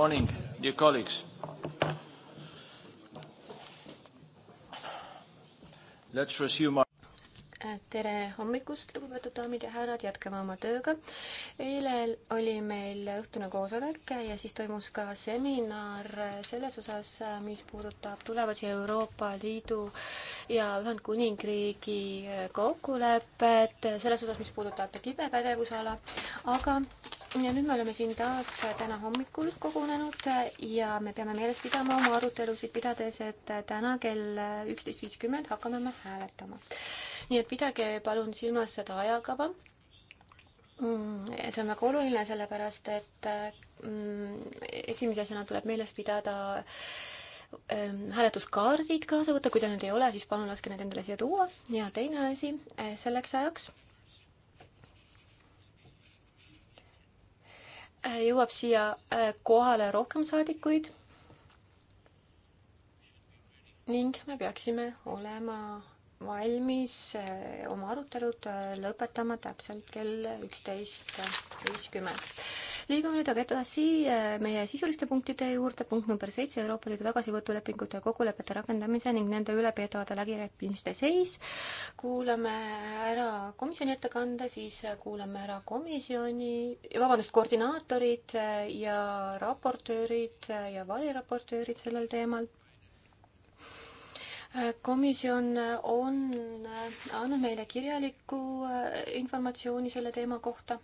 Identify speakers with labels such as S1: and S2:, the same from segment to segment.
S1: morning, dear colleagues. Let's resume
S2: our tere hommikust, lugupeetud daamid ja härrad, jätkame oma tööga. eile oli meil õhtune koosolek ja siis toimus ka seminar selles osas, mis puudutab tulevasi Euroopa Liidu ja Ühendkuningriigi kokkulepet, selles osas, mis puudutab Tiibe pädevusala, aga ja nüüd me oleme siin taas täna hommikul kogunenud ja me peame meeles pidama oma arutelusid pidades, et täna kell üksteist viiskümmend hakkame me hääletama. nii et pidage palun silmas seda ajakava. Mm, see on väga oluline, sellepärast et mm, esimese asjana tuleb meeles pidada ähm, hääletuskaardid kaasa võtta, kui teil need ei ole, siis palun laske need endale siia tuua ja teine asi äh, selleks ajaks Äh, jõuab siia äh, kohale rohkem saadikuid. ning me peaksime olema valmis äh, oma arutelud lõpetama täpselt kell üksteist viiskümmend liigume nüüd aga edasi äh, meie sisuliste punktide juurde, punkt number seitse, Euroopa Liidu tagasivõtulepingute ja kokkulepete rakendamise ning nende üle peetavate läbirääkimiste seis. kuulame ära komisjoni ettekande, siis kuulame ära komisjoni, vabandust, koordinaatorid äh, ja raportöörid äh, ja variraportöörid sellel teemal komisjon on andnud meile kirjalikku informatsiooni selle teema kohta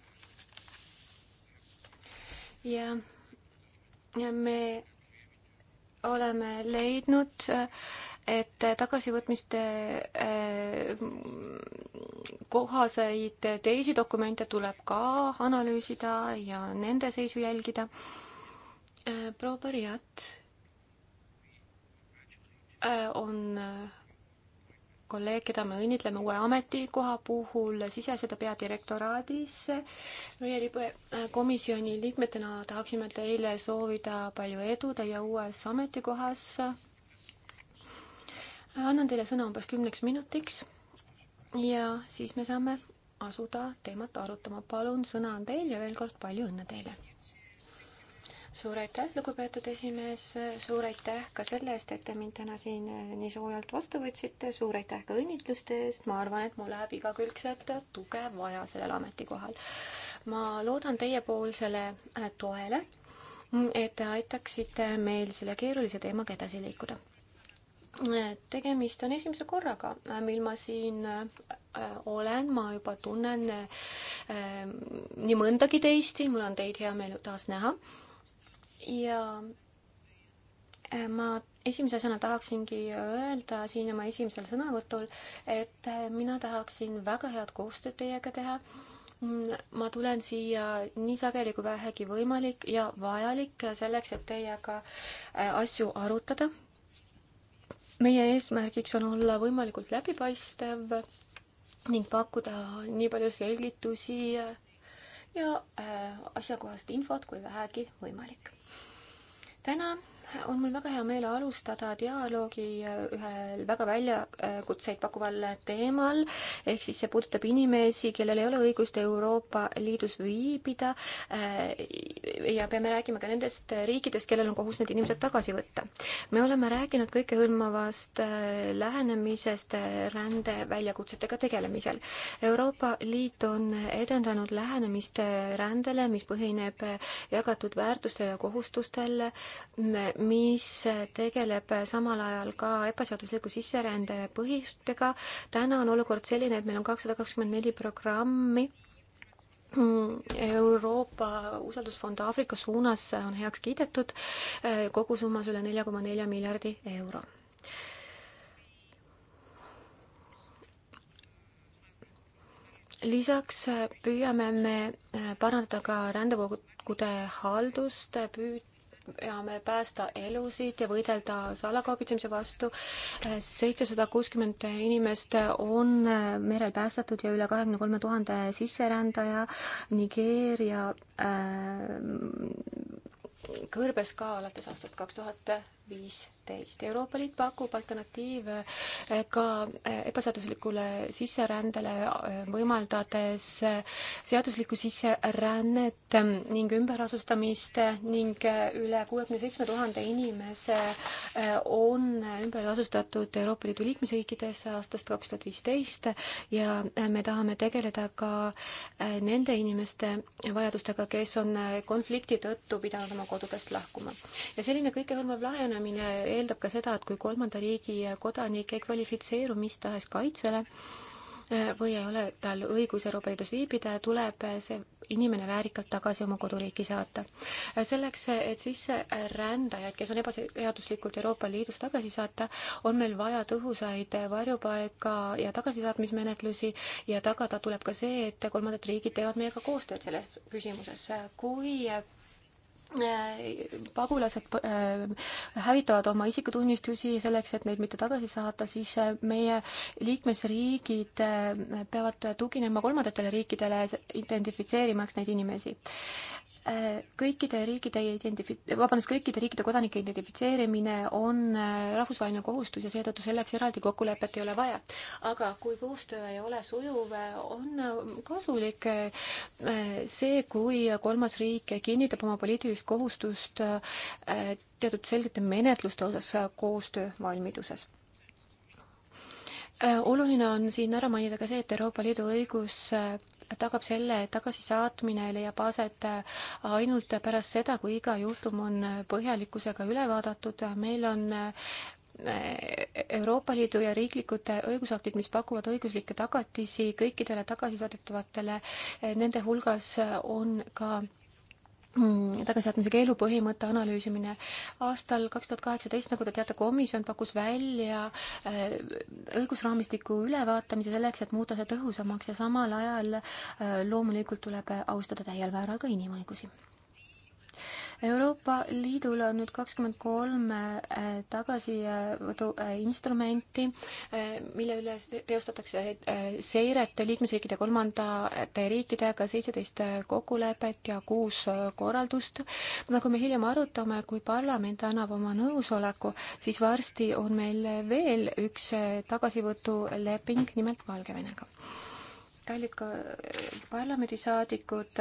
S2: ja me oleme leidnud, et tagasivõtmiste äh, kohaseid teisi dokumente tuleb ka analüüsida ja nende seisu jälgida. Äh, proua Barjat äh, on kolleeg, keda me õnnitleme uue ametikoha puhul sisesõda peadirektoraadis. meie libe äh, komisjoni liikmetena tahaksime teile soovida palju edu teie uues ametikohas. annan teile sõna umbes kümneks minutiks ja siis me saame asuda teemat arutama. palun, sõna on teil ja veel kord palju õnne teile suur aitäh, lugupeetud esimees, suur aitäh ka selle eest, et te mind täna siin eh, nii soojalt vastu võtsite, suur aitäh ka õnnitluste eest, ma arvan, et mul läheb igakülgset tuge vaja sellel ametikohal. ma loodan teiepoolsele eh, toele, et te aitaksite meil selle keerulise teemaga edasi liikuda eh, tegemist on esimese korraga, mil ma siin olen, ma juba tunnen nii mõndagi teist siin, mul on teid hea meel taas näha ja äh, ma esimese asjana tahaksingi öelda siin oma esimesel sõnavõtul, et äh, mina tahaksin väga head koostööd teiega teha. ma tulen siia nii sageli kui vähegi võimalik ja vajalik selleks, et teiega äh, asju arutada. meie eesmärgiks on olla võimalikult läbipaistev ning pakkuda nii palju selgitusi ja asjakohast infot kui vähegi võimalik täna on mul väga hea meel alustada dialoogi äh, ühel väga väljakutseid pakkuval teemal, ehk siis see puudutab inimesi, kellel ei ole õigust Euroopa Liidus viibida äh, ja peame rääkima ka nendest riikidest, kellel on kohus need inimesed tagasi võtta. me oleme rääkinud kõikehõlmavast äh, lähenemisest rände väljakutsetega tegelemisel. Euroopa Liit on edendanud lähenemist rändele, mis põhineb jagatud väärtustel ja kohustustel me mis tegeleb samal ajal ka ebaseadusliku sisserände põhjustega. täna on olukord selline, et meil on kakssada kakskümmend neli programmi. Euroopa usaldusfond Aafrika suunas on heaks kiidetud kogusummas üle nelja koma nelja miljardi euro lisaks püüame me parandada ka rändevoogude haldust, püüd-, püüame päästa elusid ja võidelda salakaubitsemise vastu. seitsesada kuuskümmend inimest on merel päästetud ja üle kahekümne kolme tuhande sisserändaja Nigeeria äh, kõrbes ka alates aastast kaks tuhat viis viisteist. Euroopa Liit pakub alternatiive eh, ka eh, ebaseaduslikule sisserändele, eh, võimaldades seaduslikku sisserännet ning ümberasustamist ning üle kuuekümne seitsme tuhande inimese on ümber asustatud Euroopa Liidu liikmesriikides aastast kaks tuhat viisteist ja me tahame tegeleda ka nende inimeste vajadustega, kes on konflikti tõttu pidanud oma kodudest lahkuma. ja selline kõikehõlmav lähenemine eeldab ka seda, et kui kolmanda riigi kodanik ei kvalifitseeru mis tahes kaitsele, eh, või ei ole tal õigus Euroopa Liidus viibida, tuleb see inimene väärikalt tagasi oma koduriiki saata. Eh, selleks, et sisserändajaid, kes on ebaseaduslikult Euroopa Liidus tagasi saata, on meil vaja tõhusaid varjupaika ja tagasisaatmismenetlusi ja tagada tuleb ka see, et kolmandad riigid teevad meiega koostööd selles küsimuses. kui Äh, pagulased äh, hävitavad oma isikutunnistusi selleks, et neid mitte tagasi saata, siis äh, meie liikmesriigid peavad tuginema kolmandatele riikidele, identifitseerimaks neid inimesi kõikide riikide identifi-, vabandust, kõikide riikide kodanike identifitseerimine on äh, rahvusvaheline kohustus ja seetõttu selleks eraldi kokkulepet ei ole vaja. aga kui koostöö ei ole sujuv, on äh, kasulik äh, see, kui kolmas riik kinnitab oma poliitilist kohustust teatud selgete menetluste osas koostöövalmiduses oluline on siin ära mainida ka see, et Euroopa Liidu õigus tagab selle, et tagasisaatmine leiab aset ainult pärast seda, kui iga juhtum on põhjalikkusega üle vaadatud. meil on äh, Euroopa Liidu ja riiklikud õigusaktid, mis pakuvad õiguslikke tagatisi kõikidele tagasisaadetavatele, nende hulgas on ka Mm, tagasisaatmise keelu põhimõtte analüüsimine. aastal kaks tuhat kaheksateist, nagu te teate, komisjon pakkus välja äh, õigusraamistiku ülevaatamise selleks, et muuta see tõhusamaks ja samal ajal äh, loomulikult tuleb austada täiel määral ka inimõigusi Euroopa Liidul on nüüd kakskümmend kolm äh, tagasivõtuinstrumenti, äh, äh, mille üle teostatakse seiret liikmesriikide kolmandate riikidega, seitseteist kokkulepet ja kuus korraldust. nagu me hiljem arutame, kui parlament annab oma nõusoleku, siis varsti on meil veel üks tagasivõtuleping, nimelt Valgevenega kallid ka parlamendisaadikud,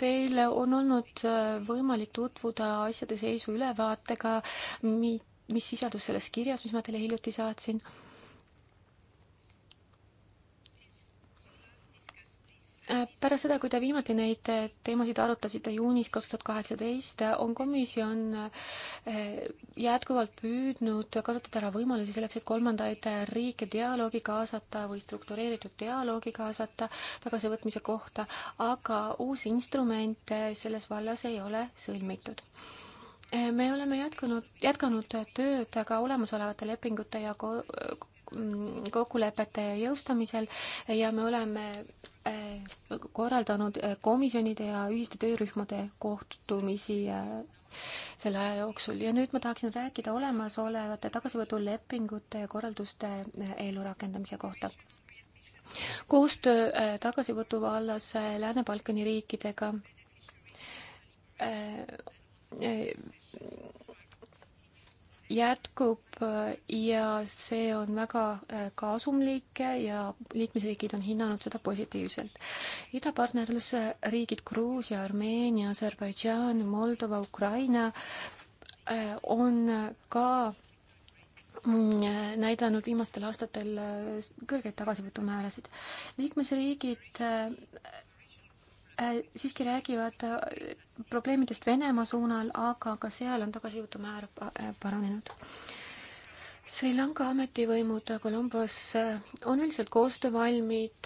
S2: Teil on olnud äh, võimalik tutvuda asjade seisu ülevaatega, mis sisaldus selles kirjas, mis ma teile hiljuti saatsin Äh, pärast seda, kui te viimati neid äh, teemasid arutasite juunis kaks tuhat kaheksateist, äh, on komisjon jätkuvalt püüdnud kasutada ära võimalusi selleks, et kolmandaid riike dialoogi kaasata või struktureeritud dialoogi kaasata tagasivõtmise kohta, aga uusi instrumente selles vallas ei ole sõlmitud me oleme jätkunud, jätkanud tööd ka olemasolevate lepingute ja ko kokkulepete jõustamisel ja me oleme äh, korraldanud äh, komisjonide ja ühiste töörühmade kohtumisi äh, selle aja jooksul ja nüüd ma tahaksin rääkida olemasolevate tagasivõtulepingute ja korralduste ellurakendamise kohta. koostöö tagasivõtu vallas Lääne-Balkani riikidega jätkub äh, ja see on väga äh, kasumlik ja liikmesriigid on hinnanud seda positiivselt. idapartnerluse äh, riigid Gruusia, Armeenia, Aserbaidžaan, Moldova, Ukraina on ka mm, näidanud viimastel aastatel kõrgeid tagasivõtumäärasid. liikmesriigid Äh, siiski räägivad äh, probleemidest Venemaa suunal, aga ka seal on tagasijutu määr äh, paranenud. Sri Lanka ametivõimud Kolumbos on üldiselt koostöövalmid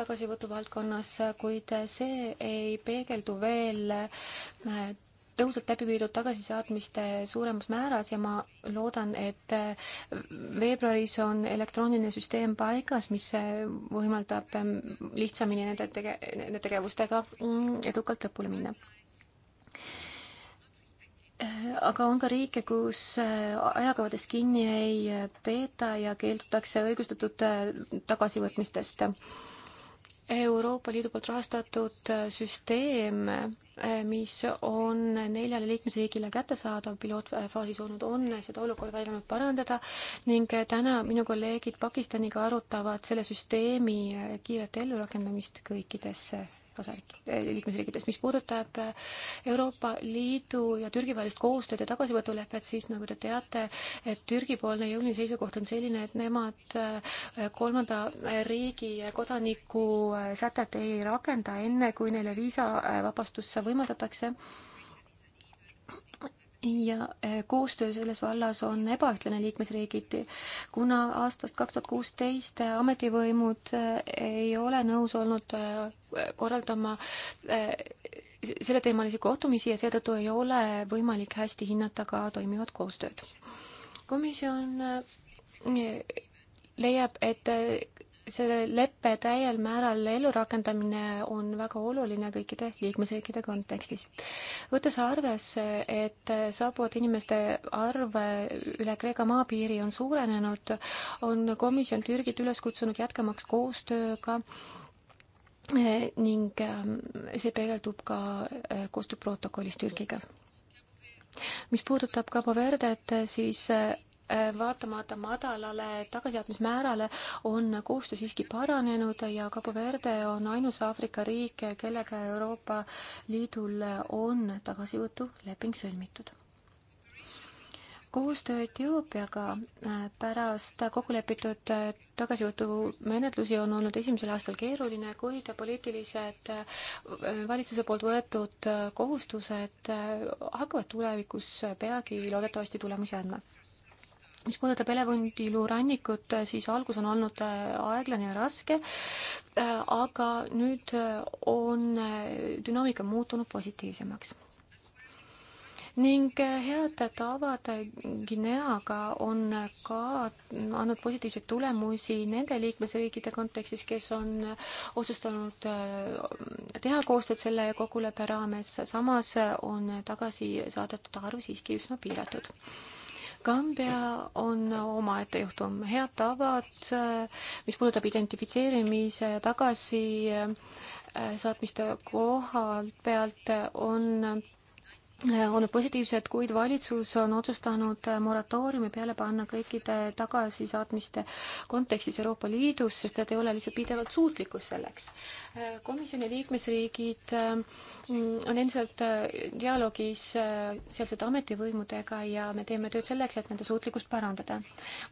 S2: tagasivõtu valdkonnas, kuid see ei peegeldu veel tõhusalt läbi viidud tagasisaatmiste suuremas määras ja ma loodan, et äh, veebruaris on elektrooniline süsteem paigas, mis äh, võimaldab ähm, lihtsamini nende tege-, nende tegevustega mm, edukalt lõpule minna. Äh, aga on ka riike, kus ajakavadest kinni ei peeta ja keeldutakse õigustatud tagasivõtmistest Euroopa Liidu poolt rahastatud äh, süsteem, äh, mis on neljale liikmesriigile kättesaadav pilootfaasis olnud, on seda olukorda aidanud parandada ning äh, täna minu kolleegid Pakistaniga arutavad selle süsteemi kiiret ellurakendamist kõikides osariik-, liikmesriikides. mis puudutab äh, Euroopa Liidu ja Türgi vahelist koostööd ja tagasivõtulepet, siis nagu te teate, et Türgi-poolne jõuline seisukoht on selline, et nemad äh, kolmanda riigi kodaniku äh, sätet ei rakenda enne, kui neile viisavabastus võimaldatakse ja äh, koostöö selles vallas on ebaühtlane liikmesriigiti, kuna aastast kaks tuhat kuusteist äh, ametivõimud äh, ei ole nõus olnud korraldama selleteemalisi kohtumisi ja seetõttu ei ole võimalik hästi hinnata ka toimivat koostööd. komisjon leiab, et selle leppe täiel määral ellurakendamine on väga oluline kõikide liikmesriikide kontekstis. võttes arvesse, et saabuvate inimeste arv üle Kreeka maapiiri on suurenenud, on komisjon Türgit üles kutsunud jätkamaks koostööga eh, ning eh, see peegeldub ka eh, koostööprotokollis Türgiga mis puudutab Cabo Verdet, siis Äh, vaatamata madalale tagasisaatmismäärale on koostöö siiski paranenud ja Cabo Verde on ainus Aafrika riik, kellega Euroopa Liidul on tagasivõtuleping sõlmitud. koostöö Etioopiaga äh, pärast kokkulepitud äh, tagasivõtumenetlusi on olnud esimesel aastal keeruline, kuid poliitilised valitsuse poolt võetud kohustused hakkavad tulevikus peagi loodetavasti tulemusi andma mis puudutab Elevandiluu rannikut, eh, siis algus on olnud eh, aeglane ja raske, eh, aga nüüd on dünaamika muutunud positiivsemaks. ning head tavad Guineaga on ka andnud positiivseid tulemusi nende liikmesriikide kontekstis, kes on otsustanud teha koostööd selle kokkuleppe raames, samas on tagasi saadetud arv siiski üsna piiratud Kambja on omaette juhtum, head tavad, mis puudutab identifitseerimise ja tagasisaatmiste äh, koha pealt, on äh, olnud positiivsed, kuid valitsus on otsustanud äh, moratooriumi peale panna kõikide tagasisaatmiste kontekstis Euroopa Liidus, sest et ei ole lihtsalt piisavalt suutlikkus selleks komisjoni liikmesriigid mm, on endiselt äh, dialoogis äh, sealsete ametivõimudega ja me teeme tööd selleks, et nende suutlikkust parandada.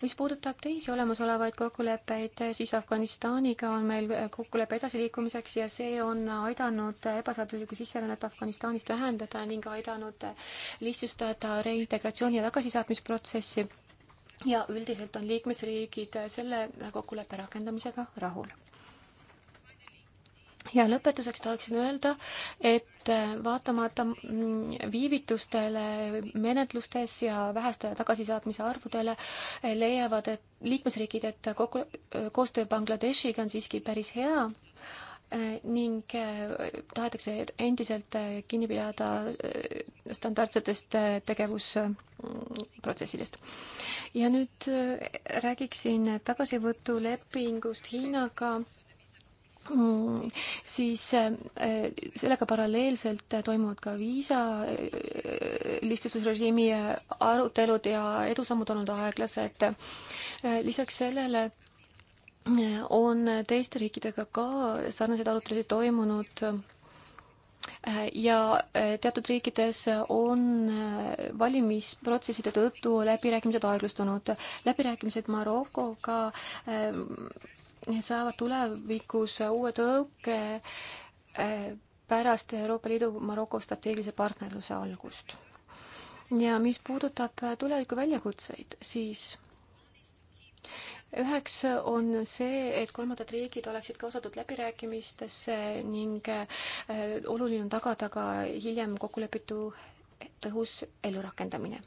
S2: mis puudutab teisi olemasolevaid kokkuleppeid, siis Afganistaniga on meil äh, kokkulepe edasiliikumiseks ja see on aidanud ebaseaduslikku sisserännet Afganistanist vähendada ning aidanud lihtsustada reintegratsiooni ja tagasisaatmisprotsessi ja üldiselt on liikmesriigid selle kokkuleppe rakendamisega rahul ja lõpetuseks tahaksin öelda, et äh, vaatamata mm, viivitustele menetlustes ja vähestele tagasisaatmise arvudele äh, leiavad et liikmesriigid, et kokku, äh, koostöö Bangladeshiga on siiski päris hea ning tahetakse endiselt kinni pidada standardsetest tegevusprotsessidest. ja nüüd räägiksin tagasivõtulepingust Hiinaga Mm, siis äh, äh, sellega paralleelselt toimuvad ka viisa äh, lihtsustusrežiimi arutelud ja edusammud olnud aeglased. lisaks sellele on teiste riikidega ka sarnaseid arutelusid toimunud ja teatud riikides on valimisprotsesside tõttu läbirääkimised aeglustunud. läbirääkimised Marokoga äh, saavad tulevikus uue tõuke eh, pärast Euroopa Liidu Maroko strateegilise partnerluse algust. ja mis puudutab tuleviku väljakutseid, siis üheks on see, et kolmandad riigid oleksid kaasatud läbirääkimistesse ning eh, oluline on tagada ka hiljem kokkulepitu tõhus ellurakendamine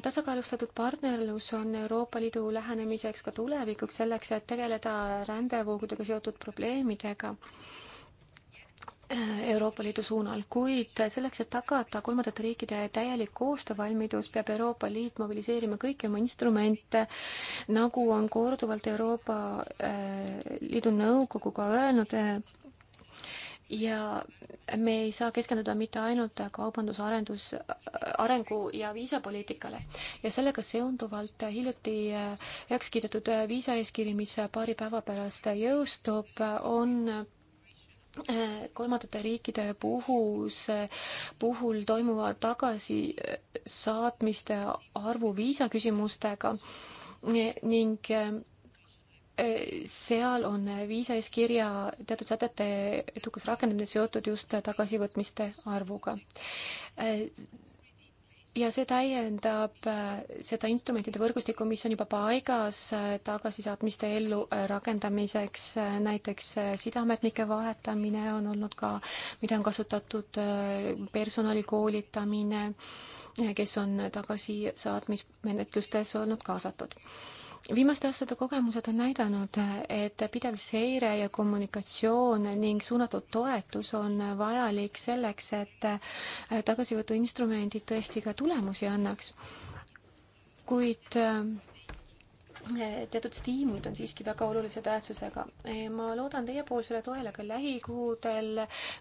S2: tasakaalustatud partnerlus on Euroopa Liidu lähenemiseks ka tulevikuks, selleks et tegeleda rändevoogudega seotud probleemidega äh, Euroopa Liidu suunal, kuid selleks, et tagada kolmandate riikide täielik koostöövalmidus, peab Euroopa Liit mobiliseerima kõiki oma instrumente, nagu on korduvalt Euroopa äh, Liidu Nõukogu ka öelnud, äh, ja me ei saa keskenduda mitte ainult kaubandusarendus, arengu ja viisapoliitikale. ja sellega seonduvalt hiljuti äh, heaks kiidetud äh, viisaeeskiri, mis paari päeva pärast jõustub, on äh, kolmandate riikide puhus, puhul toimuva tagasisaatmiste arvu viisaküsimustega ning seal on viisas kirja teatud sätete edukas rakendamine seotud just tagasivõtmiste arvuga. ja see täiendab äh, seda instrumentide võrgustikku, mis on juba paigas äh, tagasisaatmiste ellu äh, rakendamiseks, näiteks sideametnike vahetamine on olnud ka, mida on kasutatud personali koolitamine, kes on tagasisaatmismenetlustes olnud kaasatud viimaste aastate kogemused on näidanud, et pidev seire ja kommunikatsioon ning suunatud toetus on vajalik selleks, et tagasivõtuinstrumendid tõesti ka tulemusi annaks. kuid teatud stiimulid on siiski väga olulise tähtsusega. E, ma loodan teiepoolsele toele ka lähikuudel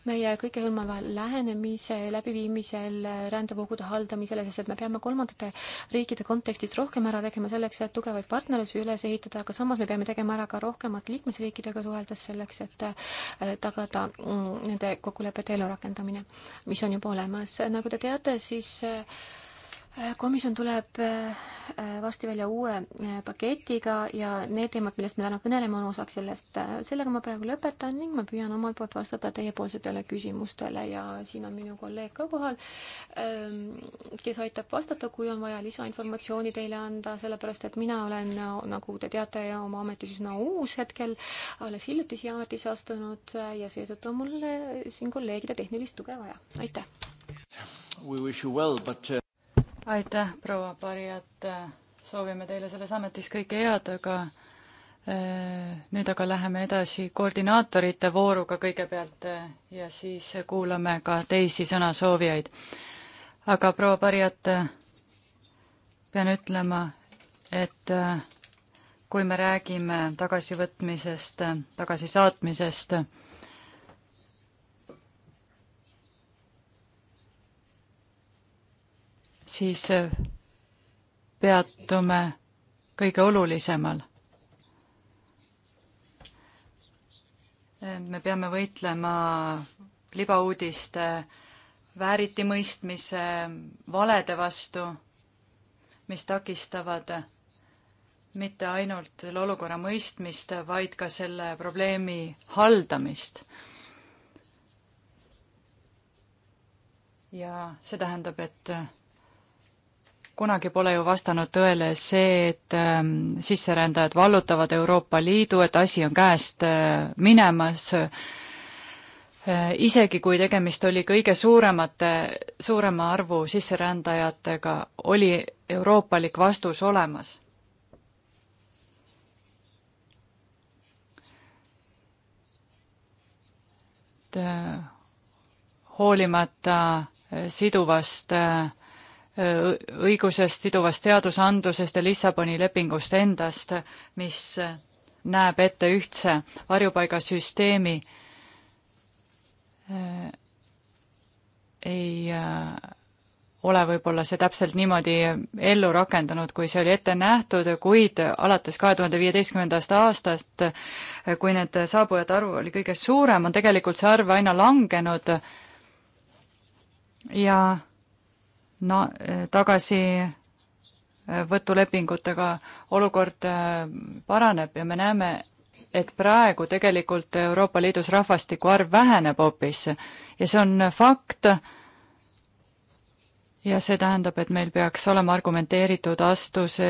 S2: meie kõikehõlmava lähenemise läbiviimisel rändevoogude haldamisele, sest et me peame kolmandate riikide kontekstis rohkem ära tegema selleks, et tugevaid partnerlusi üles ehitada, aga samas me peame tegema ära ka rohkemat liikmesriikidega suheldes selleks, et e, tagada mm, nende kokkulepete ellurakendamine, mis on juba olemas. nagu te teate, siis e, komisjon tuleb äh, äh, varsti välja uue äh, paketiga ja need teemad, millest me täna kõneleme, on osaks sellest. sellega ma praegu lõpetan ning ma püüan omalt poolt vastata teiepoolsetele küsimustele ja siin on minu kolleeg ka kohal, ähm, kes aitab vastata, kui on vaja lisainformatsiooni teile anda, sellepärast et mina olen, nagu te teate, oma ametis üsna uus hetkel, alles hiljuti siia ametisse astunud ja seetõttu on mul siin kolleegide tehnilist tuge vaja. aitäh! We
S1: wish you well, but uh aitäh, proua Parijat, soovime teile selles ametis kõike head, aga eh, nüüd aga läheme edasi koordinaatorite vooruga kõigepealt eh, ja siis kuulame ka teisi sõnasoovijaid. aga proua Parijat, pean ütlema, et eh, kui me räägime tagasivõtmisest, tagasisaatmisest, siis äh, peatume kõige olulisemal. me peame võitlema libauudiste vääritimõistmise valede vastu, mis takistavad mitte ainult selle olukorra mõistmist, vaid ka selle probleemi haldamist. ja see tähendab, et kunagi pole ju vastanud tõele see, et ähm, sisserändajad vallutavad Euroopa Liidu, et asi on käest äh, minemas äh, isegi kui tegemist oli kõige suuremate, suurema arvu sisserändajatega, oli euroopalik vastus olemas. et äh, hoolimata siduvast äh, õigusest, siduvast seadusandlusest ja Lissaboni lepingust endast, mis näeb ette ühtse varjupaigasüsteemi, ei äh, ole võib-olla see täpselt niimoodi ellu rakendanud, kui see oli ette nähtud, kuid alates kahe tuhande viieteistkümnendast aastast, kui need saabujate arv oli kõige suurem, on tegelikult see arv aina langenud ja na-, tagasivõtulepingutega olukord äh, paraneb ja me näeme, et praegu tegelikult Euroopa Liidus rahvastiku arv väheneb hoopis ja see on fakt ja see tähendab, et meil peaks olema argumenteeritud astus, äh,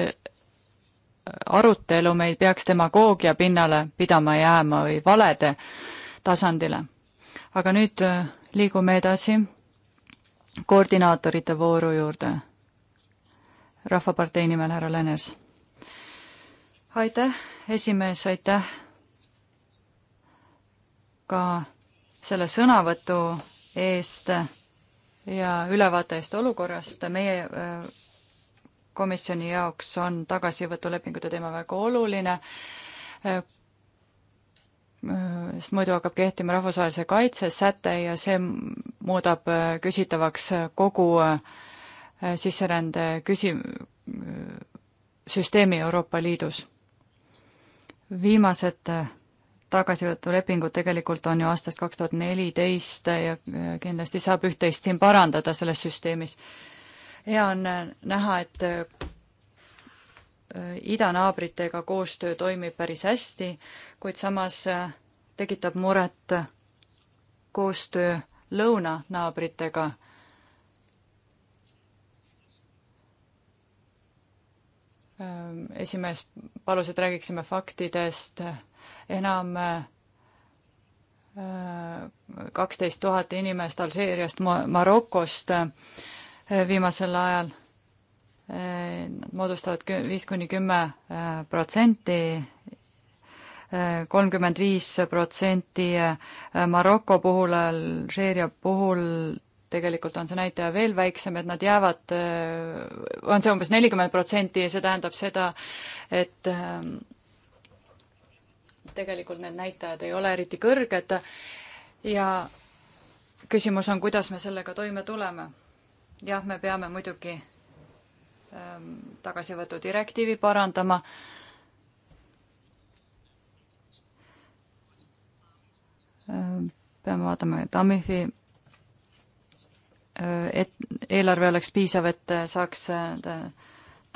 S1: arutelu, me ei peaks demagoogia pinnale pidama jääma või valede tasandile. aga nüüd äh, liigume edasi koordinaatorite vooru juurde. rahvapartei nimel härra Lenners. aitäh, esimees, aitäh ka selle sõnavõtu eest ja ülevaate eest olukorrast. meie äh, komisjoni jaoks on tagasivõtulepingute teema väga oluline äh, sest muidu hakkab kehtima rahvusvahelise kaitse säte ja see muudab äh, küsitavaks äh, kogu äh, sisserände küsi-, süsteemi Euroopa Liidus. viimased tagasivõtulepingud tegelikult on ju aastast kaks tuhat neliteist ja kindlasti saab üht-teist siin parandada selles süsteemis. hea on näha, et Äh, idanaabritega koostöö toimib päris hästi, kuid samas äh, tekitab muret koostöö lõunanaabritega. Äh, esimees palus, et räägiksime faktidest, enam kaksteist tuhat inimest Alžeeriast, Marokost viimasel ajal Nad moodustavad viis kuni kümme äh, protsenti, äh, kolmkümmend viis protsenti äh, Maroko puhul, Alžeeria puhul tegelikult on see näitaja veel väiksem, et nad jäävad, on see umbes nelikümmend protsenti ja see tähendab seda, et ähm, tegelikult need näitajad ei ole eriti kõrged ja küsimus on, kuidas me sellega toime tuleme. jah, me peame muidugi Ähm, tagasivõtu direktiivi parandama. Ähm, peame vaatama, et Amifi äh, et eelarve oleks piisav, et äh, saaks äh,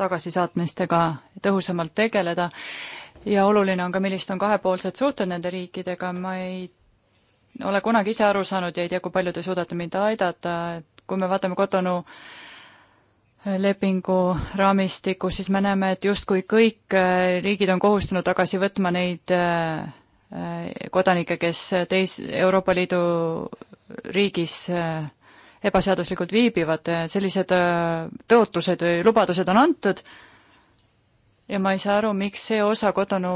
S1: tagasisaatmistega tõhusamalt tegeleda ja oluline on ka, millised on kahepoolsed suhted nende riikidega, ma ei ole kunagi ise aru saanud ja ei tea, kui palju te suudate mind aidata, et kui me vaatame Kotonu äh, lepingu raamistiku, siis me näeme, et justkui kõik äh, riigid on kohustunud tagasi võtma neid äh, äh, kodanikke, kes teis-, Euroopa Liidu riigis ebaseaduslikult viibivad, sellised tõotused või lubadused on antud ja ma ei saa aru, miks see osa Kotonu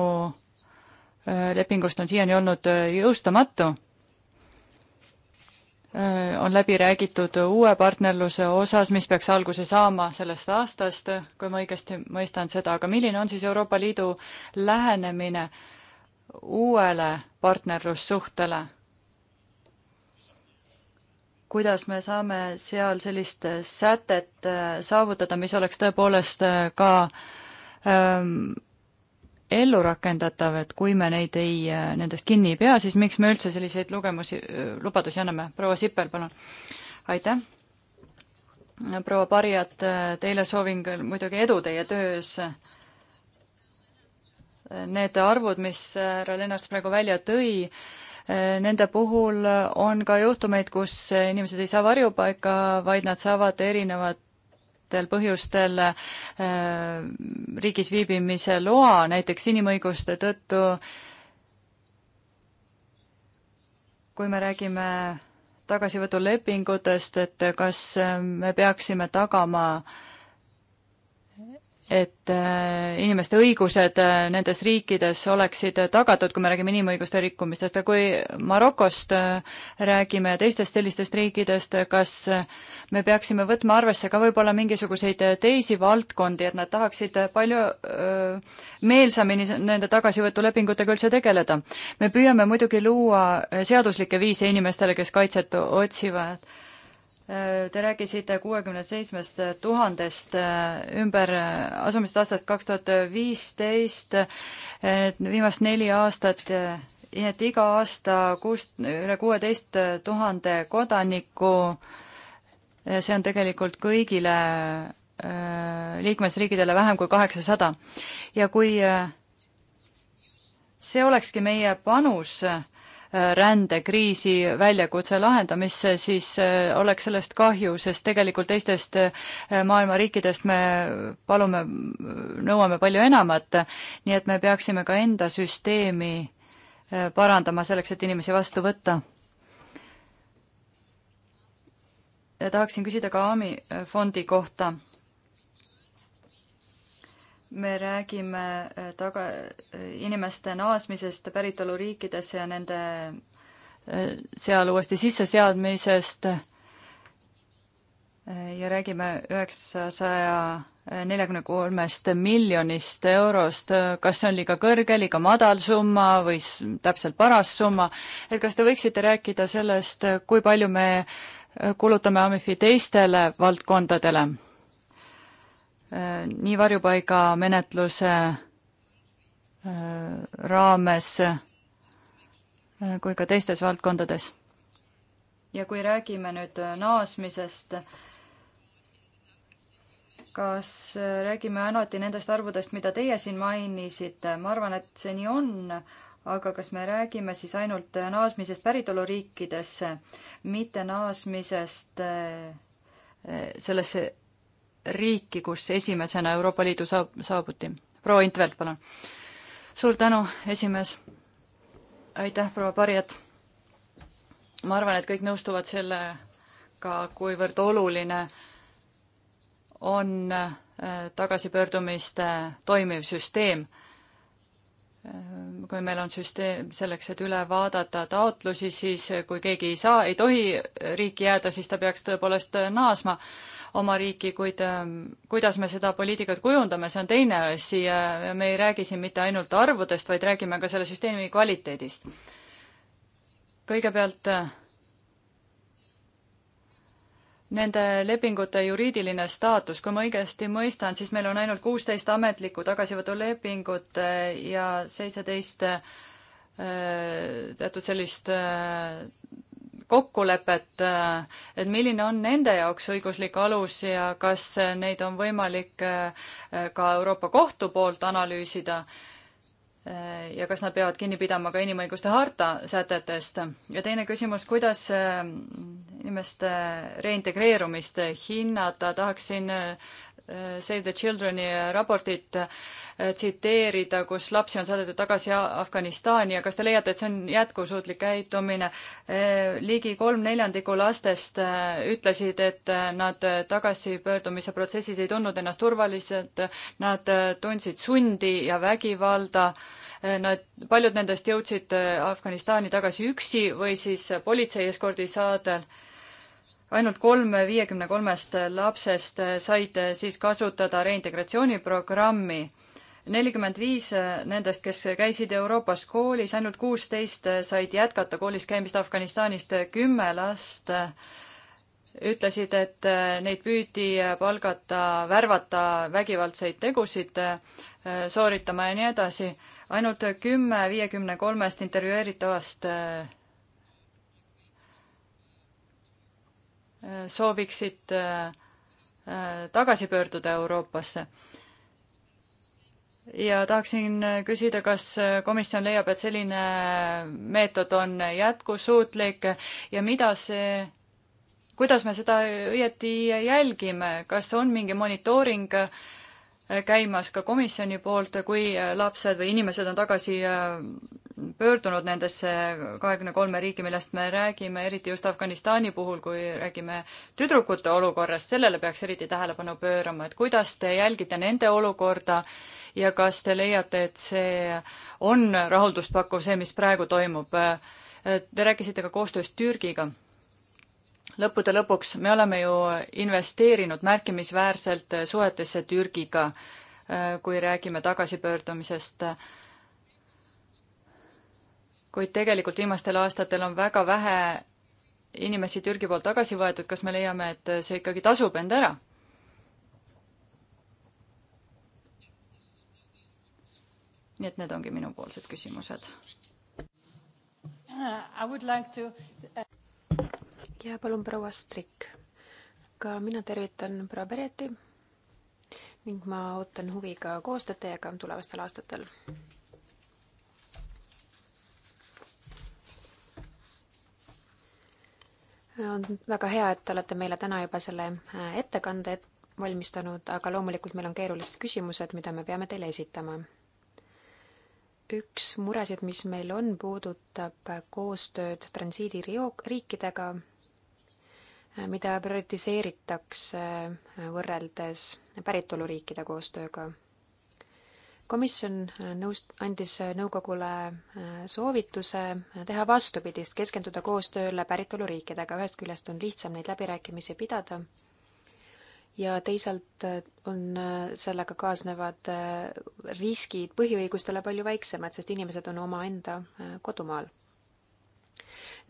S1: lepingust on siiani olnud jõustamatu Äh, on läbi räägitud uue partnerluse osas, mis peaks alguse saama sellest aastast, kui ma õigesti mõistan seda, aga milline on siis Euroopa Liidu lähenemine uuele partnerlussuhtele? kuidas me saame seal sellist sätet äh, saavutada, mis oleks tõepoolest äh, ka ähm, ellurakendatav, et kui me neid ei, nendest kinni ei pea, siis miks me üldse selliseid lugemusi, lubadusi anname? proua Sipel, palun. aitäh. proua Parijat, teile soovin küll muidugi edu teie töös. Need arvud, mis härra Lennart praegu välja tõi, nende puhul on ka juhtumeid, kus inimesed ei saa varjupaika, vaid nad saavad erinevat erinevatel põhjustel äh, riigis viibimise loa, näiteks inimõiguste tõttu, kui me räägime tagasivõtulepingutest, et kas me peaksime tagama äh, et äh, inimeste õigused äh, nendes riikides oleksid tagatud, kui me räägime inimõiguste rikkumistest, aga kui Marokost äh, räägime ja teistest sellistest riikidest, kas me peaksime võtma arvesse ka võib-olla mingisuguseid teisi valdkondi, et nad tahaksid palju öö, meelsamini nende tagasivõtulepingutega üldse tegeleda? me püüame muidugi luua seaduslikke viise inimestele, kes kaitset otsivad Te rääkisite kuuekümne seitsmest tuhandest äh, ümberasumist äh, aastast kaks tuhat viisteist, et viimast neli aastat, nii äh, et iga aasta kuus, üle kuueteist tuhande kodaniku, see on tegelikult kõigile liikmesriikidele vähem kui kaheksasada. ja kui see olekski meie panus rändekriisi väljakutse lahendamisse, siis äh, oleks sellest kahju, sest tegelikult teistest äh, maailma riikidest me palume, nõuame palju enamat, nii et me peaksime ka enda süsteemi äh, parandama selleks, et inimesi vastu võtta. ja tahaksin küsida ka AMI fondi kohta me räägime äh, taga, äh, inimeste naasmisest päritoluriikidesse ja nende äh, seal uuesti sisseseadmisest ja räägime üheksasaja neljakümne kolmest miljonist eurost, kas see on liiga kõrge, liiga madal summa või täpselt paras summa, et kas te võiksite rääkida sellest, kui palju me kulutame Amifi teistele valdkondadele? Äh, nii varjupaigamenetluse äh, raames äh, kui ka teistes valdkondades. ja kui räägime nüüd naasmisest, kas räägime alati nendest arvudest, mida teie siin mainisite, ma arvan, et see nii on, aga kas me räägime siis ainult naasmisest päritoluriikidesse, mitte naasmisest sellesse riiki, kus esimesena Euroopa Liidu saab, saabuti. proua Intvelt, palun. suur tänu, esimees. aitäh, proua Parijat. ma arvan, et kõik nõustuvad sellega, kuivõrd oluline on äh, tagasipöördumiste toimiv süsteem. Äh, kui meil on süsteem selleks, et üle vaadata taotlusi, siis kui keegi ei saa, ei tohi riiki jääda, siis ta peaks tõepoolest äh, naasma oma riiki, kuid ähm, kuidas me seda poliitikat kujundame, see on teine asi ja me ei räägi siin mitte ainult arvudest, vaid räägime ka selle süsteemi kvaliteedist. kõigepealt äh, nende lepingute juriidiline staatus, kui ma õigesti mõistan, siis meil on ainult kuusteist ametlikku tagasivõtulepingut äh, ja seitseteist äh, teatud sellist kokkulepet, äh, et milline on nende jaoks õiguslik alus ja kas neid on võimalik äh, ka Euroopa Kohtu poolt analüüsida äh, ja kas nad peavad kinni pidama ka inimõiguste harta sätetest. ja teine küsimus, kuidas inimeste reintegreerumist hinnata, tahaksin Äh, Save the Childreni äh, raportit äh, tsiteerida, kus lapsi on saadetud tagasi Afganistani ja kas te leiate, et see on jätkusuutlik käitumine? ligi kolm neljandikku lastest ütlesid, et nad tagasipöördumise protsessis ei tundnud ennast turvaliselt, nad tundsid sundi ja vägivalda. Nad, paljud nendest jõudsid Afganistani tagasi üksi või siis politsei eskordi saadel ainult kolm viiekümne kolmest lapsest said siis kasutada reintegratsiooniprogrammi. nelikümmend viis nendest, kes käisid Euroopas koolis, ainult kuusteist said jätkata koolis käimist Afganistanist, kümme last ütlesid, et neid püüdi palgata, värvata vägivaldseid tegusid sooritama ja nii edasi. ainult kümme viiekümne kolmest intervjueeritavast sooviksid äh, äh, tagasi pöörduda Euroopasse. ja tahaksin äh, küsida, kas komisjon leiab, et selline meetod on jätkusuutlik ja mida see, kuidas me seda õieti jälgime, kas on mingi monitooring äh, käimas ka komisjoni poolt, kui äh, lapsed või inimesed on tagasi äh, pöördunud nendesse kahekümne kolme riiki, millest me räägime, eriti just Afganistani puhul, kui räägime tüdrukute olukorrast, sellele peaks eriti tähelepanu pöörama, et kuidas te jälgite nende olukorda ja kas te leiate, et see on rahuldust pakkuv, see, mis praegu toimub? Äh, te rääkisite ka koostööst Türgiga lõppude lõpuks me oleme ju investeerinud märkimisväärselt suhetesse Türgiga, äh, kui räägime tagasipöördumisest. kuid tegelikult viimastel aastatel on väga vähe inimesi Türgi poolt tagasi võetud, kas me leiame, et see ikkagi tasub end ära? nii et need ongi minupoolsed küsimused.
S3: Uh, like to... Uh, ja palun, proua Strik. ka mina tervitan proua Pereti ning ma ootan huviga koostööd teiega tulevastel aastatel. on väga hea, et te olete meile täna juba selle äh, ettekande et valmistanud, aga loomulikult meil on keerulised küsimused, mida me peame teile esitama. üks muresid, mis meil on, puudutab äh, koostööd transiidiriikidega mida prioritiseeritakse võrreldes päritoluriikide koostööga. komisjon nõus-, andis nõukogule äh, soovituse teha vastupidist, keskenduda koostööle päritoluriikidega, ühest küljest on lihtsam neid läbirääkimisi pidada ja teisalt äh, on äh, sellega kaasnevad riskid põhiõigustele palju väiksemad, sest inimesed on omaenda kodumaal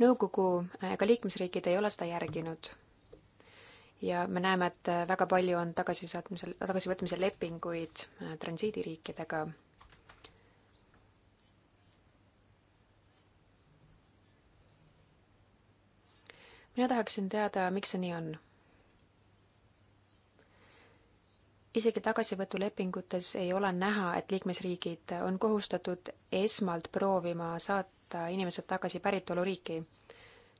S3: nõukogu ega äh, liikmesriigid ei ole seda järginud. ja me näeme, et äh, väga palju on tagasisaatmisel, tagasivõtmise lepinguid äh, transiidiriikidega. mina tahaksin teada, miks see nii on. isegi tagasivõtulepingutes ei ole näha, et liikmesriigid on kohustatud esmalt proovima saata saata inimesed tagasi päritoluriiki.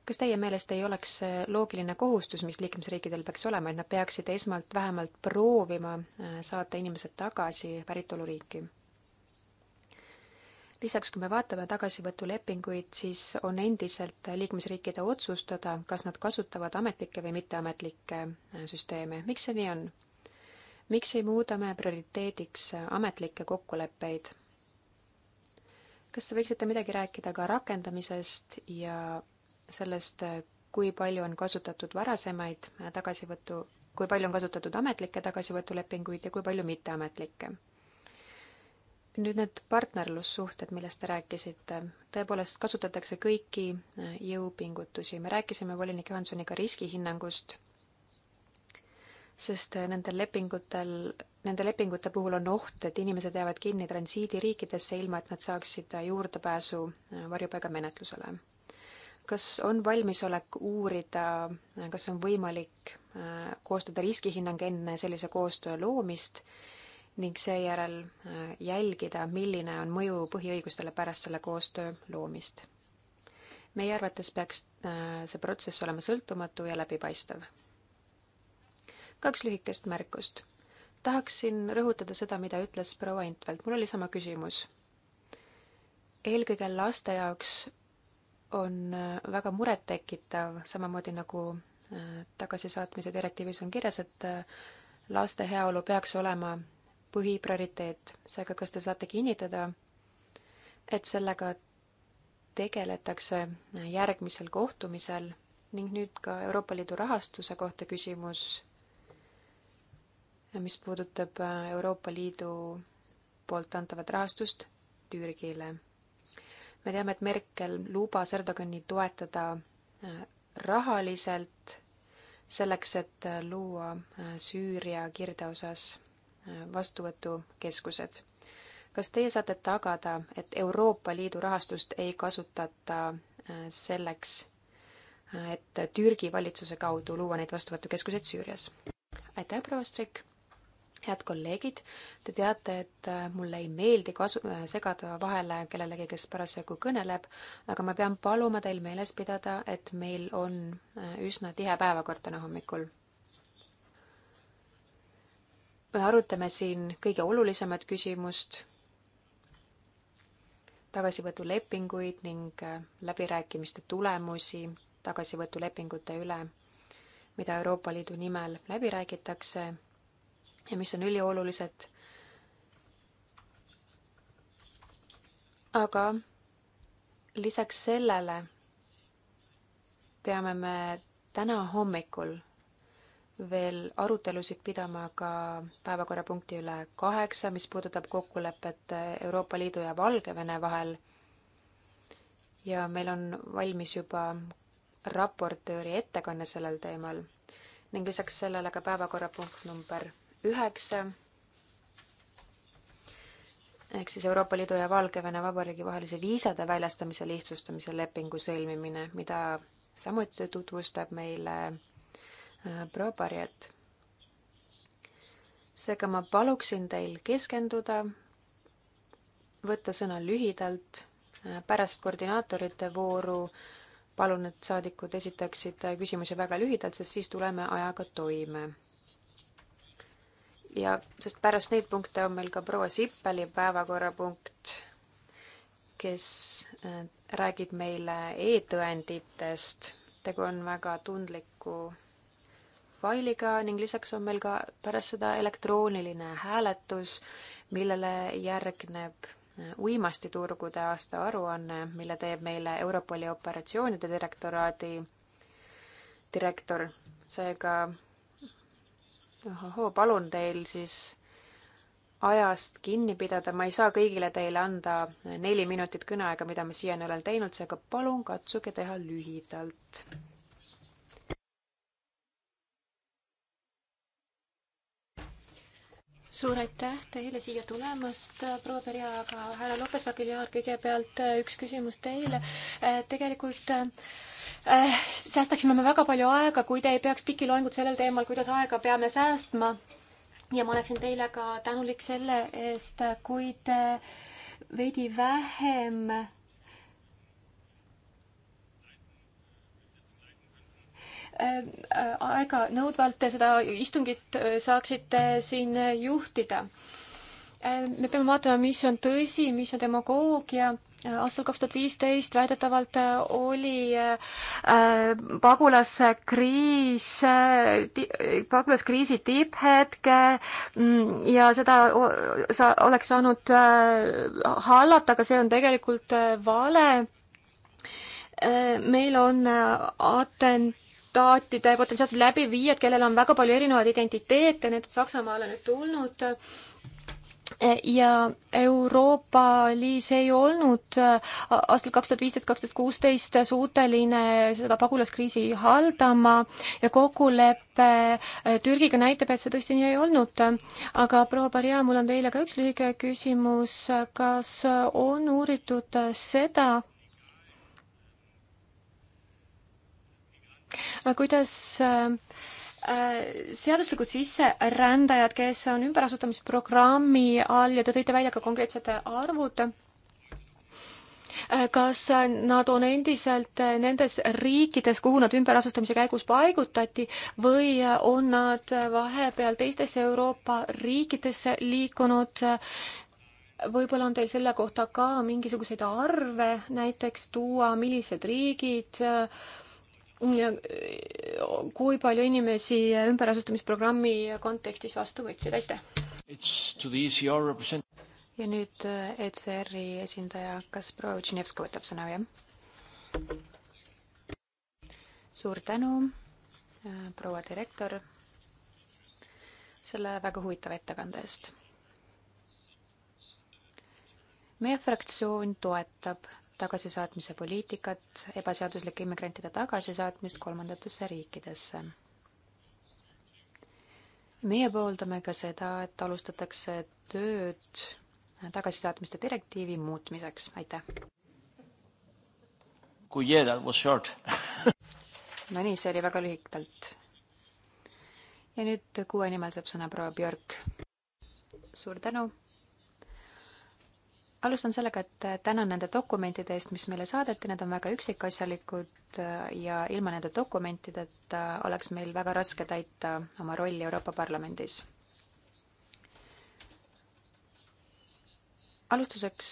S3: kas teie meelest ei oleks see loogiline kohustus, mis liikmesriikidel peaks olema, et nad peaksid esmalt vähemalt proovima äh, saata inimesed tagasi päritoluriiki? lisaks, kui me vaatame tagasivõtulepinguid, siis on endiselt liikmesriikide otsustada, kas nad kasutavad ametlikke või mitteametlikke äh, süsteeme. miks see nii on? miks ei muuda me prioriteediks ametlikke kokkuleppeid? kas te võiksite midagi rääkida ka rakendamisest ja sellest, kui palju on kasutatud varasemaid tagasivõtu, kui palju on kasutatud ametlikke tagasivõtulepinguid ja kui palju mitteametlikke? nüüd need partnerlussuhted, millest te rääkisite, tõepoolest kasutatakse kõiki jõupingutusi, me rääkisime volinik Johansoniga riskihinnangust sest äh, nendel lepingutel, nende lepingute puhul on oht, et inimesed jäävad kinni transiidiriikidesse, ilma et nad saaksid äh, juurdepääsu äh, varjupaigamenetlusele. kas on valmisolek uurida, kas on võimalik koostada riskihinnang enne sellise koostöö loomist ning seejärel jälgida, milline on mõju põhiõigustele pärast selle koostöö loomist? meie arvates peaks see protsess olema sõltumatu ja läbipaistev kaks lühikest märkust. tahaksin rõhutada seda, mida ütles proua Intvelt, mul oli sama küsimus. eelkõige laste jaoks on äh, väga murettekitav, samamoodi nagu äh, tagasisaatmise direktiivis on kirjas, et äh, laste heaolu peaks olema põhiprioriteet, seega kas te saate kinnitada, et sellega tegeletakse järgmisel kohtumisel ning nüüd ka Euroopa Liidu rahastuse kohta küsimus mis puudutab äh, Euroopa Liidu poolt antavat rahastust Türgile. me teame, et Merkel lubas Erdogani toetada äh, rahaliselt selleks, et äh, luua Süüria kirdeosas vastuvõtukeskused. kas teie saate tagada, et Euroopa Liidu rahastust ei kasutata selleks, et Türgi valitsuse kaudu luua neid vastuvõtukeskuseid Süürias? aitäh, proua Strik! head kolleegid, te teate, et äh, mulle ei meeldi kasu, äh, segada vahele kellelegi, kes parasjagu kõneleb, aga ma pean paluma teil meeles pidada, et meil on äh, üsna tihe päevakord täna hommikul. me arutame siin kõige olulisemat küsimust, tagasivõtulepinguid ning läbirääkimiste tulemusi tagasivõtulepingute üle, mida Euroopa Liidu nimel läbi räägitakse ja mis on üliolulised. aga lisaks sellele peame me täna hommikul veel arutelusid pidama ka päevakorrapunkti üle kaheksa, mis puudutab kokkulepet Euroopa Liidu ja Valgevene vahel. ja meil on valmis juba raportööri ettekanne sellel teemal ning lisaks sellele ka päevakorrapunkt number üheksa ehk siis Euroopa Liidu ja Valgevene Vabariigi vahelise viisade väljastamise lihtsustamise lepingu sõlmimine, mida samuti tutvustab meile äh, proua Barjet. seega ma paluksin teil keskenduda, võtta sõna lühidalt, äh, pärast koordinaatorite vooru palun, et saadikud esitaksid äh, küsimusi väga lühidalt, sest siis tuleme ajaga toime ja sest pärast neid punkte on meil ka proua Sippeli päevakorrapunkt, kes äh, räägib meile e-tõenditest. tegu on väga tundliku failiga ning lisaks on meil ka pärast seda elektrooniline hääletus, millele järgneb äh, uimastiturgude aasta aruanne, mille teeb meile Europoli operatsioonide direktoraadi direktor. seega ahahoo, palun teil siis ajast kinni pidada, ma ei saa kõigile teile anda neli minutit kõneaega, mida me siiani olen teinud, seega palun katsuge teha lühidalt.
S2: suur aitäh teile siia tulemast, proua Perja, aga härra Lopes-Aguilar, kõigepealt äh, üks küsimus teile. Äh, tegelikult äh, Äh, säästaksime me väga palju aega, kui te ei peaks pikki loengut sellel teemal, kuidas aega peame säästma. ja ma oleksin teile ka tänulik selle eest, kui te veidi vähem äh, aega nõudvalt seda istungit äh, saaksite siin juhtida Äh, me peame vaatama, mis on tõsi, mis on demagoogia. Äh, aastal kaks tuhat viisteist väidetavalt äh, oli pagulaskriis, pagulaskriisi tipphetk mm, ja seda sa oleks saanud hallata, aga see on tegelikult vale. meil on atent-, taatide potentsiaalsed läbiviijad, kellel on väga palju erinevaid identiteete, need Saksamaale nüüd tulnud äh, Eh, ja Euroopa Liis ei olnud eh, aastal kaks tuhat viisteist, kaks tuhat kuusteist suuteline seda pagulaskriisi haldama ja kokkulepe eh, Türgiga näitab, et see tõesti nii ei olnud. aga proua Barja, mul on teile ka üks lühike küsimus, kas on uuritud seda, kuidas äh, Äh, seaduslikud sisserändajad, kes on ümberasutamisprogrammi all ja te tõite välja ka konkreetsed arvud, äh, kas nad on endiselt nendes riikides, kuhu nad ümberasustamise käigus paigutati või on nad vahepeal teistesse Euroopa riikidesse liikunud? võib-olla on teil selle kohta ka mingisuguseid arve näiteks tuua, millised riigid äh, Eh, kui palju inimesi ümberasustamisprogrammi
S3: kontekstis vastu võtsid, aitäh! E ja nüüd ECR-i eh, e esindaja, kas proua Tšinevski võtab sõna, jah? suur tänu, eh, proua direktor, selle väga huvitava ettekande eest. meie fraktsioon toetab tagasisaatmise poliitikat, ebaseaduslike immigrantide tagasisaatmist kolmandatesse riikidesse. meie pooldame ka seda, et alustatakse tööd tagasisaatmiste direktiivi muutmiseks, aitäh! Nonii, see oli väga lühidalt. ja nüüd kuue nimel saab sõna proua Björk. suur tänu! alustan sellega, et äh, tänan nende dokumentide eest, mis meile saadeti, need on väga üksikasjalikud äh, ja ilma nende dokumentideta oleks meil väga raske täita oma rolli Euroopa Parlamendis. alustuseks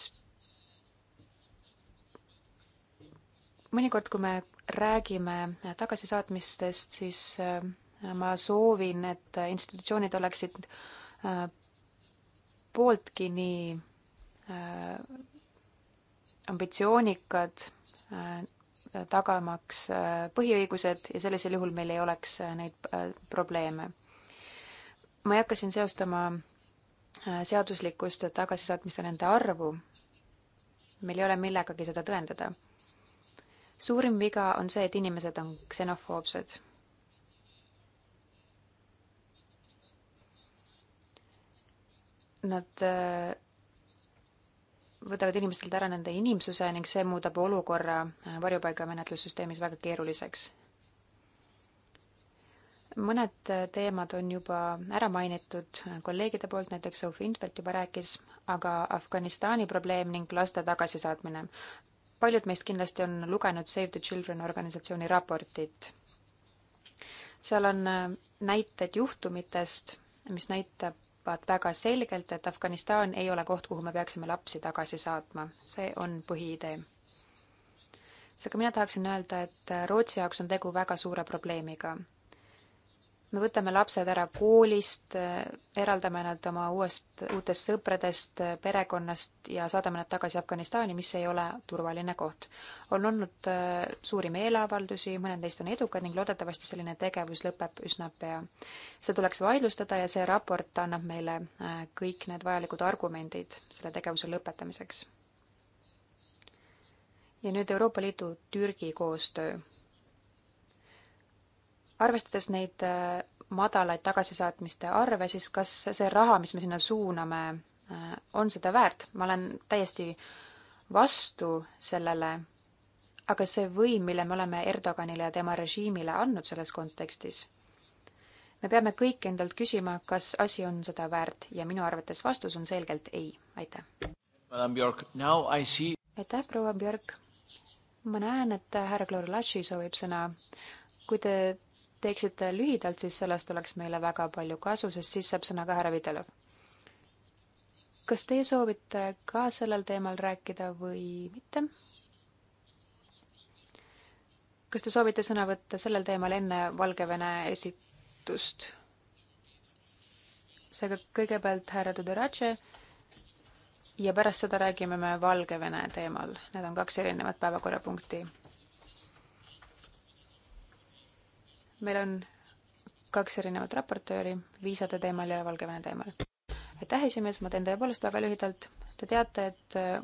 S3: mõnikord, kui me räägime tagasisaatmistest, siis äh, ma soovin, et institutsioonid oleksid pooltki nii Äh, ambitsioonikad, äh, tagamaks äh, põhiõigused ja sellisel juhul meil ei oleks neid probleeme. ma ei hakka siin seostama seaduslikkust tagasisaatmiste nende arvu, meil ei ole millegagi seda tõendada. suurim viga on see, et inimesed on ksenofoobsed nad võtavad inimestelt ära nende inimsuse ning see muudab olukorra äh, varjupaigamenetlussüsteemis väga keeruliseks. mõned äh, teemad on juba ära mainitud äh, kolleegide poolt, näiteks Sophie Intvelt juba rääkis, aga Afganistani probleem ning laste tagasisaatmine. paljud meist kindlasti on lugenud Save the Children organisatsiooni raportit. seal on näited juhtumitest, mis näitab näitavad väga selgelt, et Afganistan ei ole koht, kuhu me peaksime lapsi tagasi saatma. see on põhiidee. seega mina tahaksin öelda, et Rootsi jaoks on tegu väga suure probleemiga me võtame lapsed ära koolist, eraldame nad oma uuest, uutest sõpradest, perekonnast ja saadame nad tagasi Afganistani, mis ei ole turvaline koht. on olnud äh, suuri meeleavaldusi, mõned neist on edukad ning loodetavasti selline tegevus lõpeb üsna pea. see tuleks vaidlustada ja see raport annab meile äh, kõik need vajalikud argumendid selle tegevuse lõpetamiseks. ja nüüd Euroopa Liidu-Türgi koostöö arvestades neid äh, madalaid tagasisaatmiste arve, siis kas see raha, mis me sinna suuname, äh, on seda väärt? ma olen täiesti vastu sellele, aga see võim, mille me oleme Erdoganile ja tema režiimile andnud selles kontekstis, me peame kõik endalt küsima, kas asi on seda väärt ja minu arvates vastus on selgelt ei, aitäh. aitäh, proua Björk. ma näen, et härra Glorlatši soovib sõna. kui te teeksite lühidalt, siis sellest oleks meile väga palju kasu, sest siis saab sõna ka härra Videlov. kas teie soovite ka sellel teemal rääkida või mitte? kas te soovite sõna võtta sellel teemal enne Valgevene esitust? seega kõigepealt härra Tudoratše ja pärast seda räägime me Valgevene teemal. Need on kaks erinevat päevakorrapunkti meil on kaks erinevat raportööri viisade teemal ja Valgevene teemal. aitäh, esimees, ma teen tõepoolest väga lühidalt. Te teate, et äh,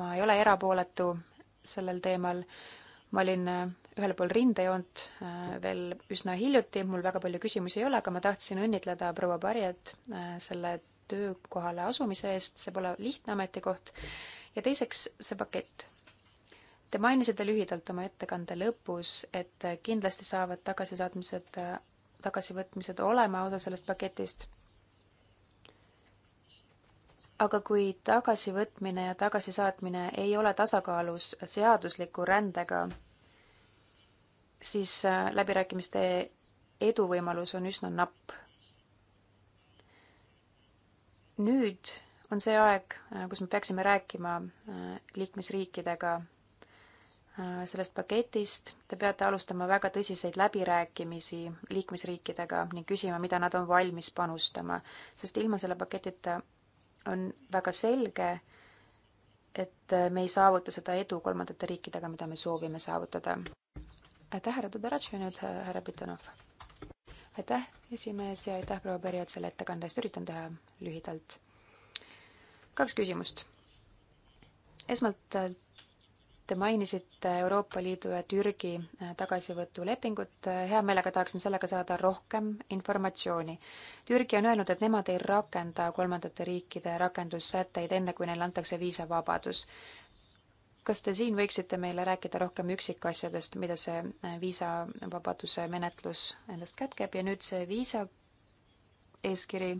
S3: ma ei ole erapooletu sellel teemal. ma olin äh, ühel pool rindejoont äh, veel üsna hiljuti, mul väga palju küsimusi ei ole, aga ma tahtsin õnnitleda proua Barjet selle töökohale asumise eest, see pole lihtne ametikoht. ja teiseks see pakett Te mainisite lühidalt oma ettekande lõpus, et kindlasti saavad tagasisaatmised, tagasivõtmised olema osa sellest paketist. aga kui tagasivõtmine ja tagasisaatmine ei ole tasakaalus seadusliku rändega, siis äh, läbirääkimiste eduvõimalus on üsna napp. nüüd on see aeg, äh, kus me peaksime rääkima äh, liikmesriikidega Äh, sellest paketist, te peate alustama väga tõsiseid läbirääkimisi liikmesriikidega ning küsima, mida nad on valmis panustama, sest ilma selle paketita on väga selge, et äh, me ei saavuta seda edu kolmandate riikidega, mida me soovime saavutada. aitäh, härra Tudoratš ja nüüd äh, härra Pitonov. aitäh, esimees ja aitäh, proua Perjad, selle ettekande eest, üritan teha lühidalt. kaks küsimust. esmalt Te mainisite Euroopa Liidu ja Türgi äh, tagasivõtulepingut, äh, hea meelega tahaksin sellega saada rohkem informatsiooni. Türgi on öelnud, et nemad ei rakenda kolmandate riikide rakendussätteid enne, kui neile antakse viisavabadus. kas te siin võiksite meile rääkida rohkem üksikasjadest, mida see äh, viisavabaduse menetlus endast kätkeb ja nüüd see viisa eeskiri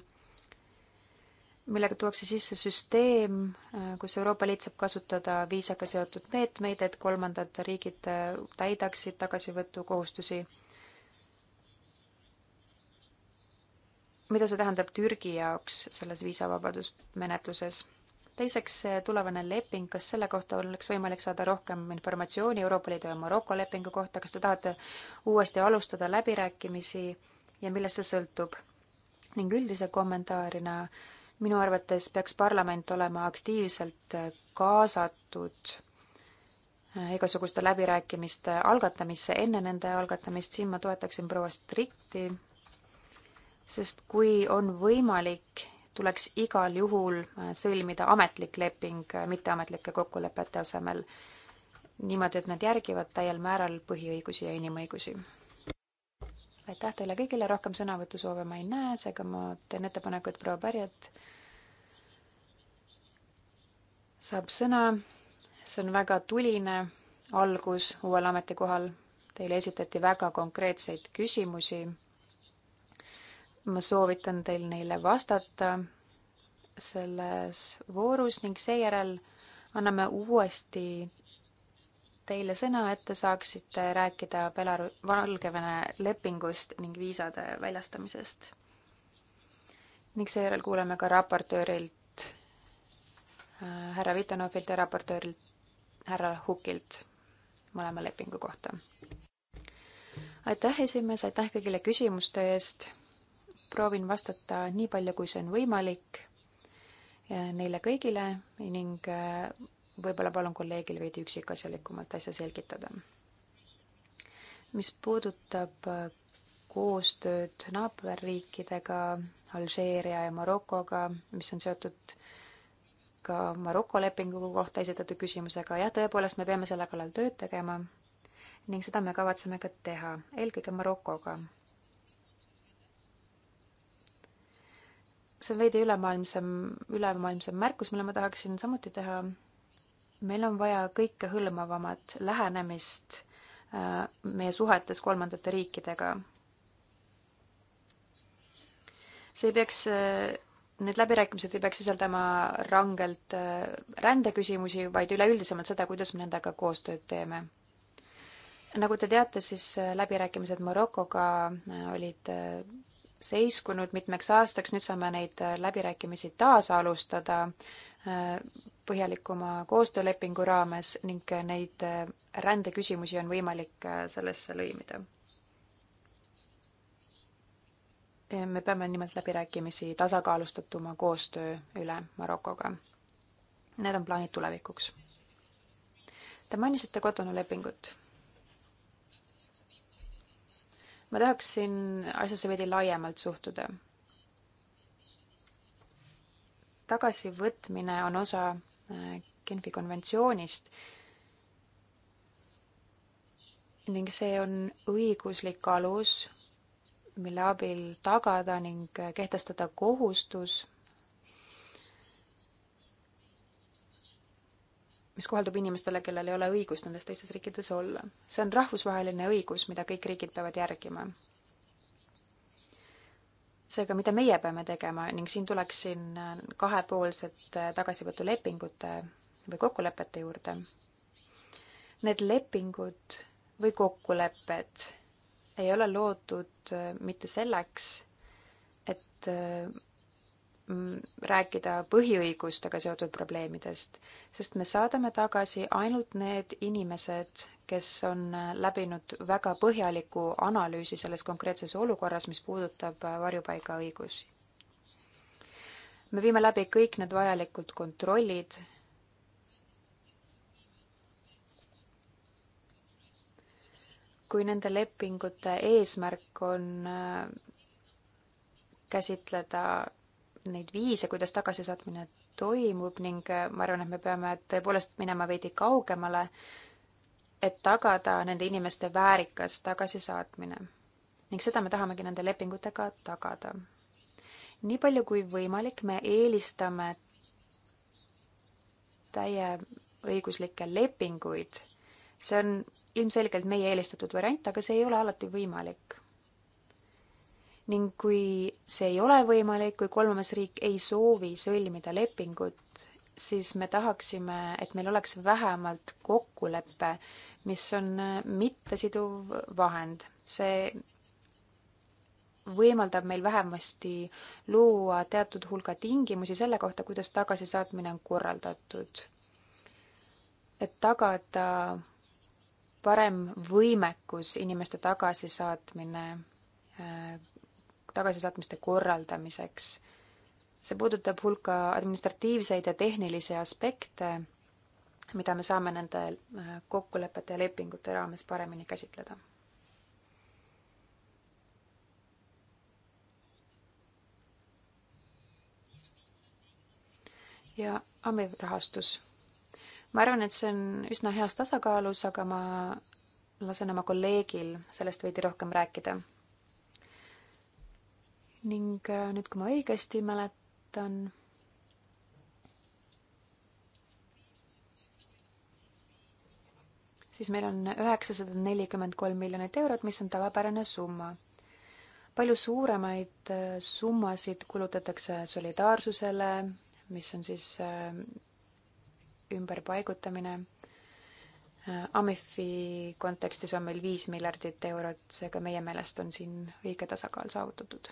S3: millega tuuakse sisse süsteem, äh, kus Euroopa Liit saab kasutada viisaga seotud meetmeid, et kolmandad riigid äh, täidaksid tagasivõtukohustusi. mida see tähendab Türgi jaoks selles viisavabadusmenetluses? teiseks, tulevane leping, kas selle kohta oleks võimalik saada rohkem informatsiooni Euroopa Liidu ja Maroko lepingu kohta, kas te tahate uuesti alustada läbirääkimisi ja millest see sõltub? ning üldise kommentaarina äh, minu arvates peaks parlament olema aktiivselt äh, kaasatud äh, igasuguste läbirääkimiste algatamisse, enne nende algatamist, siin ma toetaksin proua Strikti, sest kui on võimalik, tuleks igal juhul äh, sõlmida ametlik leping mitteametlike kokkulepete asemel, niimoodi, et nad järgivad täiel määral põhiõigusi ja inimõigusi aitäh teile kõigile, rohkem sõnavõtusoove ma ei näe, seega ma teen ettepaneku, et proua Pärjat saab sõna. see on väga tuline algus uuel ametikohal. Teile esitati väga konkreetseid küsimusi. ma soovitan teil neile vastata selles voorus ning seejärel anname uuesti teile sõna, et te saaksite rääkida Belaru-, Valgevene lepingust ning viisade väljastamisest. ning seejärel kuuleme ka raportöörilt äh,, härra Vitanovilt ja raportöörilt härra Hukilt mõlema lepingu kohta. aitäh, esimees, aitäh kõigile küsimuste eest. proovin vastata nii palju, kui see on võimalik äh, neile kõigile ning äh, võib-olla palun kolleegil veidi üksikasjalikumalt asja selgitada. mis puudutab äh, koostööd naaberriikidega, Alžeeria ja Marokoga, mis on seotud ka Maroko lepingu kohta esitatud küsimusega, jah, tõepoolest me peame selle kallal tööd tegema ning seda me kavatseme ka teha, eelkõige Marokoga. see on veidi ülemaailmsem, ülemaailmsem märkus, mille ma tahaksin samuti teha meil on vaja kõikehõlmavamat lähenemist äh, meie suhetes kolmandate riikidega. see ei peaks, äh, need läbirääkimised ei peaks sisaldama rangelt äh, rändeküsimusi, vaid üleüldisemalt seda, kuidas me nendega koostööd teeme. nagu te teate, siis läbirääkimised Marokoga olid seiskunud mitmeks aastaks, nüüd saame neid äh, läbirääkimisi taas alustada äh, põhjalikuma koostöölepingu raames ning äh, neid rändeküsimusi on võimalik sellesse lõimida. me peame nimelt läbirääkimisi tasakaalustatuma koostöö üle Marokoga. Need on plaanid tulevikuks. Te mainisite Cotonou lepingut ma tahaksin asjasse veidi laiemalt suhtuda. tagasivõtmine on osa äh, Genfi konventsioonist ning see on õiguslik alus, mille abil tagada ning äh, kehtestada kohustus mis kohaldub inimestele, kellel ei ole õigust nendes teistes riikides olla. see on rahvusvaheline õigus, mida kõik riigid peavad järgima. seega, mida meie peame tegema ning siin tuleksin kahepoolsete tagasivõtulepingute või kokkulepete juurde. Need lepingud või kokkulepped ei ole loodud mitte selleks, et Mm, rääkida põhiõigustega seotud probleemidest, sest me saadame tagasi ainult need inimesed, kes on läbinud väga põhjaliku analüüsi selles konkreetses olukorras, mis puudutab varjupaigaõigusi. me viime läbi kõik need vajalikud kontrollid. kui nende lepingute eesmärk on äh, käsitleda neid viise, kuidas tagasisaatmine toimub ning äh, ma arvan, et me peame tõepoolest minema veidi kaugemale, et tagada nende inimeste väärikas tagasisaatmine. ning seda me tahamegi nende lepingutega tagada. nii palju kui võimalik, me eelistame täieõiguslikke lepinguid. see on ilmselgelt meie eelistatud variant, aga see ei ole alati võimalik ning kui see ei ole võimalik, kui kolmas riik ei soovi sõlmida lepingut, siis me tahaksime, et meil oleks vähemalt kokkulepe, mis on äh, mittesiduv vahend. see võimaldab meil vähemasti luua teatud hulga tingimusi selle kohta, kuidas tagasisaatmine on korraldatud. et tagada parem võimekus inimeste tagasisaatmine äh, tagasisaatmiste korraldamiseks. see puudutab hulka administratiivseid ja tehnilisi aspekte, mida me saame nende äh, kokkulepete ja lepingute raames paremini käsitleda. ja AMIV rahastus. ma arvan, et see on üsna heas tasakaalus, aga ma lasen oma kolleegil sellest veidi rohkem rääkida ning äh, nüüd, kui ma õigesti mäletan, siis meil on üheksasada nelikümmend kolm miljonit eurot, mis on tavapärane summa. palju suuremaid äh, summasid kulutatakse solidaarsusele, mis on siis äh, ümberpaigutamine. Amifi kontekstis on meil viis miljardit eurot, seega meie meelest on siin õige tasakaal saavutatud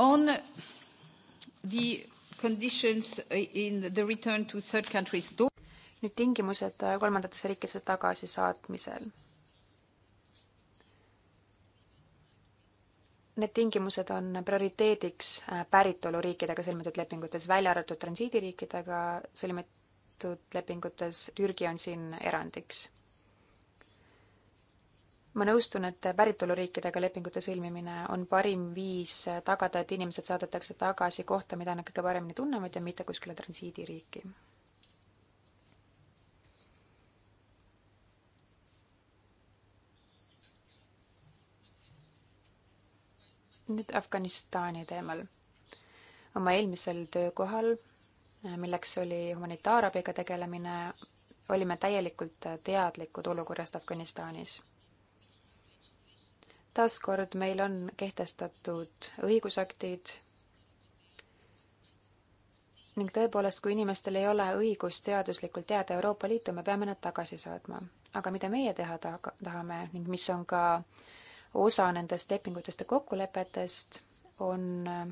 S3: On the conditions uh, in the return to third countries do nüüd tingimused uh, kolmandatesse riikidesse tagasisaatmisel. Need tingimused on prioriteediks uh, päritoluriikidega sõlmitud lepingutes, välja arvatud transiidiriikidega sõlmitud lepingutes, Türgi on siin erandiks ma nõustun, et päritoluriikidega lepingute sõlmimine on parim viis tagada, et inimesed saadetakse tagasi kohta, mida nad kõige paremini tunnevad ja mitte kuskile transiidiriiki. nüüd Afganistani teemal. oma eelmisel töökohal, milleks oli humanitaarabiga tegelemine, olime täielikult teadlikud olukorrast Afganistanis taaskord meil on kehtestatud õigusaktid ning tõepoolest, kui inimestel ei ole õigust seaduslikult jääda Euroopa Liitu, me peame nad tagasi saatma. aga mida meie teha taha, tahame ning mis on ka osa nendest lepingutest ja kokkulepetest, on äh,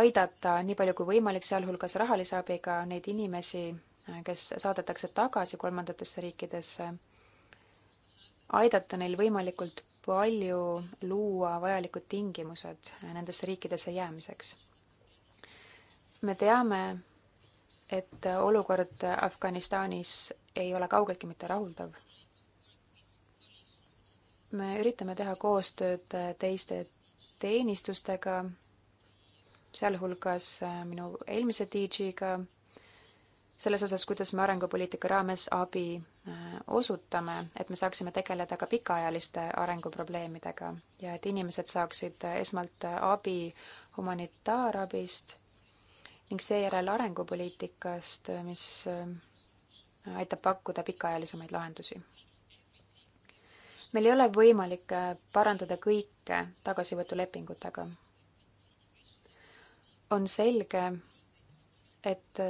S3: aidata nii palju kui võimalik, sealhulgas rahalise abiga neid inimesi, äh, kes saadetakse tagasi kolmandatesse riikidesse aidata neil võimalikult palju luua vajalikud tingimused nendesse riikidesse jäämiseks. me teame, et olukord Afganistanis ei ole kaugeltki mitte rahuldav. me üritame teha koostööd teiste teenistustega, sealhulgas minu eelmise DJ-ga selles osas, kuidas me arengupoliitika raames abi äh, osutame, et me saaksime tegeleda ka pikaajaliste arenguprobleemidega ja et inimesed saaksid äh, esmalt äh, abi humanitaarabist ning seejärel arengupoliitikast, mis aitab pakkuda pikaajalisemaid lahendusi. meil ei ole võimalik parandada kõike tagasivõtulepingutega. on selge, et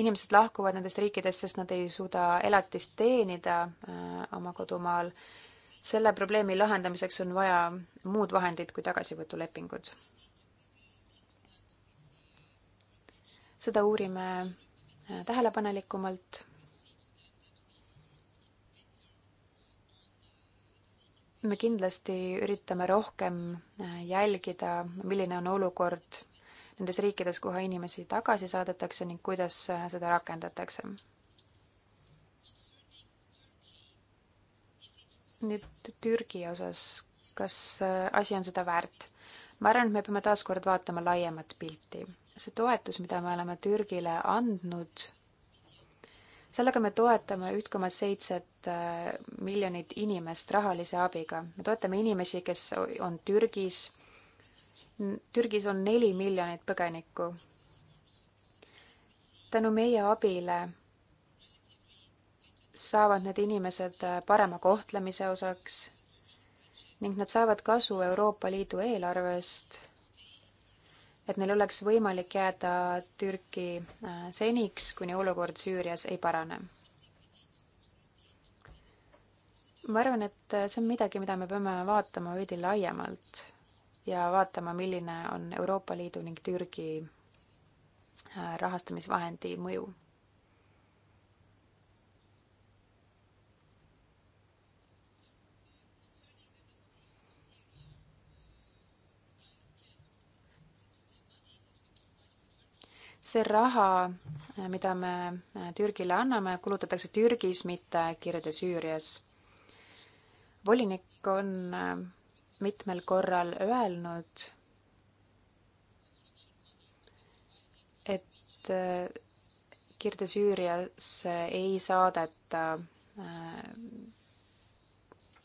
S3: inimesed lahkuvad nendest riikidest, sest nad ei suuda elatist teenida äh, oma kodumaal. selle probleemi lahendamiseks on vaja muud vahendid kui tagasivõtulepingud. seda uurime äh, tähelepanelikumalt. me kindlasti üritame rohkem äh, jälgida, milline on olukord nendes riikides, kuhu inimesi tagasi saadetakse ning kuidas äh, seda rakendatakse. nüüd Türgi osas, kas äh, asi on seda väärt? ma arvan, et me peame taaskord vaatama laiemat pilti. see toetus, mida me oleme Türgile andnud, sellega me toetame üht koma seitset äh, miljonit inimest rahalise abiga. me toetame inimesi, kes on Türgis Türgis on neli miljonit põgenikku. tänu meie abile saavad need inimesed äh, parema kohtlemise osaks ning nad saavad kasu Euroopa Liidu eelarvest, et neil oleks võimalik jääda Türki äh, seniks, kuni olukord Süürias ei parane ma arvan, et äh, see on midagi, mida me peame vaatama veidi laiemalt ja vaatama, milline on Euroopa Liidu ning Türgi äh, rahastamisvahendi mõju see raha, äh, mida me äh, Türgile anname, kulutatakse Türgis, mitte kirjade Süürias. volinik on mitmel korral öelnud, et äh, Kirde-Süüriasse ei saadeta äh,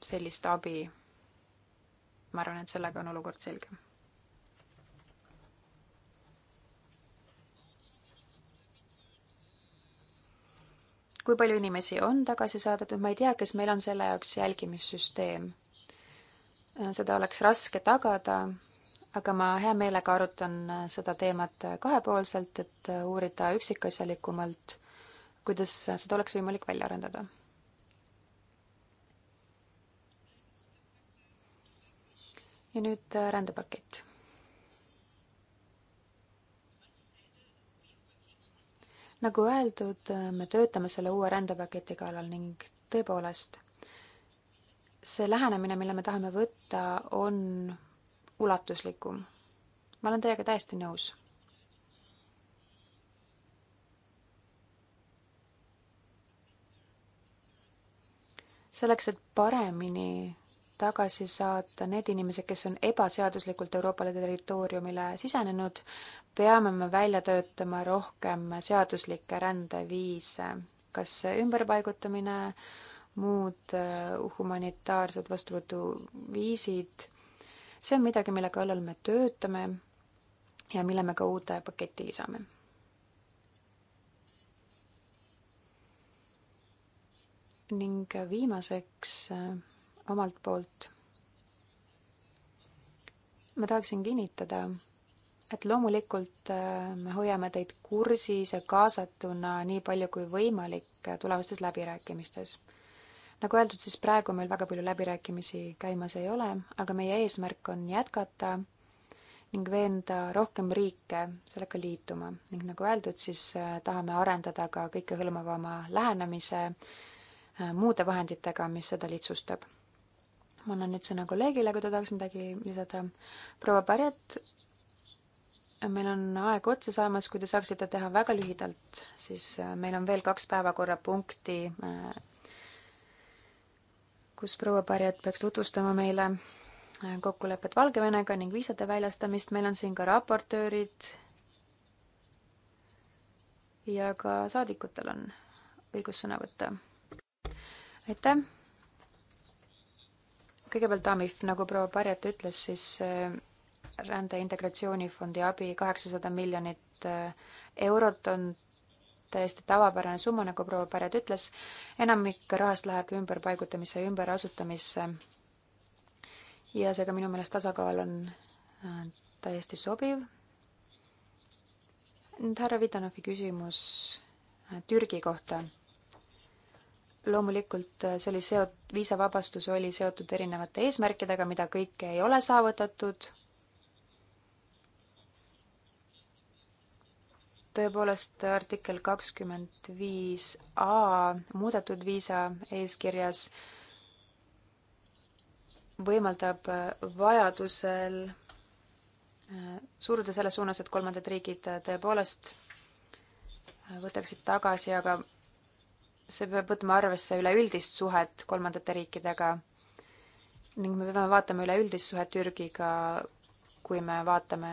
S3: sellist abi. ma arvan, et sellega on olukord selge kui palju inimesi on tagasi saadetud, ma ei tea, kas meil on selle jaoks jälgimissüsteem. Äh, seda oleks raske tagada, aga ma hea meelega arutan äh, seda teemat kahepoolselt, et äh, uurida üksikasjalikumalt, kuidas seda oleks võimalik välja arendada. ja nüüd rändepakett nagu öeldud, me töötame selle uue rändepaketi kallal ning tõepoolest, see lähenemine, mille me tahame võtta, on ulatuslikum. ma olen teiega täiesti nõus selleks, et paremini tagasi saata need inimesed, kes on ebaseaduslikult Euroopa Liidu territooriumile sisenenud, peame me välja töötama rohkem seaduslikke rändeviise, kas ümberpaigutamine, muud äh, humanitaarsed vastuvõtuviisid. see on midagi, mille kallal me töötame ja mille me ka uude paketti lisame. ning viimaseks äh, omalt poolt ma tahaksin kinnitada, et loomulikult äh, me hoiame teid kursis ja kaasatuna nii palju kui võimalik tulevastes läbirääkimistes nagu öeldud, siis praegu meil väga palju läbirääkimisi käimas ei ole, aga meie eesmärk on jätkata ning veenda rohkem riike sellega liituma ning nagu öeldud, siis äh, tahame arendada ka kõikehõlmavama lähenemise äh, muude vahenditega, mis seda lihtsustab. ma annan nüüd sõna kolleegile, kui ta tahaks midagi lisada. proua Pärjat, meil on aeg otsa saamas, kui te saaksite teha väga lühidalt, siis äh, meil on veel kaks päevakorrapunkti kus proua Pärjat peaks tutvustama meile äh, kokkulepet Valgevenega ning viisade väljastamist, meil on siin ka raportöörid ja ka saadikutel on õigus sõna võtta. aitäh! kõigepealt AMIF, nagu proua Pärjat ütles, siis äh, rände integratsioonifondi abi kaheksasada miljonit äh, eurot on täiesti tavapärane summa, nagu proua Päret ütles. enamik rahast läheb ümberpaigutamisse ja ümberasutamisse. ja seega minu meelest tasakaal on äh, täiesti sobiv. nüüd härra Vitanovi küsimus äh, Türgi kohta. loomulikult äh, see oli seot-, viisavabastus oli seotud erinevate eesmärkidega, mida kõike ei ole saavutatud tõepoolest artikkel kakskümmend viis A muudetud viisa eeskirjas võimaldab vajadusel äh, suruda selles suunas, et kolmandad riigid äh, tõepoolest äh, võtaksid tagasi, aga see peab võtma arvesse üleüldist suhet kolmandate riikidega ning me peame vaatama üleüldist suhet Türgiga, kui me vaatame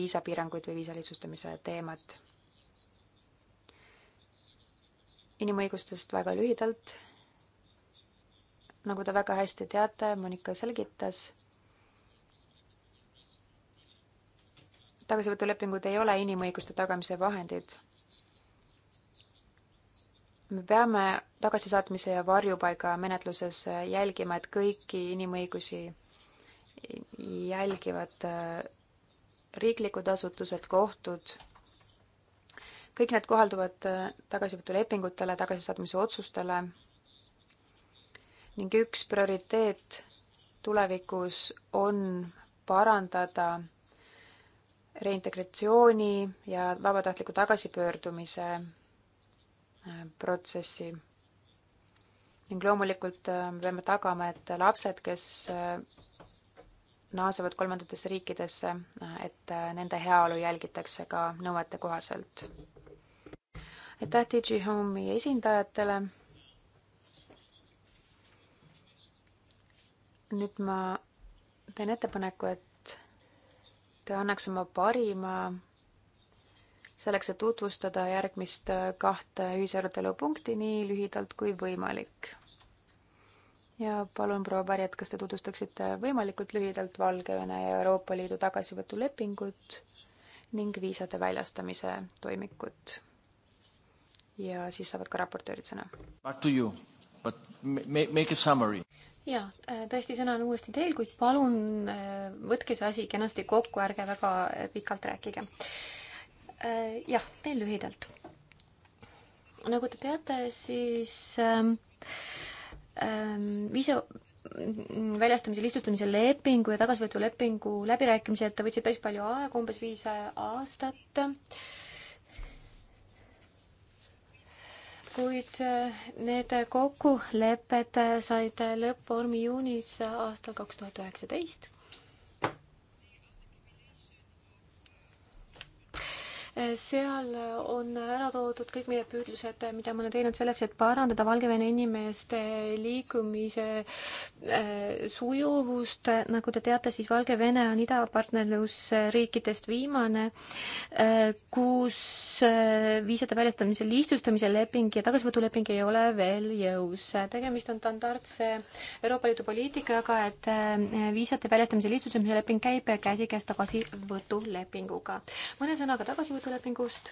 S3: viisapiiranguid või viisalihtsustamise teemat inimõigustest väga lühidalt. nagu te väga hästi teate, Monika selgitas, tagasivõtulepingud ei ole inimõiguste tagamise vahendid. me peame tagasisaatmise ja varjupaiga menetluses jälgima, et kõiki inimõigusi jälgivad äh, riiklikud asutused, kohtud kõik need kohalduvad äh, tagasivõtulepingutele, tagasisaatmise otsustele ning üks prioriteet tulevikus on parandada reintegratsiooni ja vabatahtliku tagasipöördumise äh, protsessi. ning loomulikult äh, me peame tagama, et lapsed, kes naasevad kolmandatesse riikidesse, et nende heaolu jälgitakse ka nõuete kohaselt aitäh DigiHome'i esindajatele. nüüd ma teen ettepaneku, et te annaks oma parima selleks, et tutvustada järgmist kahte ühisarutelu punkti nii lühidalt kui võimalik. ja palun, proua Pärjat, kas te tutvustaksite võimalikult lühidalt Valgevene ja Euroopa Liidu tagasivõtulepingut ning viisade väljastamise toimikut? ja siis saavad ka raportöörid sõna.
S2: Back to you, but make a summary.
S3: jaa, äh, tõesti,
S2: sõna on uuesti teil, kuid palun äh, võtke see asi kenasti kokku, ärge väga äh, pikalt rääkige. jah, teen lühidalt. nagu te teate, siis ähm, ähm viisa mm, väljastamise lihtsustamise lepingu ja tagasivõtulepingu läbirääkimised võtsid päris palju aega, umbes viis aastat äh, kuid eh, need kokkulepped eh, said eh, lõppvormi juunis aastal kaks tuhat üheksateist seal on ära toodud kõik meie püüdlused, mida me oleme teinud selleks, et parandada Valgevene inimeste liikumise äh, sujuvust. nagu te teate, siis Valgevene on idapartnerlusriikidest viimane, äh, kus äh, viisade väljastamise lihtsustamise leping ja tagasivõtuleping ei ole veel jõus. tegemist on standardse Euroopa Liidu poliitikaga, et viisade väljastamise lihtsustamise leping käib käsikäes tagasivõtulepinguga. mõne sõnaga tagasivõtulepinguga Liidu lepingust.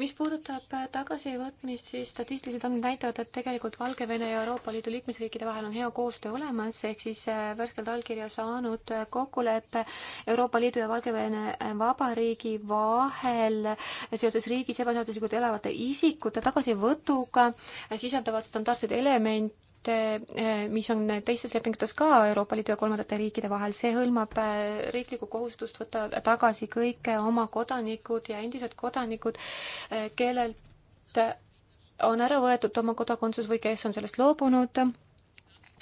S2: mis puudutab tagasivõtmist, siis statistilised andmed näitavad, et tegelikult Valgevene ja Euroopa Liidu liikmesriikide vahel on hea koostöö olemas, ehk siis äh, värskelt allkirja saanud äh, kokkulepe Euroopa Liidu ja Valgevene äh, Vabariigi vahel seoses riigis ebaseaduslikult elavate isikute tagasivõtuga sisaldavad standardseid elemente, Eh, mis on teistes lepingutes ka Euroopa Liidu ja kolmandate riikide vahel, see hõlmab eh, riiklikku kohustust võtta tagasi kõik eh, oma kodanikud ja endised kodanikud, kellelt on ära võetud oma kodakondsus või kes on sellest loobunud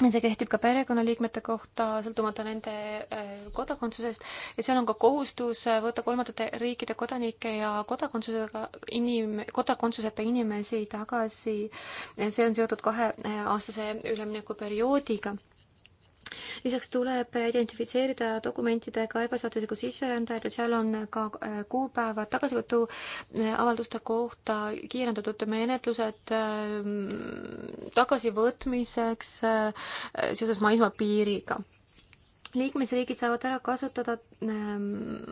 S2: see kehtib ka perekonnaliikmete kohta, sõltumata nende äh, kodakondsusest ja seal on ka kohustus äh, võtta kolmandate riikide kodanikke ja kodakondsusega inim-, kodakondsuseta inimesi tagasi. see on seotud kaheaastase äh, üleminekuperioodiga lisaks tuleb identifitseerida dokumentidega ebaseaduslikud sisserändajad ja seal on ka äh, kuupäevad tagasivõtu äh, avalduste kohta, kiirendatud menetlused ähm, tagasivõtmiseks äh, seoses maismaapiiriga liikmesriigid saavad ära kasutada ähm,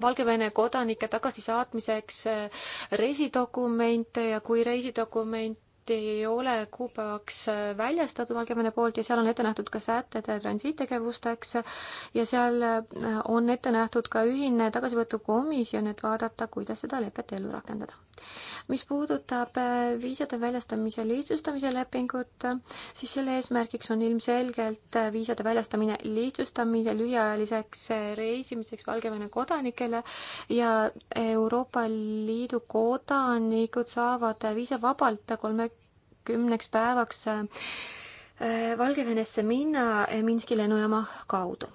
S2: Valgevene kodanike tagasisaatmiseks äh, reisidokumente ja kui reisidokument ei ole Kuubaks äh, väljastatud Valgevene poolt ja seal on ette nähtud ka sätted äh, transiittegevusteks ja seal äh, on ette nähtud ka ühine tagasivõtukomisjon, et vaadata, kuidas seda lepet ellu rakendada mis puudutab äh, viisade väljastamise lihtsustamise lepingut, siis selle eesmärgiks on ilmselgelt äh, viisade väljastamine lihtsustamise lühiajaliseks äh, reisimiseks Valgevene kodanikele ja Euroopa Liidu kodanikud saavad viisavabalt kolmekümneks päevaks Valgevenesse minna Minski lennujaama kaudu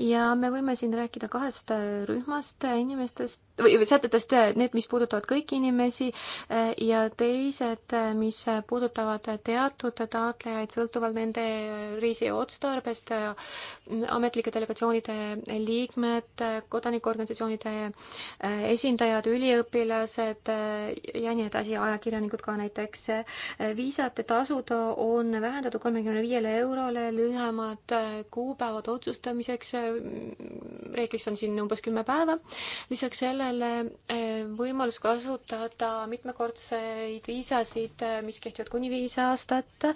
S2: ja me võime siin rääkida kahest rühmast inimestest, või, või sätetest äh, need, mis puudutavad kõiki inimesi äh, ja teised, äh, mis puudutavad teatud taotlejaid sõltuvalt nende reisi otstarbest, ametlike delegatsioonide liikmed, kodanikuorganisatsioonide esindajad, üliõpilased ja nii edasi, ajakirjanikud ka näiteks. viisate tasud on vähendatud kolmekümne viiele eurole, lühemad kuupäevad otsustamiseks, reegliks on siin umbes kümme päeva, lisaks sellele sellele eh, võimalus kasutada mitmekordseid viisasid, eh, mis kehtivad kuni viis aastat.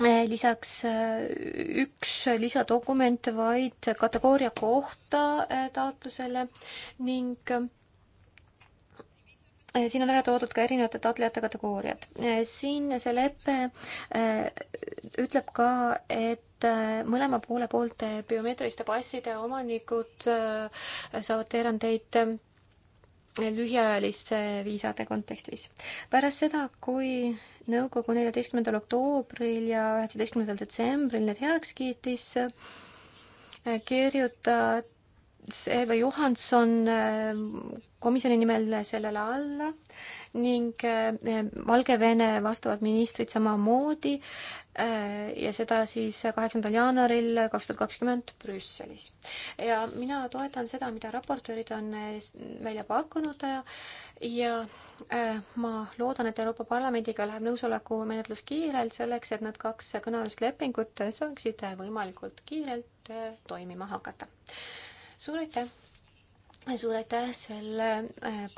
S2: Eh, lisaks üks lisadokument vaid kategooria kohta taotlusele ning Eh, siin on ära toodud ka erinevate taotlejate kategooriad. Eh, siin see lepe eh, ütleb ka, et mõlema poole poolt biomeetriliste passide omanikud saavad erandeid lühiajaliste viisade kontekstis. pärast seda, kui nõukogu neljateistkümnendal oktoobril ja üheksateistkümnendal detsembril need heaks kiitis, kirjutas Elva Johanson komisjoni nimel sellele alla ning äh, Valgevene vastavad ministrid samamoodi äh, ja seda siis kaheksandal jaanuaril kaks tuhat kakskümmend Brüsselis. ja mina toetan seda, mida raportöörid on äh, välja pakkunud ja ma loodan, et Euroopa Parlamendiga läheb nõusoleku menetlus kiirelt selleks, et need kaks kõnealust lepingut saaksid võimalikult kiirelt toimima hakata. suur aitäh! suur aitäh selle äh,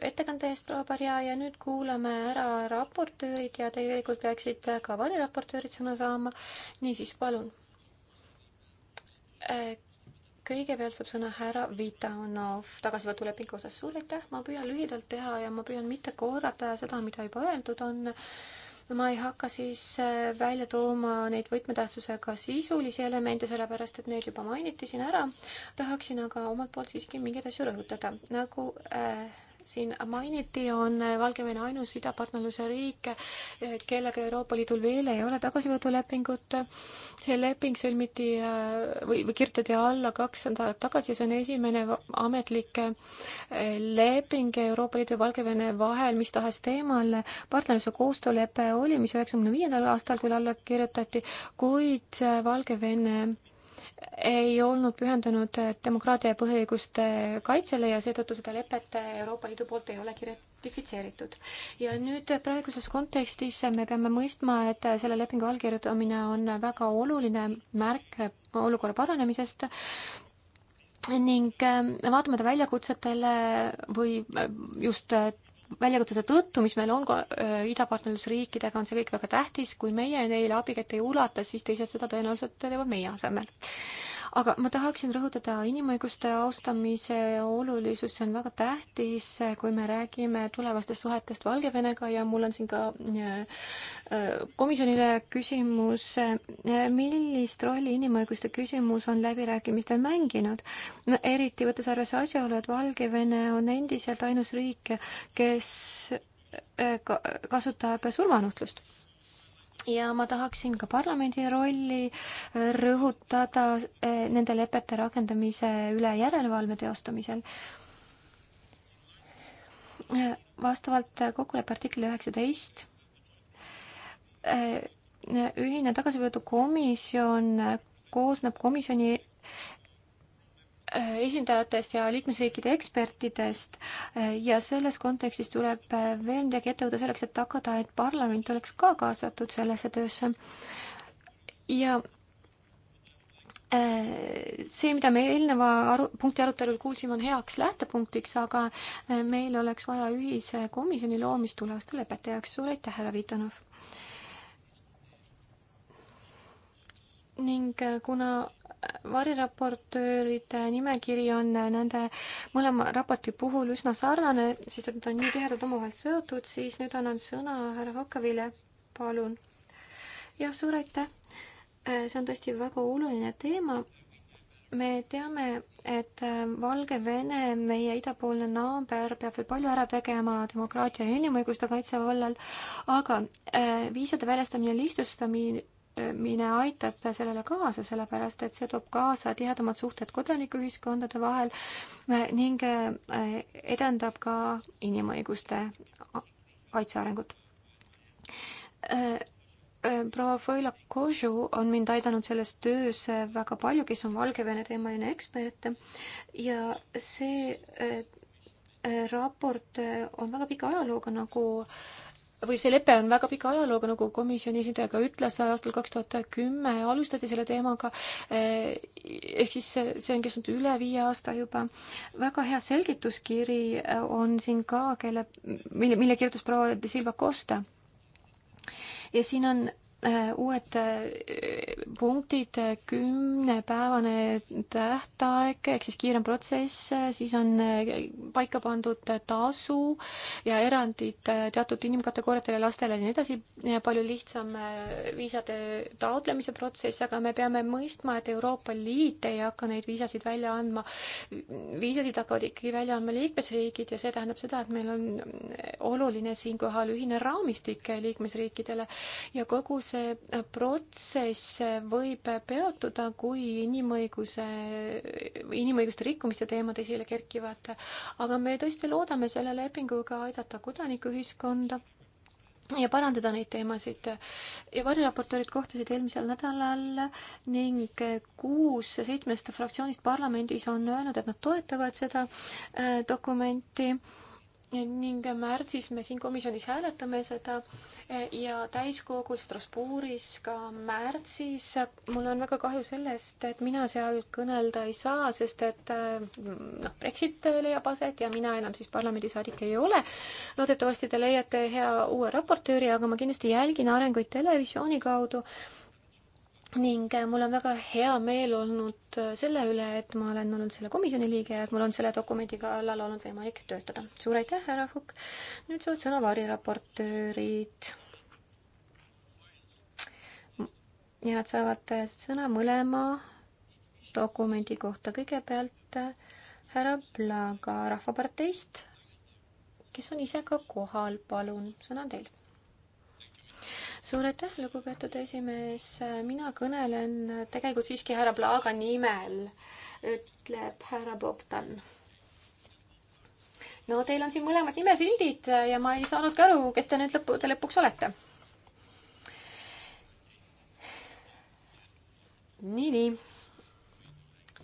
S2: ettekande eest, proua Parja, ja nüüd kuulame ära raportöörid ja tegelikult peaksid ka variraportöörid sõna saama. niisiis, palun. Äh, kõigepealt saab sõna härra Vitanov tagasivõtulepingu osas. suur aitäh, ma püüan lühidalt teha ja ma püüan mitte korrata seda, mida juba öeldud on ma ei hakka siis äh, välja tooma neid võtmetähtsusega sisulisi elemente, sellepärast et need juba mainiti siin ära. tahaksin aga omalt poolt siiski mingeid asju rõhutada. nagu äh, siin mainiti, on Valgevene ainus idapartnerluse riik, kellega Euroopa Liidul veel ei ole tagasivõtulepingut. see leping sõlmiti äh, või, või kirjutati alla kaks nädalat tagasi, see on esimene ametlik äh, leping Euroopa Liidu ja Valgevene vahel mis tahes teemal. partnerluse koostöölepe oli, mis üheksakümne viiendal aastal küll alla kirjutati, kuid äh, Valgevene ei olnud pühendunud demokraatia ja põhiõiguste kaitsele ja seetõttu seda lepet Euroopa Liidu poolt ei olegi ratifitseeritud. ja nüüd praeguses kontekstis me peame mõistma, et selle lepingu allkirjutamine on väga oluline märk olukorra paranemisest ning vaatamata väljakutsetele või just väljakutsete tõttu, mis meil on ka idapartnerlusriikidega, on see kõik väga tähtis, kui meie neile abikätt ei ulata, siis teised seda tõenäoliselt teevad meie asemel aga ma tahaksin rõhutada inimõiguste austamise olulisust, see on väga tähtis, kui me räägime tulevastest suhetest Valgevenega ja mul on siin ka äh, äh, komisjonile küsimus, äh, millist rolli inimõiguste küsimus on läbirääkimistel mänginud, eriti võttes arvesse asjaolu, et Valgevene on endiselt ainus riik, kes kasutab surmanuhtlust ja ma tahaksin ka parlamendi rolli äh, rõhutada äh, nende lepete rakendamise üle järelevalve teostamisel. Äh, vastavalt kokkuleppe artikli üheksateist ühine tagasivõetukomisjon koosneb komisjoni esindajatest ja liikmesriikide ekspertidest ja selles kontekstis tuleb veel midagi ette võtta selleks, et tagada, et parlament oleks ka kaasatud sellesse töösse. ja äh, see, mida me eelneva aru, punkti arutelul kuulsime, on heaks lähtepunktiks, aga äh, meil oleks vaja ühise komisjoni loomist tulevaste lepete jaoks. suur aitäh, härra Vitanov! ning äh, kuna variraportööride nimekiri on nende mõlema raporti puhul üsna sarnane, sest et nad on nii tihedalt omavahel seotud, siis nüüd annan sõna härra Hakkavile, palun. jah, suur aitäh. Äh, see on tõesti väga oluline teema. me teame, et äh, Valgevene, meie idapoolne naaber, peab veel palju ära tegema demokraatia ja inimõiguste kaitse vallal, aga äh, viisade väljastamine lihtsustamine mine aitab sellele kaasa, sellepärast et see toob kaasa tihedamad suhted kodanikuühiskondade vahel äh, ning äh, edendab ka inimõiguste kaitse arengut. Äh, proua Foila Kožu on mind aidanud selles töös väga palju, kes on Valgevene teemaline ekspert ja see raport on väga pika ajalooga, nagu äh, või see lepe on väga pika ajalooga, nagu komisjoni esindaja ka ütles, aastal kaks tuhat kümme alustati selle teemaga, eh, ehk siis see on kestnud üle viie aasta juba. väga hea selgituskiri eh, on siin ka, kelle, mille, mille kirjutas proua De Silva Costa ja siin on Äh, uued äh, punktid, äh, kümnepäevane tähtaeg ehk siis kiirem protsess, siis on paika pandud tasu ja erandid teatud inimkategooriatele, lastele ja nii edasi, palju lihtsam viisade taotlemise protsess, aga me peame mõistma, et Euroopa Liit ei hakka neid viisasid välja andma. viisasid hakkavad ikkagi välja andma liikmesriigid ja see tähendab seda, et meil on oluline siinkohal ühine raamistik liikmesriikidele ja kogu see see äh, protsess äh, võib peatuda, kui inimõiguse, inimõiguste rikkumiste teemad esile kerkivad. aga me tõesti loodame selle lepinguga aidata kodanikuühiskonda ja parandada neid teemasid. variraportöörid kohtusid eelmisel nädalal ning kuus seitsmest fraktsioonist parlamendis on öelnud, et nad toetavad seda äh, dokumenti ning märtsis me siin komisjonis hääletame seda e, ja täiskogu Strasbourgis ka märtsis. mul on väga kahju sellest, et mina seal kõnelda ei saa, sest et e, noh, Brexit leiab aset ja mina enam siis parlamendisaadik ei ole. loodetavasti te leiate hea uue raportööri, aga ma kindlasti jälgin arenguid televisiooni kaudu ning äh, mul on väga hea meel olnud äh, selle üle, et ma olen olnud selle komisjoni liige ja et mul on selle dokumendi kallal olnud võimalik töötada. suur aitäh, härra Fukk. nüüd saavad sõna variraportöörid. ja nad saavad äh, sõna mõlema dokumendi kohta. kõigepealt härra Plaga Rahvaparteist, kes on ise ka kohal, palun, sõna on teil suur aitäh, lugupeetud esimees, mina kõnelen tegelikult siiski härra Plaaga nimel, ütleb härra Bogdan. no teil on siin mõlemad nimesildid ja ma ei saanudki aru, kes te nüüd lõppude lõpuks olete. nii, nii.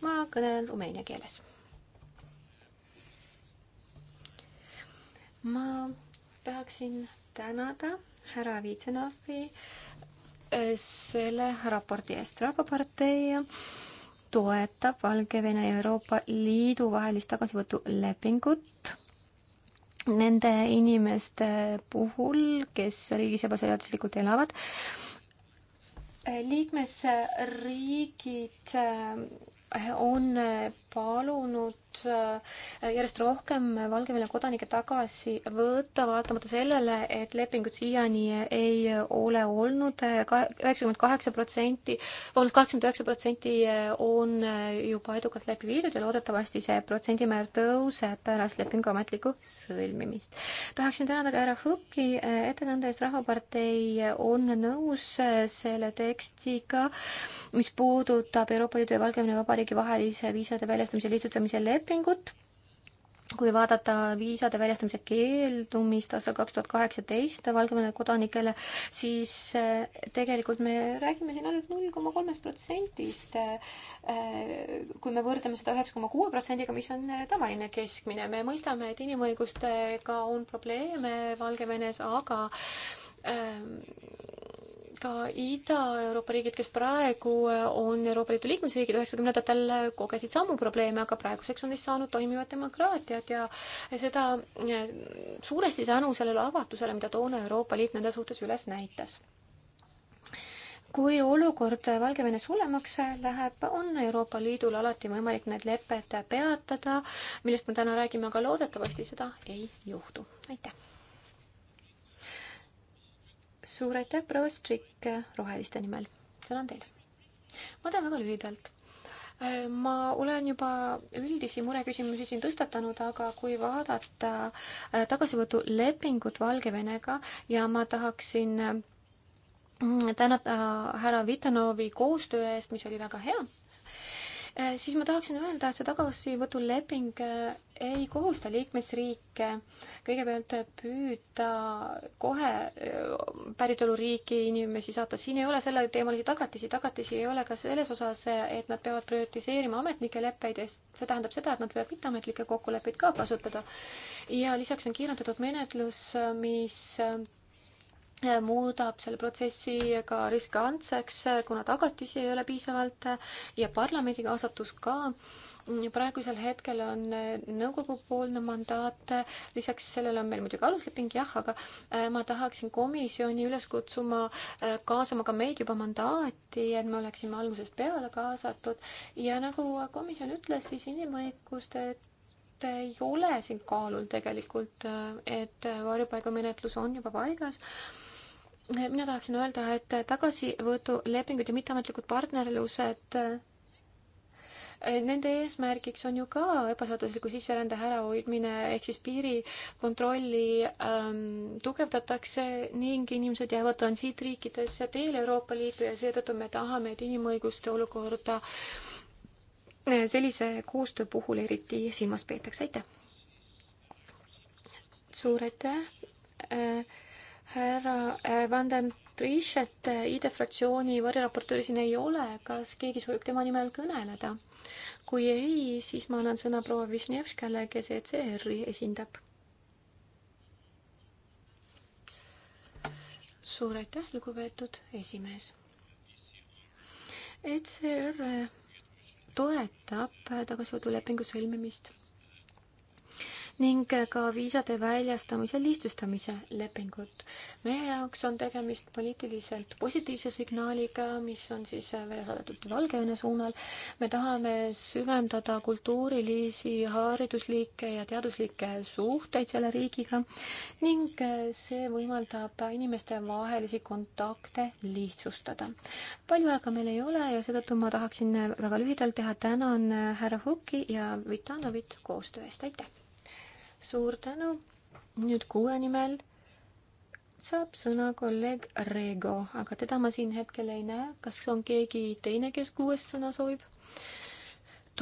S2: ma kõnelen rumeenia keeles ma tahaksin tänada härra Viitsenovi eh, selle raporti eest. rahvapartei toetab Valgevene ja Euroopa Liidu vahelist tagasivõtulepingut nende inimeste puhul, kes riigis ebaseaduslikult elavad. Eh, liikmesriigid eh, on palunud äh, järjest rohkem Valgevene kodanikke tagasi võtta, vaatamata sellele, et lepingut siiani ei ole olnud. Äh, üheksakümmend kaheksa protsenti, vabandust, kaheksakümmend üheksa protsenti äh, on juba edukalt läbi viidud ja loodetavasti see protsendimäär tõuseb pärast lepingu ametlikku sõlmimist. tahaksin tänada ka härra Hõpki ettekande eest, Rahvapartei on nõus selle tekstiga, mis puudutab Euroopa Liidu ja Valgevene Vabariigi vahelise viisade välja väljastamise lihtsustamise lepingut. kui vaadata viisade väljastamise keeldumist aastal kaks tuhat kaheksateist Valgevene kodanikele, siis eh, tegelikult me räägime siin ainult null koma kolmest protsendist. Eh, kui me võrdleme seda üheksa koma kuue protsendiga, mis on eh, tavaline keskmine, me mõistame, et inimõigustega on probleeme Valgevenes, aga ka Ida-Euroopa riigid, kes praegu äh, on Euroopa Liidu liikmesriigid, üheksakümnendatel äh, kogesid samu probleeme, aga praeguseks on neist saanud toimivad demokraatiad ja seda äh, suuresti tänu sellele avatusele, mida toona Euroopa Liit nende suhtes üles näitas. kui olukord Valgevenes hullemaks läheb, on Euroopa Liidul alati võimalik need lepped peatada, millest me täna räägime, aga loodetavasti seda ei juhtu. aitäh! suur aitäh, proua Strik äh, Roheliste nimel, sõna on teil. ma teen väga lühidalt äh, ma olen juba üldisi mureküsimusi siin tõstatanud, aga kui vaadata äh, tagasivõtulepingut Valgevenega ja ma tahaksin tänada härra Vitanovi koostöö eest, mis oli väga hea Äh, siis ma tahaksin öelda, et see tagasivõtuleping äh, ei kohusta liikmesriike kõigepealt püüda kohe äh, päritoluriiki inimesi saata, siin ei ole selleteemalisi tagatisi, tagatisi ei ole ka selles osas, et nad peavad prioritiseerima ametnike leppeid ja see tähendab seda, et nad võivad mitteametlikke kokkuleppeid ka kasutada. ja lisaks on kiirendatud menetlus, mis muudab selle protsessi ka riskantseks, kuna tagatisi ei ole piisavalt ja parlamendi kaasatus ka. praegusel hetkel on nõukogupoolne mandaat, lisaks sellele on meil muidugi alusleping jah, aga äh, ma tahaksin komisjoni üles kutsuma äh, kaasama ka meid juba mandaati, et me oleksime algusest peale kaasatud ja nagu komisjon ütles, siis inimõiguste ei ole siin kaalul tegelikult, äh, et varjupaigamenetlus on juba paigas mina tahaksin öelda, et tagasivõtulepingud ja mitteametlikud partnerlused, eh, nende eesmärgiks on ju ka ebaseadusliku sisserände ärahoidmine, ehk siis piirikontrolli ähm, tugevdatakse ning inimesed jäävad transiitriikidesse teel Euroopa Liitu ja seetõttu me tahame, et inimõiguste olukorda eh, sellise koostöö puhul eriti silmas peetakse, aitäh! suur aitäh äh,! härra äh, Vanden Priishet äh, ID e fraktsiooni variraportööri siin ei ole, kas keegi soovib tema nimel kõneleda? kui ei, siis ma annan sõna proua Višnevskale, kes ECR-i esindab. suur aitäh, lugupeetud esimees. ECR toetab tagasivõtulepingu sõlmimist ning ka viisade väljastamise lihtsustamise lepingut. meie jaoks on tegemist poliitiliselt positiivse signaaliga, mis on siis välja saadetud Valgevene suunal. me tahame süvendada kultuurilisi, hariduslikke ja teaduslikke suhteid selle riigiga ning see võimaldab inimeste vahelisi kontakte lihtsustada. palju aega meil ei ole ja seetõttu ma tahaksin väga lühidalt teha, tänan härra Hukki ja Vitanovit koostöö eest, aitäh! suur tänu. nüüd kuue nimel saab sõna kolleeg Rego, aga teda ma siin hetkel ei näe. kas on keegi teine, kes kuuest sõna soovib?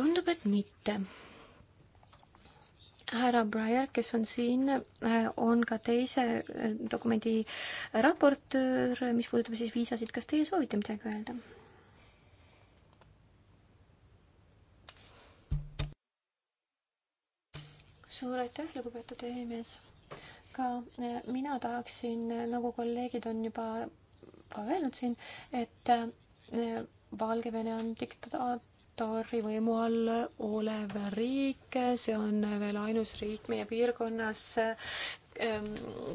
S2: tundub, et mitte. härra Breyer, kes on siin, äh, on ka teise äh, dokumendi raportöör, mis puudutab siis viisasid. kas teie soovite midagi öelda? suur aitäh, lugupeetud esimees. ka eh, mina tahaksin, eh, nagu kolleegid on juba ka öelnud siin, et eh, Valgevene on diktaatori võimu all olev riik, see on veel ainus riik meie piirkonnas, ehm,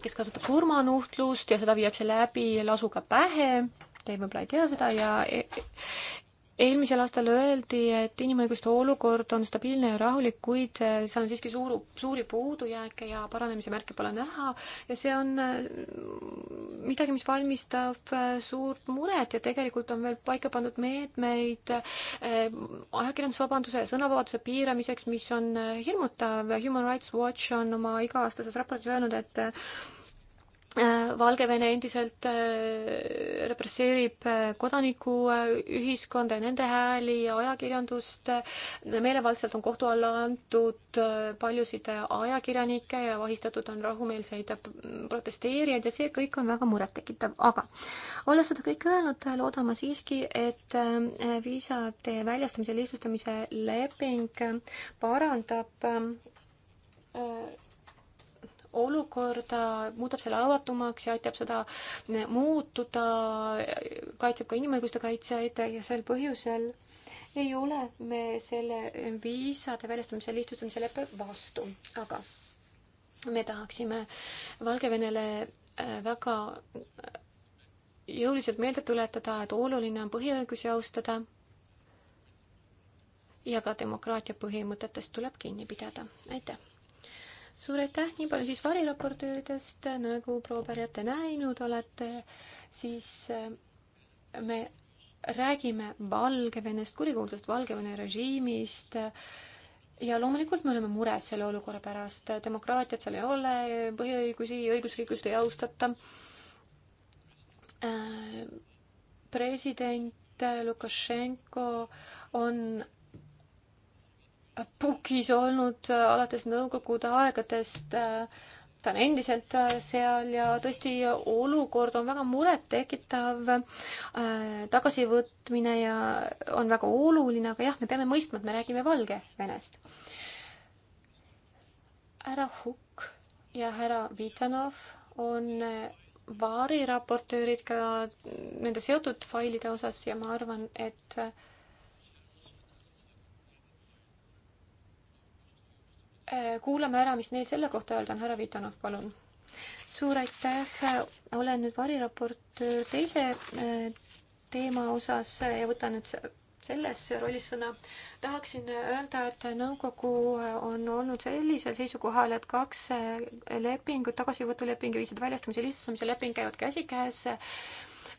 S2: kes kasutab surmanuhtlust ja seda viiakse läbi lasuga pähe. Te võib-olla ei tea seda ja e, e, eelmisel aastal öeldi, et inimõiguste olukord on stabiilne ja rahulik, kuid eh, seal on siiski suur, suuri puudujääke ja paranemise märke pole näha ja see on eh, midagi, mis valmistab eh, suurt muret ja tegelikult on veel paika pandud meetmeid ajakirjandusvabaduse ja sõnavabaduse piiramiseks, mis on hirmutav. Human Rights Watch on oma iga-aastases raportis öelnud, et Äh, Valgevene endiselt äh, represseerib äh, kodanikuühiskonda ja nende hääli ja ajakirjandust. meelevaldselt on kohtu alla antud paljusid ajakirjanikke ja vahistatud on rahumeelseid protesteerijaid ja see kõik on väga murettekitav, aga olles seda kõike öelnud, loodan ma siiski, et viisade väljastamise lihtsustamise leping parandab olukorda, muudab selle avatumaks ja aitab seda muutuda, kaitseb ka inimõiguste kaitsjaid ja sel põhjusel ei ole me selle viisade väljastamise lihtsustamise leppe vastu, aga me tahaksime Valgevenele äh, väga äh, jõuliselt meelde tuletada, et oluline on põhiõigusi austada ja ka demokraatia põhimõtetest tuleb kinni pidada. aitäh! suur aitäh, nii palju siis variraportööridest, nagu prooverijate näinud olete, siis äh, me räägime Valgevenest, kurikuulsast Valgevene režiimist ja loomulikult me oleme mures selle olukorra pärast, demokraatiat seal ei ole, põhiõigusi, õigusriiklust ei austata. Äh, president Lukašenko on pukis olnud äh, alates nõukogude aegadest. Äh, ta on endiselt äh, seal ja tõesti olukord on väga murettekitav. tagasivõtmine ja on väga oluline, aga jah, me peame mõistma, et me räägime Valgevenest. härra Hukk ja härra Vitanov on variraportöörid ka nende seotud failide osas ja ma arvan, et Äh, kuulame ära, mis neil selle kohta öelda on, härra Vitanov, palun. suur aitäh, olen nüüd variraportöör teise äh, teema osas ja võtan nüüd selles rollis sõna. tahaksin öelda, et nõukogu äh, on olnud sellisel seisukohal, et kaks lepingut, tagasivõtuleping ja viisade väljastamise lihtsustamise leping käivad käsikäes.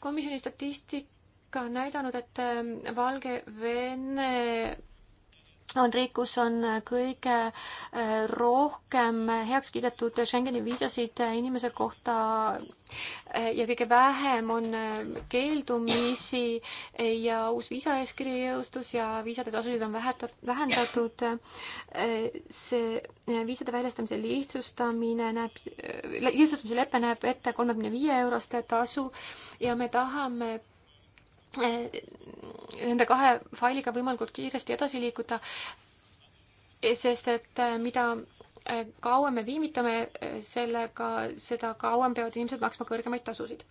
S2: komisjoni statistika on näidanud, et Valgevene on riik, kus on äh, kõige äh, rohkem heaks kiidetud Schengeni viisasid äh, inimese kohta ja kõige vähem on keeldumisi ja uus viisaeeskiri jõustus ja viisade tasusid on vähendatud. see viisade väljastamise lihtsustamine näeb, lihtsustamise lepe näeb ette kolmekümne viie eurost tasu ja me tahame Eh, nende kahe failiga võimalikult kiiresti edasi liikuda, eh, sest et eh, mida kauem me viimitame sellega, seda kauem peavad inimesed maksma kõrgemaid tasusid.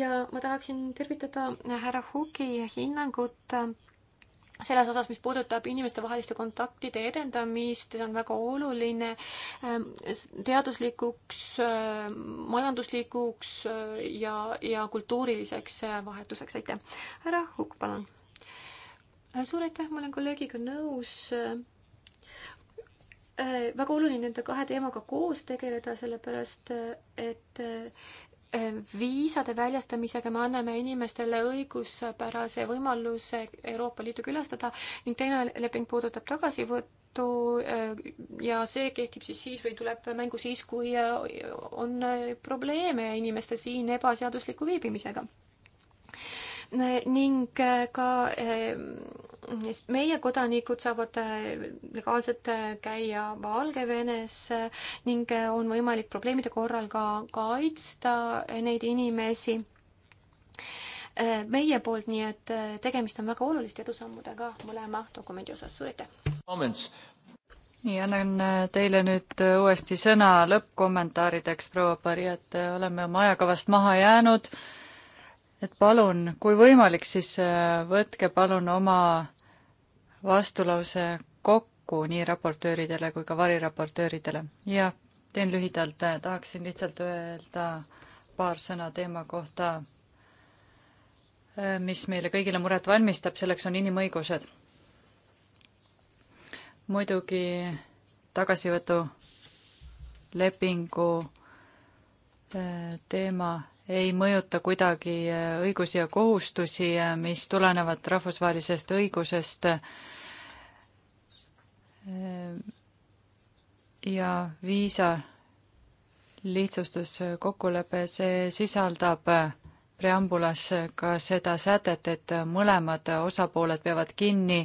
S2: ja ma tahaksin tervitada härra Huki hinnangut äh, selles osas, mis puudutab inimestevaheliste kontaktide edendamist, see on väga oluline ähm, teaduslikuks, ähm, majanduslikuks äh, ja, ja kultuuriliseks äh, vahetuseks, aitäh. härra Hukk, palun. Äh, suur aitäh, ma olen kolleegiga nõus. väga oluline nende kahe teemaga koos tegeleda, sellepärast et viisade väljastamisega me anname inimestele õiguspärase võimaluse Euroopa Liitu külastada ning teine leping puudutab tagasivõttu äh, ja see kehtib siis siis või tuleb mängu siis, kui äh, on äh, probleeme inimestel siin ebaseadusliku viibimisega Äh, ning äh, ka äh, meie kodanikud saavad legaalselt käia Valgevenes ning on võimalik probleemide korral ka kaitsta neid inimesi meie poolt, nii et tegemist on väga oluliste edusammudega mõlema dokumendi osas, suur aitäh!
S1: nii, annan teile nüüd uuesti sõna lõppkommentaarideks, proua Pari, et oleme oma ajakavast maha jäänud et palun, kui võimalik, siis äh, võtke palun oma vastulause kokku nii raportööridele kui ka variraportööridele ja teen lühidalt, äh, tahaksin lihtsalt öelda paar sõna teema kohta, äh, mis meile kõigile muret valmistab, selleks on inimõigused. muidugi tagasivõtu lepingu teema ei mõjuta kuidagi eh, õigusi ja kohustusi, eh, mis tulenevad rahvusvahelisest õigusest. Eh, ja viisa lihtsustuskokkulepe, see sisaldab preambulas ka seda sätet, et mõlemad osapooled peavad kinni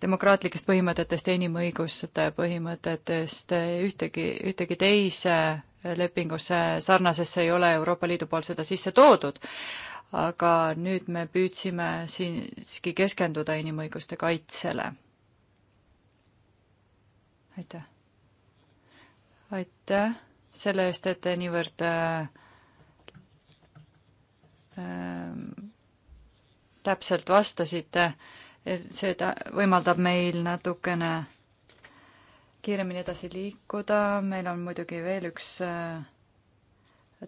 S1: demokraatlikest põhimõtetest ja inimõiguste põhimõtetest, ühtegi, ühtegi teise lepingusse sarnasesse ei ole Euroopa Liidu poolt seda sisse toodud. aga nüüd me püüdsime siiski keskenduda inimõiguste kaitsele. aitäh. aitäh selle eest, et te niivõrd äh, äh, täpselt vastasite, et see ta-, võimaldab meil natukene kiiremini edasi liikuda, meil on muidugi veel üks äh,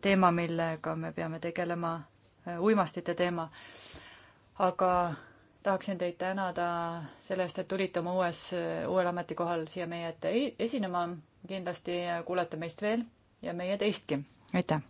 S1: teema, millega me peame tegelema, äh, uimastite teema. aga tahaksin teid tänada selle eest, et tulite oma uues, äh, uuel ametikohal siia meie ette e-, esinema. kindlasti kuulete meist veel ja meie teistki. aitäh!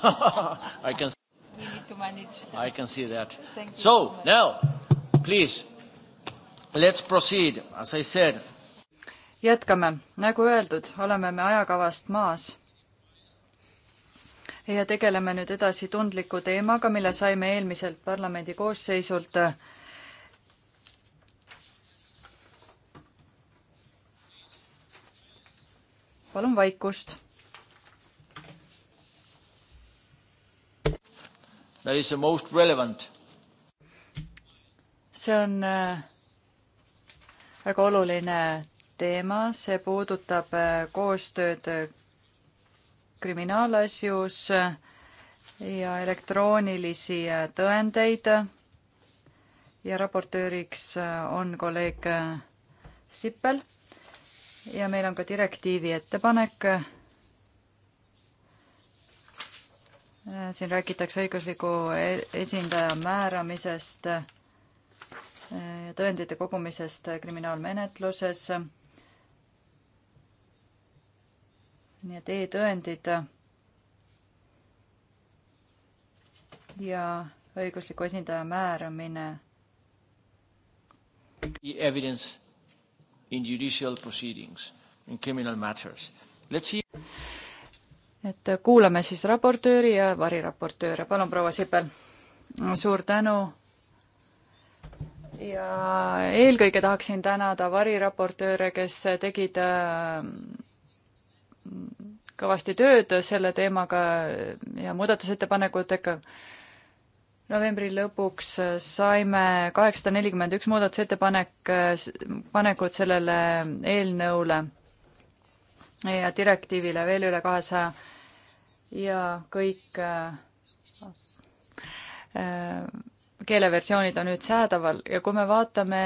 S3: I can. You need to manage. I can see that. Thank you
S1: so,
S2: so much. now, please, let's proceed, as I said.
S1: jätkame, nagu öeldud, oleme me ajakavast maas. ja tegeleme nüüd edasi tundliku teemaga, mille saime eelmiselt parlamendi koosseisult palun vaikust that is the most relevant. see on äh, väga oluline teema, see puudutab äh, koostööd äh, kriminaalasjus ja elektroonilisi tõendeid. ja raportööriks on kolleeg Sippel ja meil on ka direktiivi ettepanek Äh, siin räägitakse õigusliku e-, esindaja määramisest, äh, tõendite kogumisest kriminaalmenetluses. nii et e-tõendid ja õigusliku esindaja määramine
S2: e. evidence in judicial proceedings in criminal matters. Let's see
S1: et kuulame siis raportööri ja variraportööre, palun, proua Sipel. suur tänu. ja eelkõige tahaksin tänada variraportööre, kes tegid äh, kõvasti tööd selle teemaga ja muudatusettepanekutega. novembri lõpuks saime kaheksasada nelikümmend üks muudatusettepanek, äh, panekut sellele eelnõule ja direktiivile veel üle kahesaja ja kõik äh, äh, keeleversioonid on nüüd säädaval ja kui me vaatame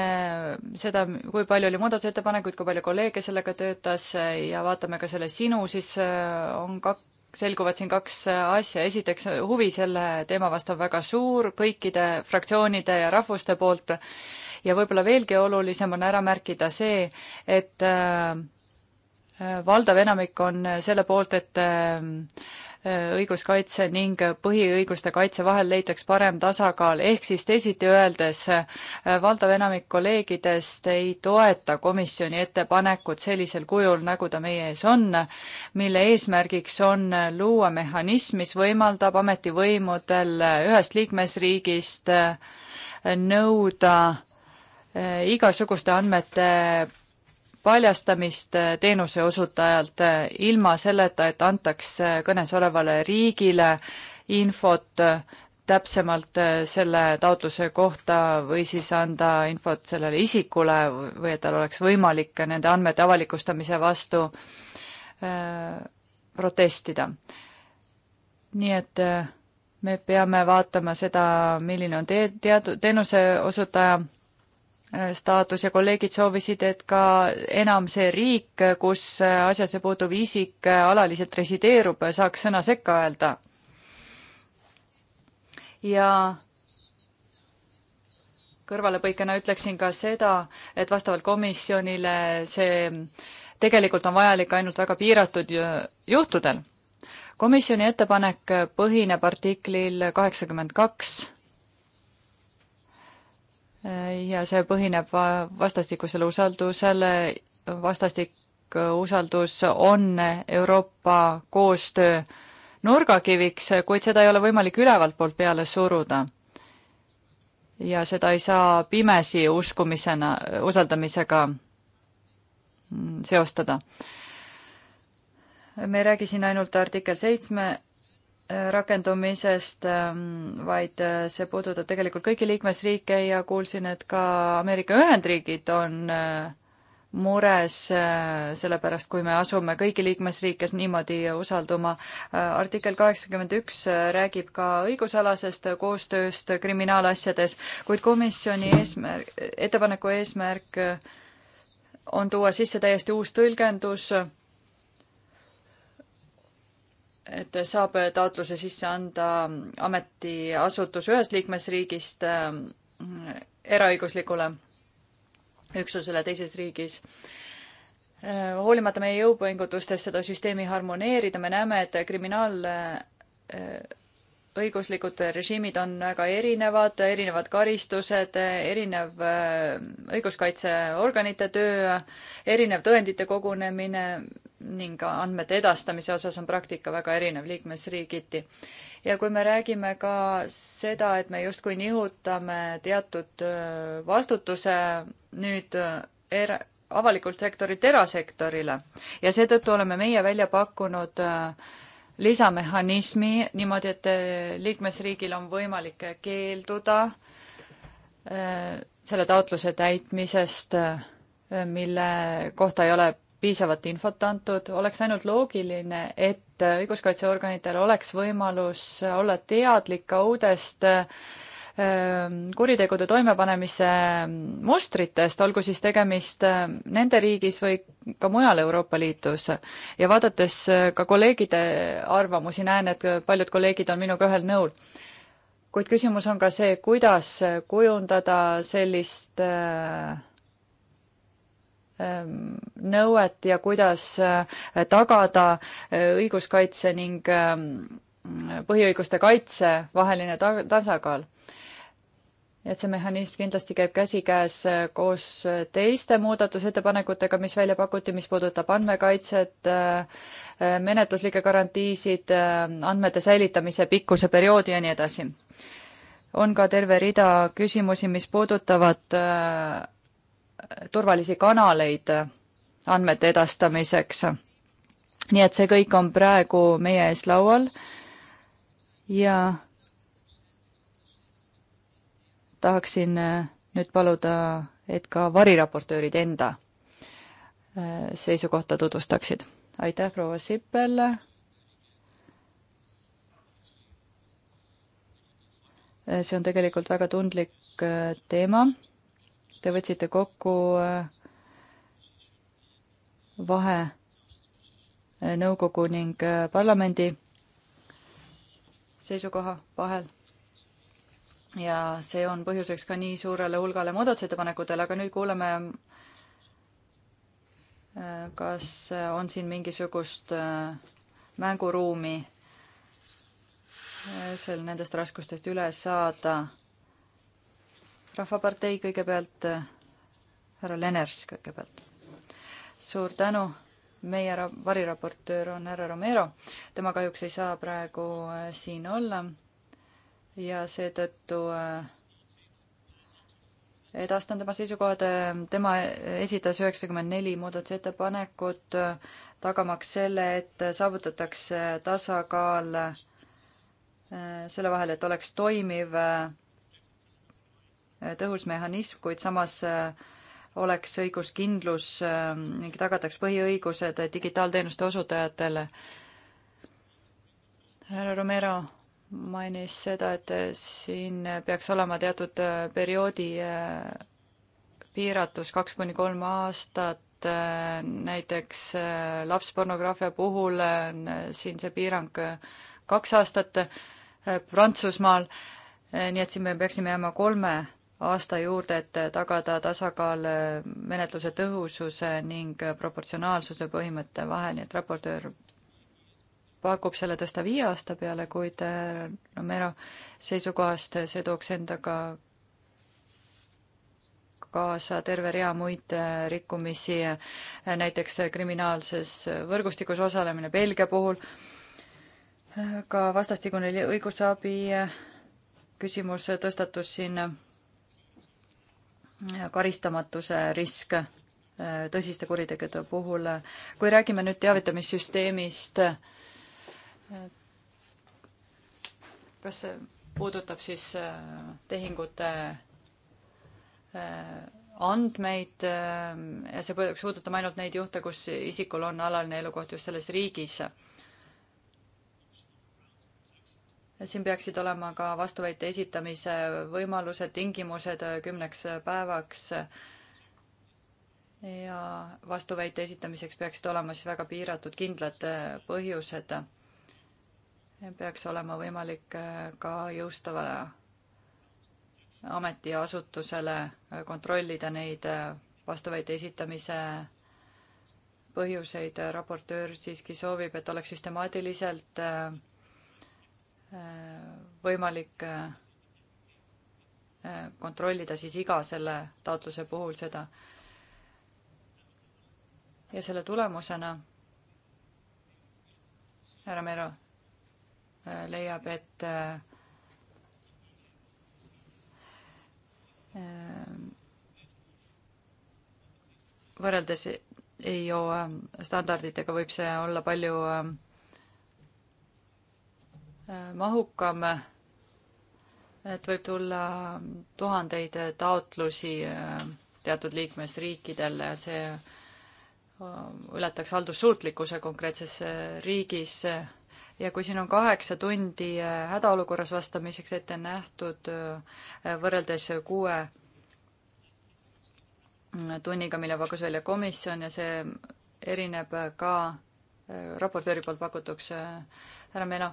S1: seda, kui palju oli muudatusettepanekuid, kui palju kolleege sellega töötas ja vaatame ka selle sinu, siis äh, on kak-, selguvad siin kaks asja, esiteks huvi selle teema vastu on väga suur kõikide fraktsioonide ja rahvuste poolt ja võib-olla veelgi olulisem on ära märkida see, et äh, valdav enamik on selle poolt, et äh, õiguskaitse ning põhiõiguste kaitse vahel leitaks parem tasakaal, ehk siis teisiti öeldes, äh, valdav enamik kolleegidest ei toeta komisjoni ettepanekut sellisel kujul, nagu ta meie ees on, mille eesmärgiks on luua mehhanism, mis võimaldab ametivõimudel ühest liikmesriigist äh, nõuda igasuguste andmete paljastamist äh, teenuse osutajalt äh, ilma selleta, et antaks äh, kõnes olevale riigile infot täpsemalt selle taotluse kohta või siis anda infot sellele isikule või et tal oleks võimalik nende andmete avalikustamise vastu äh, protestida. nii et me peame vaatama seda, milline on te-, teadu-, teenuse osutaja staatus ja kolleegid soovisid, et ka enam see riik, kus asjasse puutuv isik alaliselt resideerub, saaks sõna sekka öelda. ja kõrvalepõikena ütleksin ka seda, et vastavalt komisjonile see tegelikult on vajalik ainult väga piiratud juhtudel. komisjoni ettepanek põhineb artiklil kaheksakümmend kaks ja see põhineb vastastikusele usaldusele, vastastik äh, usaldus on Euroopa koostöö nurgakiviks, kuid seda ei ole võimalik ülevalt poolt peale suruda. ja seda ei saa pimesi uskumisena, usaldamisega mm, seostada. me ei räägi siin ainult artikkel seitsme rakendumisest, ähm, vaid äh, see puudutab tegelikult kõiki liikmesriike ja kuulsin, et ka Ameerika Ühendriigid on äh, mures äh, selle pärast, kui me asume kõigi liikmesriikides niimoodi usalduma. artikkel kaheksakümmend üks räägib ka õigusalasest koostööst kriminaalasjades, kuid komisjoni eesmärk, ettepaneku eesmärk on tuua sisse täiesti uus tõlgendus et saab taotluse sisse anda ametiasutus ühest liikmesriigist äh, eraõiguslikule üksusele teises riigis. Äh, hoolimata meie jõupingutustest seda süsteemi harmoneerida, me näeme, et kriminaal äh, õiguslikud režiimid on väga erinevad, erinevad karistused, erinev äh, õiguskaitseorganite töö, erinev tõendite kogunemine ning andmete edastamise osas on praktika väga erinev liikmesriigiti. ja kui me räägime ka seda, et me justkui nihutame teatud äh, vastutuse nüüd äh, era-, avalikult sektorilt erasektorile ja seetõttu oleme meie välja pakkunud äh, lisamehhanismi niimoodi, et eh, liikmesriigil on võimalik keelduda eh, selle taotluse täitmisest, eh, mille kohta ei ole piisavat infot antud, oleks ainult loogiline, et õiguskaitseorganitel oleks võimalus olla teadlik ka uudest äh, Ähm, kuritegude toimepanemise mustritest, olgu siis tegemist ähm, nende riigis või ka mujal Euroopa Liidus. ja vaadates äh, ka kolleegide arvamusi, näen, et paljud kolleegid on minuga ühel nõul. kuid küsimus on ka see, kuidas äh, kujundada sellist äh, ähm, nõuet ja kuidas tagada õiguskaitse ning põhiõiguste kaitse vaheline ta-, tasakaal et see mehhanism kindlasti käib käsikäes äh, koos äh, teiste muudatusettepanekutega, mis välja pakuti, mis puudutab andmekaitset, äh, menetluslikke garantiisid, andmete säilitamise pikkuse perioodi ja nii edasi. on ka terve rida küsimusi, mis puudutavad turvalisi kanaleid andmete edastamiseks. nii et see kõik on praegu meie ees laual ja tahaksin äh, nüüd paluda, et ka variraportöörid enda äh, seisukohta tutvustaksid. aitäh, proua Sippel. Äh, see on tegelikult väga tundlik teema. Te võtsite kokku vahe nõukogu ning parlamendi seisukoha vahel ja see on põhjuseks ka nii suurele hulgale muudatusettepanekutele, aga nüüd kuuleme, äh, kas äh, on siin mingisugust äh, mänguruumi seal nendest raskustest üle saada. rahvapartei kõigepealt, härra Leners kõigepealt. suur tänu, meie variraportöör on härra Romero, tema kahjuks ei saa praegu siin olla ja seetõttu äh, edastan tema seisukohad, tema esitas üheksakümmend neli muudatusettepanekut, äh, tagamaks selle, et saavutatakse tasakaal äh, selle vahel, et oleks toimiv tõhus mehhanism, kuid samas oleks õiguskindlus ning tagataks põhiõigused digitaalteenuste osutajatele. härra Romero mainis seda, et siin peaks olema teatud äh, perioodi äh, piiratus kaks kuni kolm aastat, äh, näiteks lapspornograafia puhul on siin see piirang kaks aastat Prantsusmaal, nii et siin me peaksime jääma kolme aasta juurde, et tagada tasakaal menetluse tõhususe ning proportsionaalsuse põhimõtte vahel, nii et raportöör pakub selle tõsta viie aasta peale, kuid Romero seisukohast see tooks endaga kaasa terve rea muid rikkumisi, näiteks kriminaalses võrgustikus osalemine Belgia puhul, ka vastastikune õigusabi küsimus tõstatus siin, karistamatuse risk tõsiste kuritegude puhul. kui räägime nüüd teavitamissüsteemist, kas see puudutab siis äh, tehingute äh, andmeid äh, ja see peaks puudutama ainult neid juhte, kus isikul on alaline elukoht just selles riigis. siin peaksid olema ka vastuväite esitamise võimalused, tingimused kümneks päevaks ja vastuväite esitamiseks peaksid olema siis väga piiratud kindlad põhjused peaks olema võimalik äh, ka jõustavale ametiasutusele äh, kontrollida neid äh, vastuväite esitamise põhjuseid. raportöör siiski soovib, et oleks süstemaatiliselt võimalik kontrollida siis iga selle taotluse puhul seda. ja selle tulemusena härra Meero leiab, et äh, võrreldes EIO äh, standarditega võib see olla palju äh, mahukam, et võib tulla tuhandeid taotlusi teatud liikmesriikidel ja see ületaks haldussuutlikkuse konkreetses riigis ja kui siin on kaheksa tundi äh, hädaolukorras vastamiseks ette nähtud äh, võrreldes kuue mm, tunniga, mille pakkus välja komisjon ja see erineb ka äh, raportööri poolt pakutuks. härra Meelo,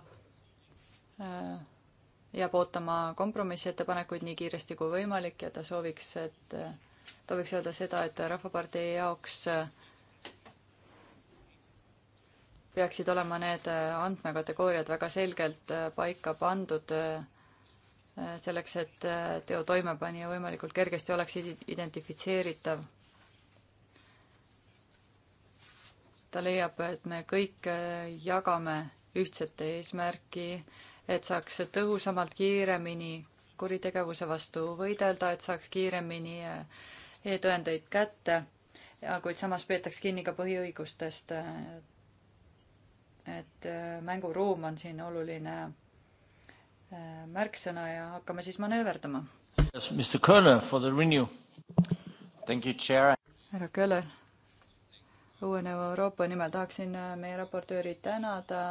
S1: jääb ootama kompromissettepanekuid nii kiiresti kui võimalik ja ta sooviks, et, ta võiks öelda seda, et Rahvapartei jaoks äh, peaksid olema need äh, andmekategooriad väga selgelt äh, paika pandud äh, selleks, et teo toimepanija võimalikult kergesti oleks identifitseeritav. ta leiab, et me kõik jagame ühtset eesmärki, et saaks tõhusamalt, kiiremini kuritegevuse vastu võidelda, et saaks kiiremini e-tõendeid kätte, kuid samas peetaks kinni ka põhiõigustest, et et äh, mänguruum on siin oluline äh, märksõna ja hakkame siis manööverdama. härra Köller, uueneva Euroopa nimel tahaksin äh, meie raportööri tänada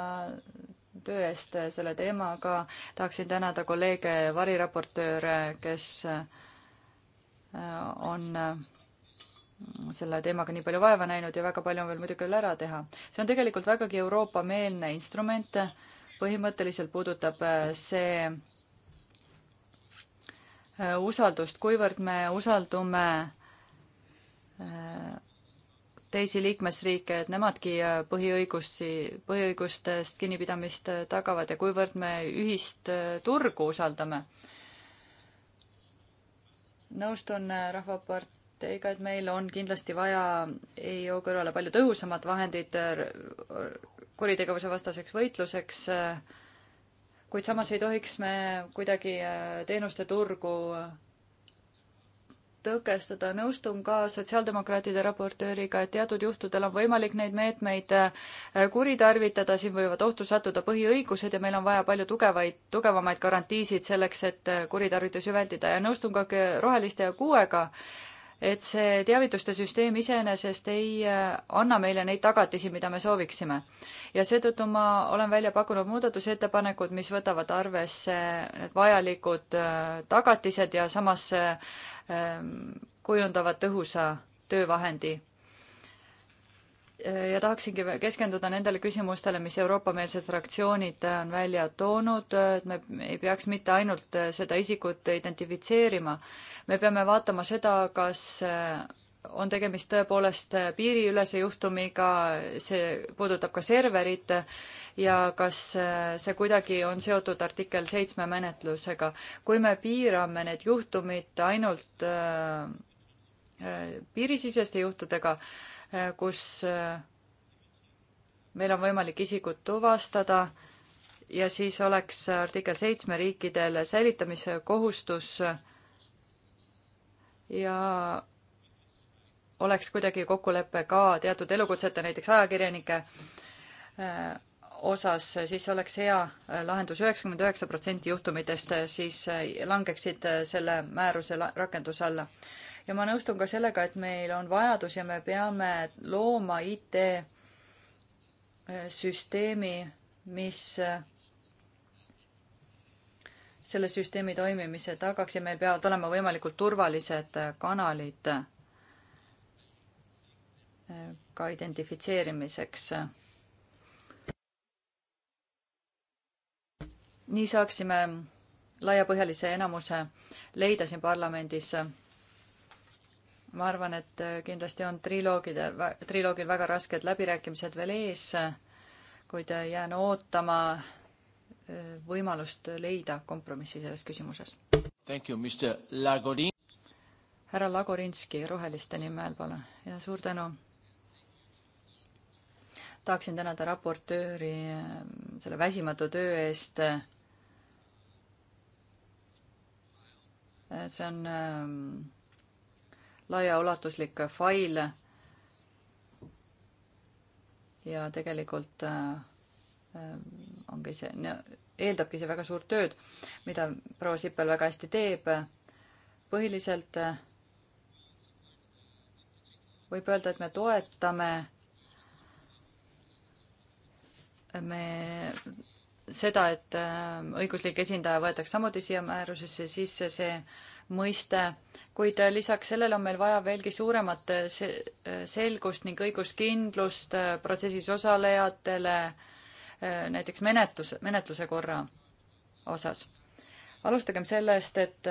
S1: töö eest selle teemaga, tahaksin tänada kolleege ja variraportööre, kes on selle teemaga nii palju vaeva näinud ja väga palju on veel muidugi veel ära teha. see on tegelikult vägagi Euroopa-meelne instrument, põhimõtteliselt puudutab äh, see äh, usaldust, kuivõrd me usaldume äh, teisi liikmesriike, et nemadki põhiõigusi, põhiõigustest kinnipidamist tagavad ja kuivõrd me ühist turgu usaldame. nõustun Rahvapart-, teiega, et meil on kindlasti vaja EIO kõrvale palju tõhusamad vahendid äh, kuritegevuse vastaseks võitluseks, äh, kuid samas ei tohiks me kuidagi äh, teenuste turgu tõkestada. nõustun ka sotsiaaldemokraatide raportööriga, et teatud juhtudel on võimalik neid meetmeid kuritarvitada, siin võivad ohtu sattuda põhiõigused ja meil on vaja palju tugevaid, tugevamaid garantiisid selleks, et kuritarvitusi vältida ja nõustun ka roheliste ja kuuega, et see teavituste süsteem iseenesest ei äh, anna meile neid tagatisi, mida me sooviksime. ja seetõttu ma olen välja pakkunud muudatusettepanekud, mis võtavad arvesse need vajalikud äh, tagatised ja samas äh, ähm, kujundavad tõhusa töövahendi ja tahaksingi keskenduda nendele küsimustele, mis Euroopa-meelsed fraktsioonid on välja toonud, et me ei peaks mitte ainult seda isikut identifitseerima, me peame vaatama seda, kas äh, on tegemist tõepoolest piiriülese juhtumiga, see puudutab ka serverit ja kas äh, see kuidagi on seotud artikkel seitsme menetlusega. kui me piirame need juhtumid ainult äh, piirisiseste juhtudega, kus eh, meil on võimalik isikut tuvastada ja siis oleks artikkel seitsme riikidel säilitamise kohustus ja oleks kuidagi kokkulepe ka teatud elukutsete, näiteks ajakirjanike eh, osas, siis oleks hea äh, lahendus, üheksakümmend üheksa protsenti juhtumitest äh, siis äh, langeksid selle määruse rakenduse alla. ja ma nõustun ka sellega, et meil on vajadus ja me peame looma IT-süsteemi, mis selle süsteemi toimimise tagaks ja meil peavad olema võimalikult turvalised kanalid ka identifitseerimiseks nii saaksime laiapõhjalise enamuse leida siin parlamendis. ma arvan, et kindlasti on triloogide, triloogil väga rasked läbirääkimised veel ees, kuid jään ootama äh, võimalust leida kompromissi selles küsimuses. härra Lagorinski Roheliste nimel, palun, ja suur tänu. tahaksin tänada raportööri äh, selle väsimatu töö eest Eh, see on ehm, laiaulatuslik fail. ja tegelikult eh, eh, ongi see no,, eeldabki see väga suurt tööd, mida proua Sippel väga hästi teeb. põhiliselt võib öelda, et me toetame, me seda, et ähm, õiguslik esindaja võetakse samuti siia määrusesse sisse, see mõiste, kuid äh, lisaks sellele on meil vaja veelgi suuremat äh, äh, selgust ning õiguskindlust protsessis osalejatele näiteks menetlus, menetluse korra osas. alustagem sellest, et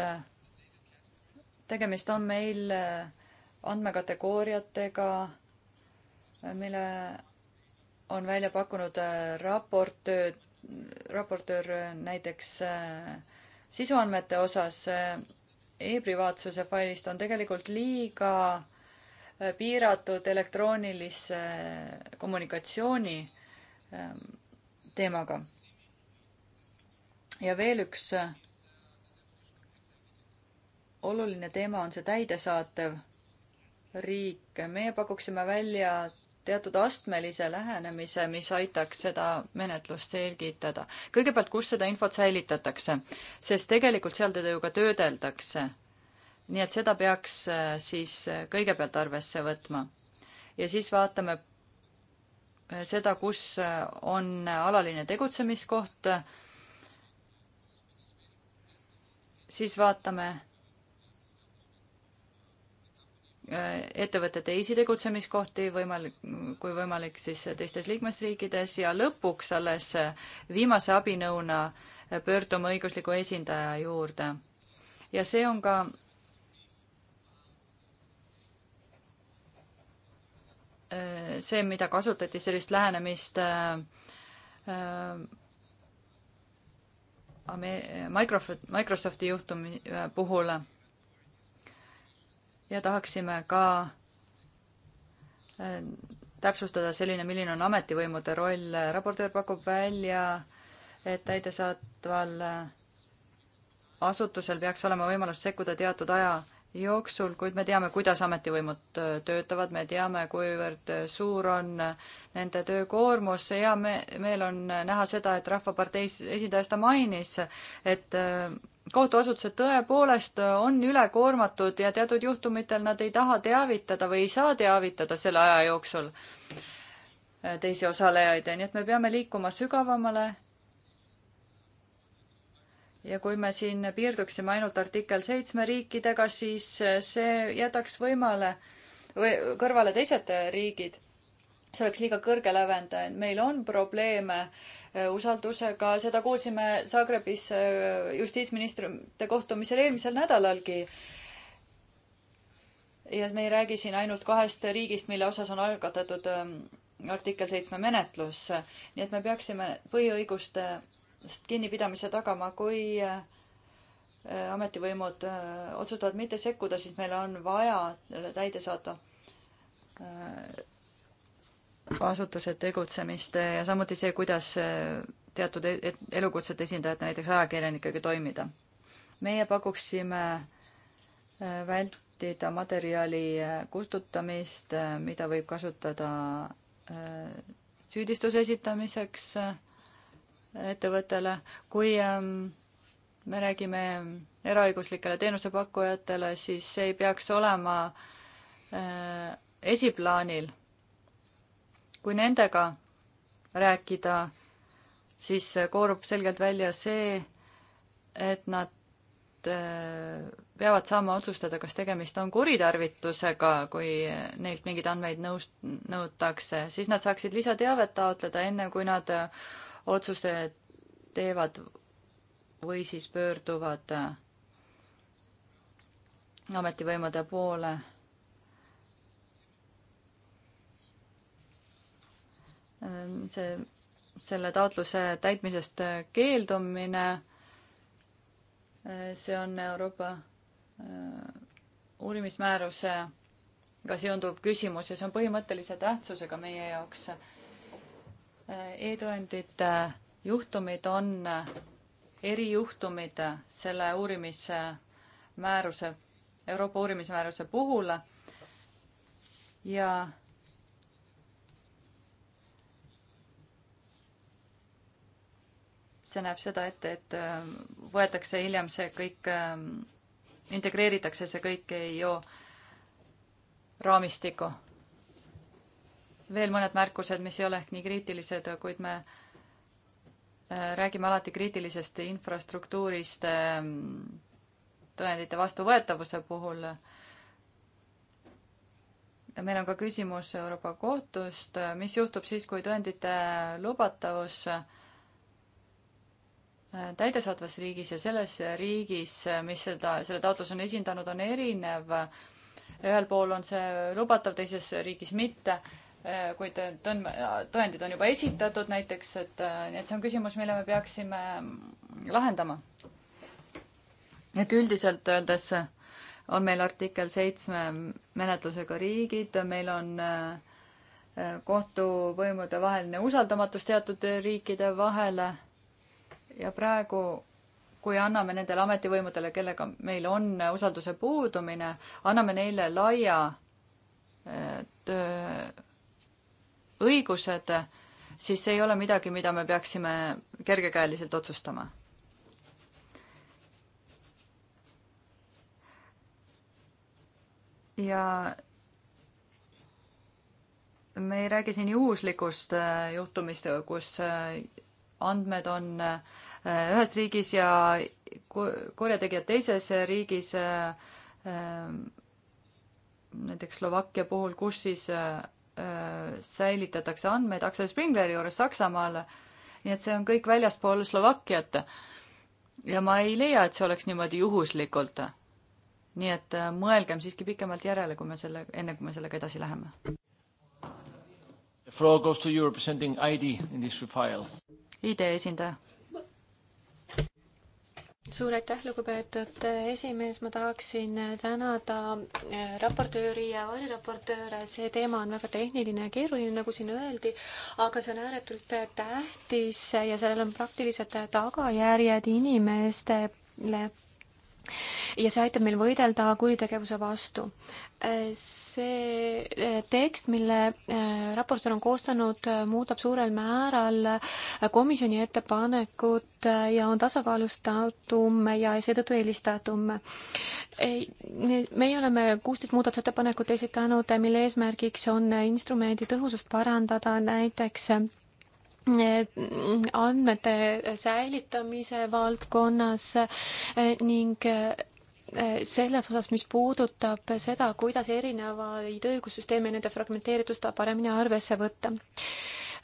S1: tegemist on meil andmekategooriatega, mille on välja pakkunud raportööd raportöör äh, näiteks äh, sisuandmete osas äh, e-privaatsuse failist on tegelikult liiga piiratud elektroonilise kommunikatsiooni ähm, teemaga. ja veel üks oluline teema on see täidesaatev riik. meie pakuksime välja teatud astmelise lähenemise, mis aitaks seda menetlust selgitada. kõigepealt, kus seda infot säilitatakse, sest tegelikult seal teda ju ka töödeldakse. nii et seda peaks äh, siis äh, kõigepealt arvesse võtma. ja siis vaatame äh, seda, kus on alaline tegutsemiskoht. siis vaatame Äh, ettevõtete teisi tegutsemiskohti võimalik, kui võimalik, siis teistes liikmesriikides ja lõpuks alles viimase abinõuna pöörduma õigusliku esindaja juurde. ja see on ka äh, see, mida kasutati, sellist lähenemist äh, Microsofti juhtumi puhul ja tahaksime ka äh, täpsustada selline, milline on ametivõimude roll. raportöör pakub välja, et täidesaatval äh, asutusel peaks olema võimalus sekkuda teatud aja jooksul, kuid me teame, kuidas ametivõimud äh, töötavad, me teame, kuivõrd suur on nende töökoormus. hea me-, meel on näha seda, et Rahvapartei esindaja seda mainis, et kohtuasutused tõepoolest äh, on ülekoormatud ja teatud juhtumitel nad ei taha teavitada või ei saa teavitada selle aja jooksul äh, teisi osalejaid ja nii et me peame liikuma sügavamale. ja kui me siin piirduksime ainult artikkel seitsme riikidega, siis äh, see jätaks võimale või kõrvale teised riigid. see oleks liiga kõrge lävend, meil on probleeme äh, Äh, usaldusega, seda kuulsime Zagrebis äh, justiitsministrite kohtumisel eelmisel nädalalgi. ja me ei räägi siin ainult kahest riigist, mille osas on algatatud ähm, artikkel seitsme menetlus, nii et me peaksime põhiõigustest kinnipidamise tagama, kui äh, ametivõimud otsustavad mitte sekkuda, siis meil on vaja täidesaatva asutuse tegutsemist eh, ja samuti see, kuidas eh, teatud e-, elukutsete esindajate, näiteks ajakirjanikega toimida. meie pakuksime eh, vältida materjali kustutamist, mida võib kasutada süüdistuse esitamiseks ettevõttele, kui ehm, me räägime eraõiguslikele teenusepakkujatele, siis see ei peaks olema esiplaanil kui nendega rääkida, siis koorub selgelt välja see, et nad äh, peavad saama otsustada, kas tegemist on kuritarvitusega, kui neilt mingeid andmeid nõust-, nõutakse, siis nad saaksid lisateavet taotleda, enne kui nad äh, otsuse teevad või siis pöörduvad äh, ametivõimude poole Ehm, see, selle taotluse täitmisest äh, keeldumine, äh, see on Euroopa äh, uurimismäärusega seonduv küsimus ja see on põhimõttelise tähtsusega meie jaoks. E-tõendite juhtumid on erijuhtumid selle uurimismääruse, Euroopa uurimismääruse puhul ja see näeb seda ette, et äh, võetakse hiljem see kõik, äh, integreeritakse see kõik EIO raamistikku. veel mõned märkused, mis ei ole ehk nii kriitilised, kuid me äh, räägime alati kriitilisest infrastruktuurist tõendite vastuvõetavuse puhul. ja meil on ka küsimus Euroopa Kohtust, mis juhtub siis, kui tõendite lubatavus äh, täidesaatvas riigis ja selles riigis, mis seda, selle taotluse on esindanud, on erinev. ühel pool on see lubatav, teises riigis mitte, kuid tõnd-, tõendid on juba esitatud näiteks, et nii et see on küsimus, mille me peaksime lahendama. et üldiselt öeldes on meil artikkel seitsme menetlusega riigid, meil on eh, kohtuvõimude vaheline usaldamatus teatud riikide vahele ja praegu, kui anname nendele ametivõimudele, kellega meil on äh, usalduse puudumine, anname neile laia et, äh, õigused, siis see ei ole midagi, mida me peaksime kergekäeliselt otsustama ja me ei räägi siin juhuslikust äh, juhtumist, kus andmed on Äh, ühes riigis ja kurjategijad teises riigis, äh, äh, näiteks Slovakkia puhul, kus siis säilitatakse andmeid Axel Springleri juures Saksamaal, nii et see on kõik väljaspool Slovakkiat. ja ma ei leia, et see oleks niimoodi juhuslikult. nii et mõelgem siiski pikemalt järele, kui me selle, enne kui me sellega edasi läheme.
S2: The floor goes to you representing ID in this file.
S1: ID esindaja
S2: suur aitäh, lugupeetud esimees, ma tahaksin tänada äh, raportööri ja variraportööre, see teema on väga tehniline ja keeruline, nagu siin öeldi, aga see on ääretult tähtis ja sellel on praktilised tagajärjed inimestele ja see aitab meil võidelda kuritegevuse vastu. Äh, see äh, tekst, mille äh, raportöör on koostanud, muudab suurel määral komisjoni ettepanekut ja on tasakaalustatum ja seetõttu eelistatum. meie oleme kuusteist muudatusettepanekut esitanud, mille eesmärgiks on instrumendi tõhusust parandada, näiteks andmete säilitamise valdkonnas eh, ning eh, selles osas, mis puudutab seda, kuidas erinevaid õigussüsteeme ja nende fragmenteeritust paremini arvesse võtta.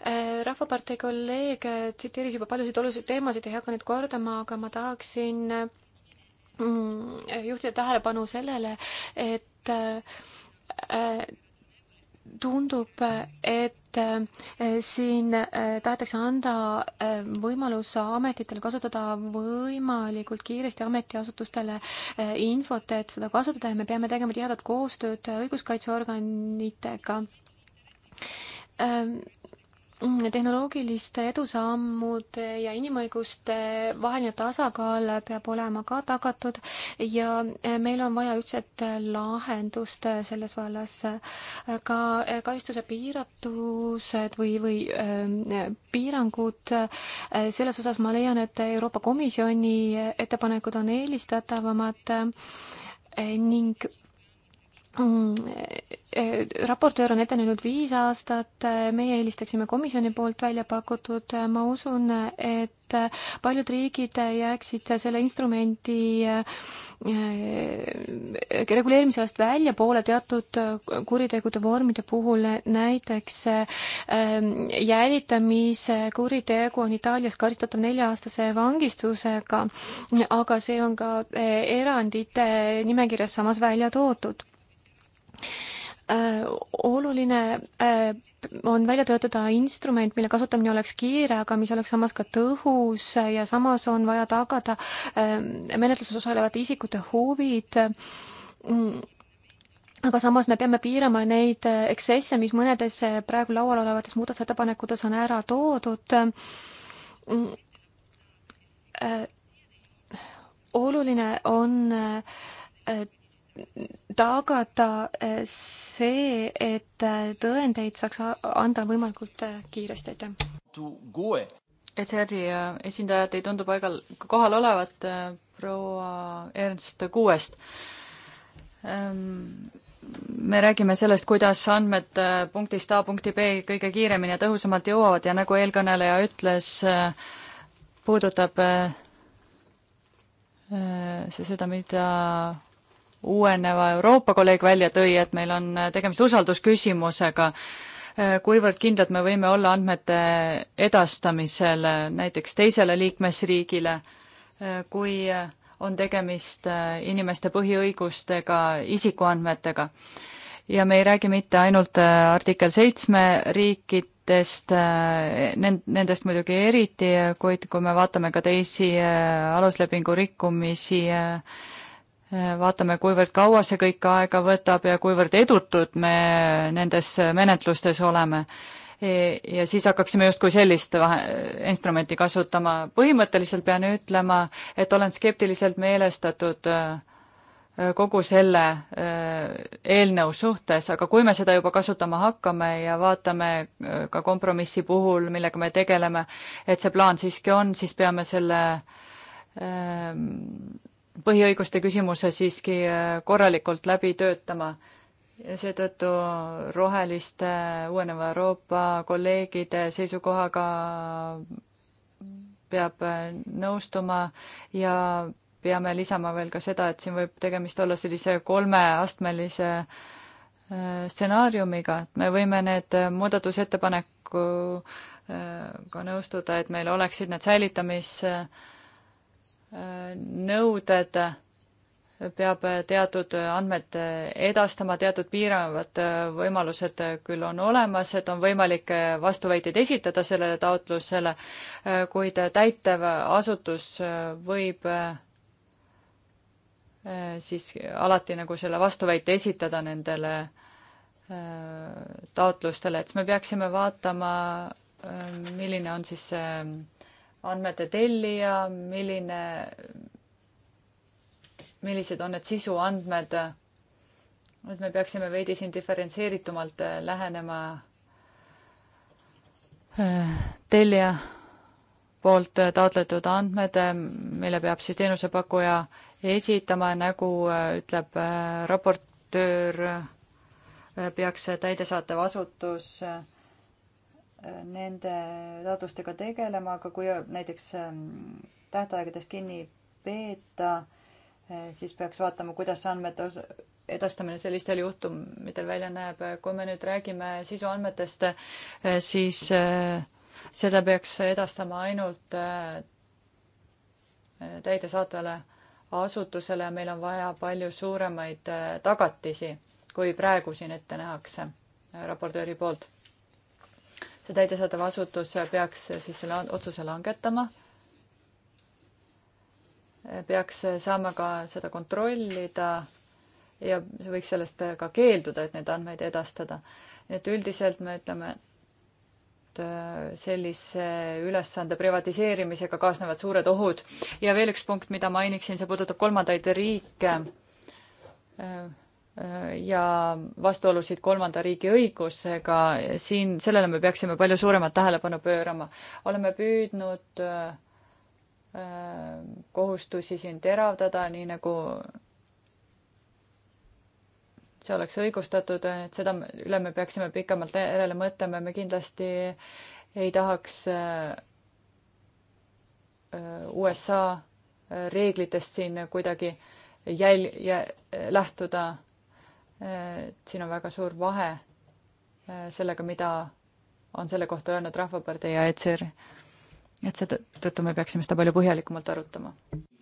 S2: Eh, rahvapartei kolleeg tsiteeris juba paljusid olulisi teemasid, ei hakka neid kordama, aga ma tahaksin mm, juhtida tähelepanu sellele, et tundub, et et äh, siin äh, tahetakse anda äh, võimalus ametitel kasutada võimalikult kiiresti ametiasutustele infot, et seda kasutada ja me peame tegema tihedat koostööd õiguskaitseorganitega ähm, Mm, tehnoloogiliste edusammude ja inimõiguste vaheline tasakaal peab olema ka tagatud ja eh, meil on vaja ühtset lahendust eh, selles vallas. Eh, ka karistuse piiratused või, või piirangud, selles osas ma leian, et Euroopa Komisjoni ettepanekud on eelistatavamad ning Mm, e, e, raportöör on ette näinud viis aastat, e, meie eelistaksime komisjoni poolt välja pakutud, ma usun, et paljud riigid jääksid selle instrumendi reguleerimise alast väljapoole teatud kuritegude vormide puhul, näiteks jälitamiskuritegu on Itaalias karistatav nelja-aastase vangistusega, aga see on ka erandite nimekirjas samas välja toodud Äh, oluline äh, on välja töötada instrument, mille kasutamine oleks kiire, aga mis oleks samas ka tõhus ja samas on vaja tagada äh, menetluses osalevate isikute huvid. Mm. aga samas me peame piirama neid eksesse, mis mõnedes praegu laual olevates muudatusettepanekutes on ära toodud mm. oluline on tagada eh, see, et eh, tõendeid saaks anda võimalikult eh, kiiresti,
S1: aitäh. ECR-i esindajad ei tundu paigal, kohal olevat, proua Ernst Kuuest. Ehm, me räägime sellest, kuidas andmed punktist A punkti B kõige kiiremini ja tõhusamalt jõuavad ja nagu eelkõneleja ütles, puudutab see seda, mida uueneva Euroopa kolleeg välja tõi, et meil on tegemist usaldusküsimusega, kuivõrd kindlad me võime olla andmete edastamisel näiteks teisele liikmesriigile, kui on tegemist inimeste põhiõigustega, isikuandmetega. ja me ei räägi mitte ainult äh, artikkel seitsme riikidest, äh, nend-, nendest muidugi eriti, kuid kui me vaatame ka teisi äh, aluslepingu rikkumisi, vaatame, kuivõrd kaua see kõik aega võtab ja kuivõrd edutud me nendes menetlustes oleme. E, ja siis hakkaksime justkui sellist vahe, instrumenti kasutama. põhimõtteliselt pean ütlema, et olen skeptiliselt meelestatud e, kogu selle e, eelnõu suhtes, aga kui me seda juba kasutama hakkame ja vaatame ka kompromissi puhul, millega me tegeleme, et see plaan siiski on, siis peame selle põhiõiguste küsimuse siiski äh, korralikult läbi töötama. ja seetõttu roheliste uueneva Euroopa kolleegide seisukohaga peab äh, nõustuma ja peame lisama veel ka seda, et siin võib tegemist olla sellise kolmeastmelise äh, stsenaariumiga, et me võime need muudatusettepaneku ka nõustuda, et meil oleksid need säilitamis äh, nõuded peab teatud andmed edastama, teatud piiravad võimalused küll on olemas, et on võimalik vastuväiteid esitada sellele taotlusele, kuid täitev asutus võib eh, siis alati nagu selle vastuväite esitada nendele eh, taotlustele, et siis me peaksime vaatama, eh, milline on siis see andmete tellija, milline, millised on need sisuandmed. et me peaksime veidi siin diferentseeritumalt äh, lähenema äh, tellija poolt äh, taotletud andmed, mille peab siis teenusepakkuja esitama, nagu ütleb raportöör, peaks täidesaatev asutus äh, nende taotlustega tegelema, aga kui näiteks ähm, tähtaegadest kinni peeta, äh, siis peaks vaatama, kuidas andmete edastamine sellistel juhtumitel välja näeb. kui me nüüd räägime sisuandmetest, äh, siis äh, seda peaks edastama ainult täidesaatvale asutusele ja meil on vaja palju suuremaid tagatisi, kui praegu siin ette nähakse raportööri poolt see täidesaatev asutus peaks siis selle otsuse langetama. peaks saama ka seda kontrollida ja võiks sellest ka keelduda, et neid andmeid edastada. nii et üldiselt me ütleme, et äh, sellise ülesande privatiseerimisega kaasnevad suured ohud. ja veel üks punkt, mida mainiksin, see puudutab kolmandaid riike äh, ja vastuolusid kolmanda riigi õigusega, siin, sellele me peaksime palju suuremat tähelepanu pöörama. oleme püüdnud äh, äh, kohustusi siin teravdada, nii nagu see oleks õigustatud, et seda üle me peaksime pikemalt järele mõtlema, me kindlasti ei tahaks äh, USA reeglitest siin kuidagi jäl-, jä-, lähtuda et siin on väga suur vahe äh, sellega, mida on selle kohta öelnud Rahvapartei ja ECR. et seetõttu me peaksime seda palju põhjalikumalt arutama.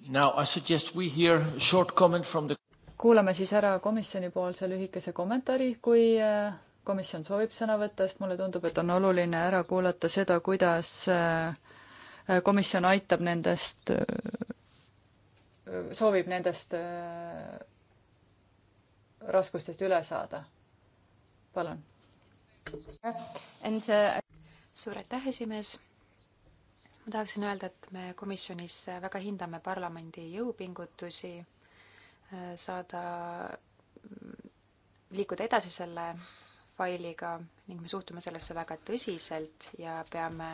S1: The... kuulame siis ära komisjonipoolse lühikese kommentaari, kui äh, komisjon soovib sõna võtta, sest mulle tundub, et on oluline ära kuulata seda, kuidas äh, komisjon aitab nendest, soovib nendest
S3: raskustest üle saada. palun. Uh, suur aitäh, esimees. ma tahaksin öelda, et me komisjonis väga hindame parlamendi jõupingutusi äh, saada, mm, liikuda edasi selle failiga ning me suhtume sellesse väga tõsiselt ja peame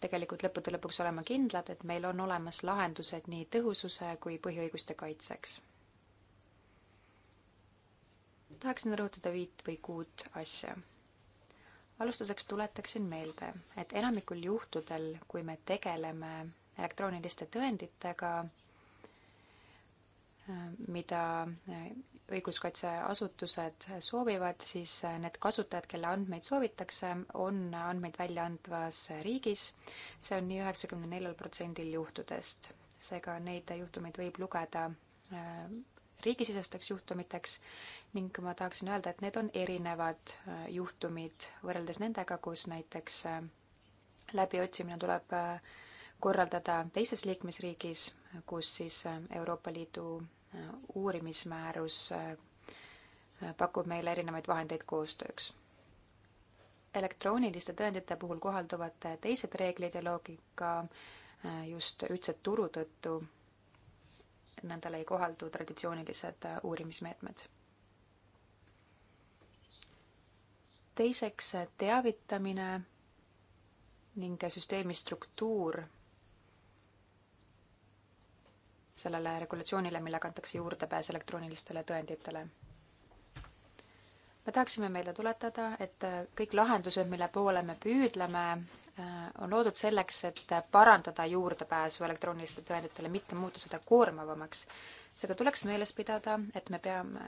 S3: tegelikult lõppude lõpuks olema kindlad, et meil on olemas lahendused nii tõhususe kui põhiõiguste kaitseks tahaksin rõhutada viit või kuut asja. alustuseks tuletaksin meelde, et enamikul juhtudel, kui me tegeleme elektrooniliste tõenditega, mida õiguskaitseasutused soovivad, siis need kasutajad, kelle andmeid soovitakse, on andmeid välja andvas riigis. see on nii üheksakümne neljal protsendil juhtudest. seega neid juhtumeid võib lugeda riigisisesteks juhtumiteks ning ma tahaksin öelda, et need on erinevad äh, juhtumid võrreldes nendega, kus näiteks äh, läbiotsimine tuleb äh, korraldada teises liikmesriigis, kus siis Euroopa Liidu uurimismäärus pakub meile erinevaid vahendeid koostööks. elektrooniliste tõendite puhul kohalduvad teised reeglid ja loogika just ühtse turu tõttu nendele ei kohaldu traditsioonilised äh, uurimismeetmed. teiseks, teavitamine ning süsteemi struktuur sellele regulatsioonile, millega antakse juurdepääs elektroonilistele tõenditele me tahaksime meelde tuletada, et kõik lahendused, mille poole me püüdleme, Äh, on loodud selleks, et parandada juurdepääsu elektroonilistele tõenditele, mitte muuta seda koormavamaks. seega tuleks meeles pidada, et me peame,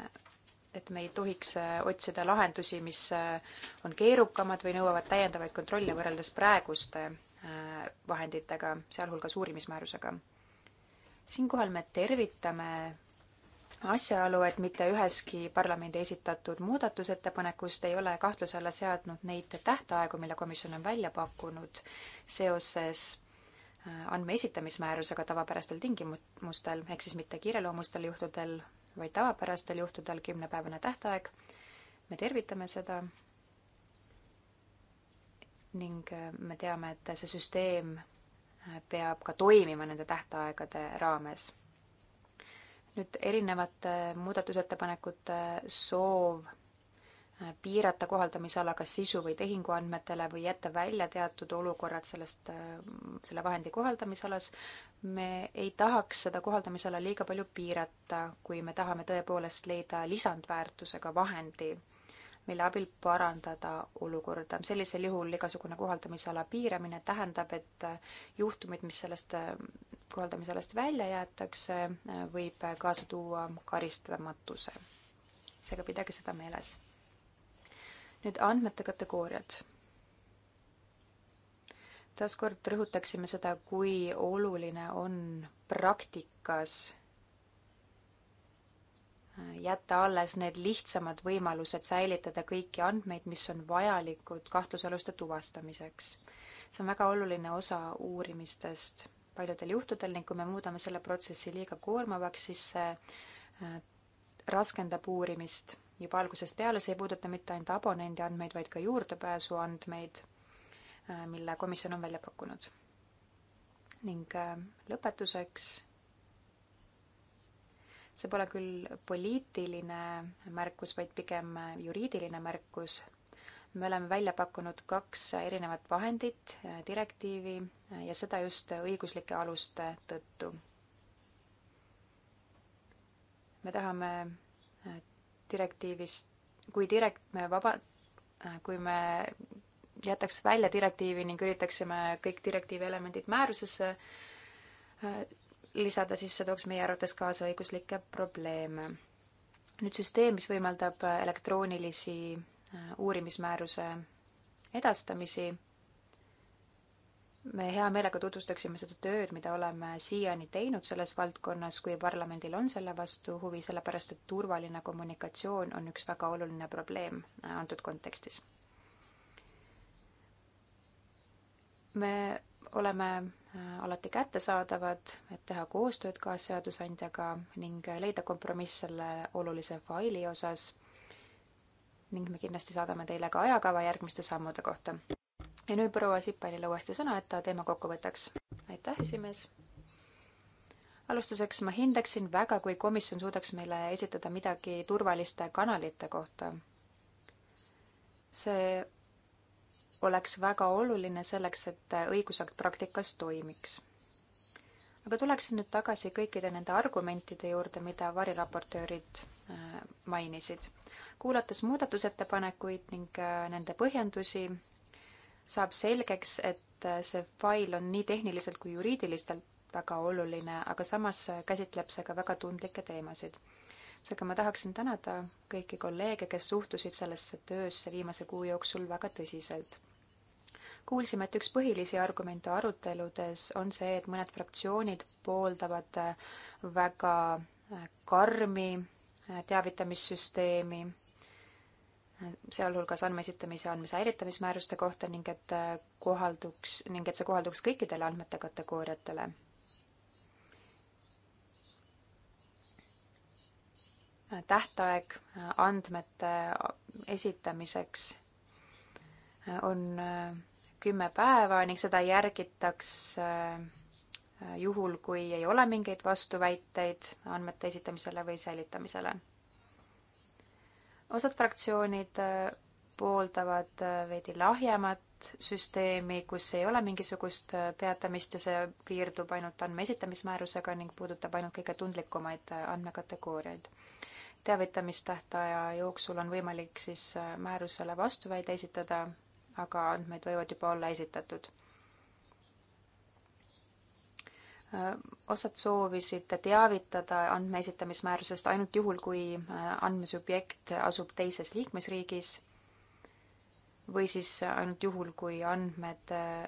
S3: et me ei tohiks äh, otsida lahendusi, mis äh, on keerukamad või nõuavad täiendavaid kontrolle võrreldes praeguste vahenditega, sealhulgas uurimismäärusega. siinkohal me tervitame asjaolu, et mitte üheski parlamendi esitatud muudatusettepanekust ei ole kahtluse alla seadnud neid tähtaegu, mille komisjon on välja pakkunud seoses äh, andme esitamismäärusega tavapärastel tingimustel, ehk siis mitte kiireloomustel juhtudel, vaid tavapärastel juhtudel kümnepäevane tähtaeg. me tervitame seda. ning äh, me teame, et see süsteem äh, peab ka toimima nende tähtaegade raames nüüd erinevate muudatusettepanekute soov äh, piirata kohaldamisala kas sisu või tehinguandmetele või jätta välja teatud olukorrad sellest, äh, selle vahendi kohaldamisalas. me ei tahaks seda kohaldamisala liiga palju piirata, kui me tahame tõepoolest leida lisandväärtusega vahendi mille abil parandada olukorda. sellisel juhul igasugune kohaldamisala piiramine tähendab, et äh, juhtumid, mis sellest äh, kohaldamisalast välja jäetakse, äh, võib kaasa tuua karistamatuse. seega pidage seda meeles. nüüd andmete kategooriad. taaskord rõhutaksime seda, kui oluline on praktikas jätta alles need lihtsamad võimalused säilitada kõiki andmeid, mis on vajalikud kahtlusaluste tuvastamiseks. see on väga oluline osa uurimistest paljudel juhtudel ning kui me muudame selle protsessi liiga koormavaks, siis see äh, raskendab uurimist juba algusest peale, see ei puuduta mitte ainult abonendi andmeid, vaid ka juurdepääsu andmeid, äh, mille komisjon on välja pakkunud. ning äh, lõpetuseks see pole küll poliitiline märkus, vaid pigem juriidiline märkus. me oleme välja pakkunud kaks erinevat vahendit, äh, direktiivi äh, ja seda just õiguslike aluste tõttu. me tahame äh, direktiivist, kui direkt-, me vaba, kui me jätaks välja direktiivi ning üritaksime kõik direktiivi elemendid määrusesse lisada, siis see tooks meie arvates kaasa õiguslikke probleeme. nüüd süsteem, mis võimaldab äh, elektroonilisi äh, uurimismääruse edastamisi. me hea meelega tutvustaksime seda tööd, mida oleme siiani teinud selles valdkonnas, kui parlamendil on selle vastu huvi, sellepärast et turvaline kommunikatsioon on üks väga oluline probleem äh, antud kontekstis. me oleme Äh, alati kättesaadavad, et teha koostööd kaasseadusandjaga ning leida kompromiss selle olulise faili osas. ning me kindlasti saadame teile ka ajakava järgmiste sammude kohta. ja nüüd proua Sippalile uuesti sõna, et ta teema kokku võtaks. aitäh, esimees. alustuseks ma hindaksin väga, kui komisjon suudaks meile esitada midagi turvaliste kanalite kohta. see oleks väga oluline selleks, et õigusakt praktikas toimiks. aga tuleksin nüüd tagasi kõikide nende argumentide juurde, mida variraportöörid äh, mainisid. kuulates muudatusettepanekuid ning äh, nende põhjendusi, saab selgeks, et äh, see fail on nii tehniliselt kui juriidiliselt väga oluline, aga samas käsitleb see ka väga tundlikke teemasid seega ma tahaksin tänada kõiki kolleege, kes suhtusid sellesse töösse viimase kuu jooksul väga tõsiselt kuulsime, et üks põhilisi argumente aruteludes on see, et mõned fraktsioonid pooldavad äh, väga äh, karmi äh, teavitamissüsteemi, sealhulgas andme esitamise, andme säilitamismääruste kohta ning et kohalduks, ning et see kohalduks kõikidele andmete kategooriatele. tähtaeg andmete esitamiseks on kümme päeva ning seda järgitakse äh, juhul, kui ei ole mingeid vastuväiteid andmete esitamisele või säilitamisele. osad fraktsioonid äh, pooldavad äh, veidi lahjemat süsteemi, kus ei ole mingisugust peatamist ja see piirdub ainult andme esitamismäärusega ning puudutab ainult kõige tundlikumaid andmekategooriaid. teavitamistähtaja jooksul on võimalik siis määrusele vastuväide esitada aga andmed võivad juba olla esitatud. osad soovisid teavitada andme esitamismäärusest ainult juhul, kui äh, andmesubjekt asub teises liikmesriigis või siis ainult juhul, kui andmed, äh,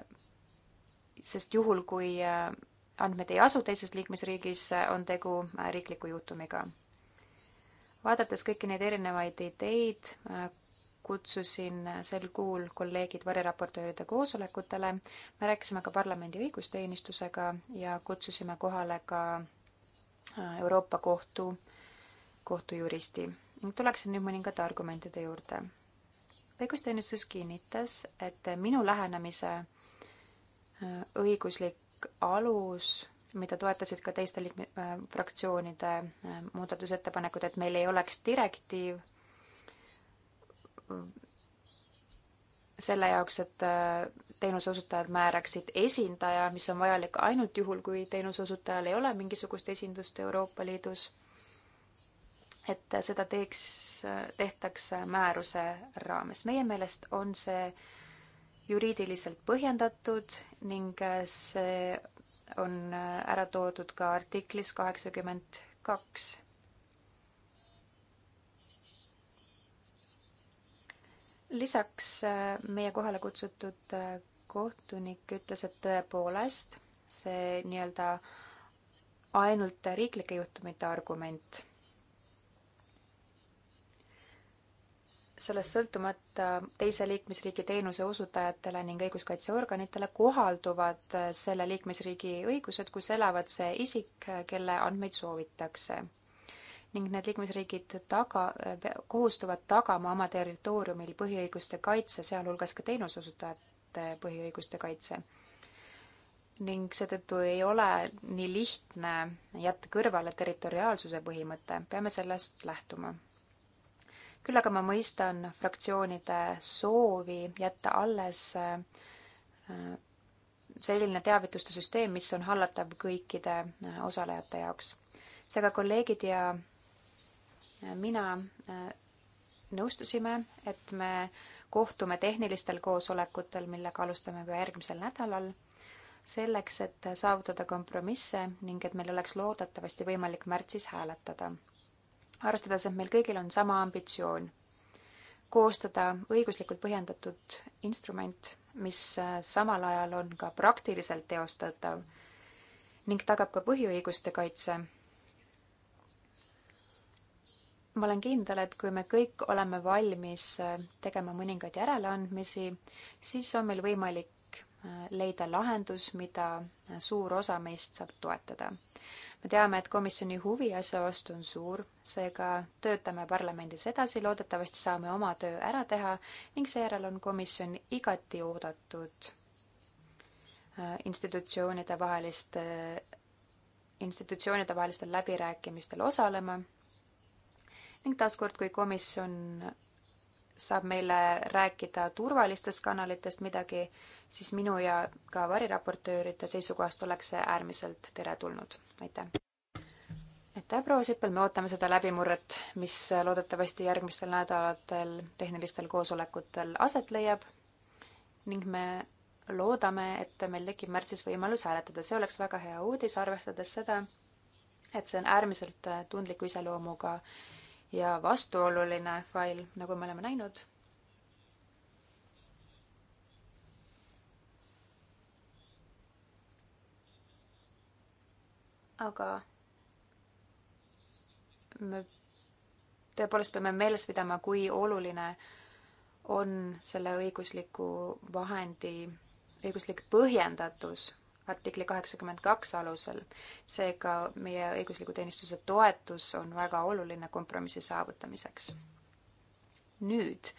S3: sest juhul, kui äh, andmed ei asu teises liikmesriigis, on tegu riikliku juhtumiga. vaadates kõiki neid erinevaid ideid, kutsusin sel kuul kolleegid variraportööride koosolekutele, me rääkisime ka parlamendi õigusteenistusega ja kutsusime kohale ka äh, Euroopa Kohtu, kohtujuristi. tuleksin nüüd mõningate argumentide juurde. õigusteenistus kinnitas, et minu lähenemise äh, õiguslik alus mida toetasid ka teiste liikme, äh, fraktsioonide muudatusettepanekud, et meil ei oleks direktiiv selle jaoks, et äh, teenuseosutajad määraksid esindaja, mis on vajalik ainult juhul, kui teenuseosutajal ei ole mingisugust esindust Euroopa Liidus. et äh, seda teeks, äh, tehtaks määruse raames. meie meelest on see juriidiliselt põhjendatud ning see on ära toodud ka artiklis kaheksakümmend kaks lisaks äh, meie kohale kutsutud äh, kohtunik ütles, et tõepoolest see nii-öelda ainult riiklike juhtumite argument sellest sõltumata teise liikmesriigi teenuse osutajatele ning õiguskaitseorganitele kohalduvad äh, selle liikmesriigi õigused, kus elavad see isik, kelle andmeid soovitakse ning need liikmesriigid taga, kohustuvad tagama oma territooriumil põhiõiguste kaitse, sealhulgas ka teenuseosutajate põhiõiguste kaitse. ning seetõttu ei ole nii lihtne jätta kõrvale territoriaalsuse põhimõte, peame sellest lähtuma. küll aga ma mõistan fraktsioonide soovi jätta alles äh, selline teavituste süsteem, mis on hallatav kõikide äh, osalejate jaoks seega kolleegid ja mina äh, nõustusime, et me kohtume tehnilistel koosolekutel, millega alustame juba järgmisel nädalal, selleks, et saavutada kompromisse ning et meil oleks loodetavasti võimalik märtsis hääletada. arvestades, et meil kõigil on sama ambitsioon, koostada õiguslikult põhjendatud instrument, mis äh, samal ajal on ka praktiliselt teostatav ning tagab ka põhiõiguste kaitse ma olen kindel, et kui me kõik oleme valmis äh, tegema mõningaid järeleandmisi, siis on meil võimalik äh, leida lahendus, mida äh, suur osa meist saab toetada. me teame, et komisjoni huvi asja vastu on suur, seega töötame parlamendis edasi, loodetavasti saame oma töö ära teha ning seejärel on komisjon igati oodatud institutsioonide vaheliste, institutsioonide vahelistel läbirääkimistel osalema ning taaskord, kui komisjon saab meile rääkida turvalistest kanalitest midagi, siis minu ja ka variraportööride seisukohast oleks see äärmiselt teretulnud. aitäh! aitäh, proua Sippel, me ootame seda läbimurret, mis loodetavasti järgmistel nädalatel tehnilistel koosolekutel aset leiab ning me loodame, et meil tekib märtsis võimalus hääletada, see oleks väga hea uudis, arvestades seda, et see on äärmiselt tundliku iseloomuga ja vastuoluline fail, nagu me oleme näinud. aga me tõepoolest peame meeles pidama, kui oluline on selle õigusliku vahendi õiguslik põhjendatus artikli kaheksakümmend kaks alusel. seega meie õigusliku teenistuse toetus on väga oluline kompromissi saavutamiseks. nüüd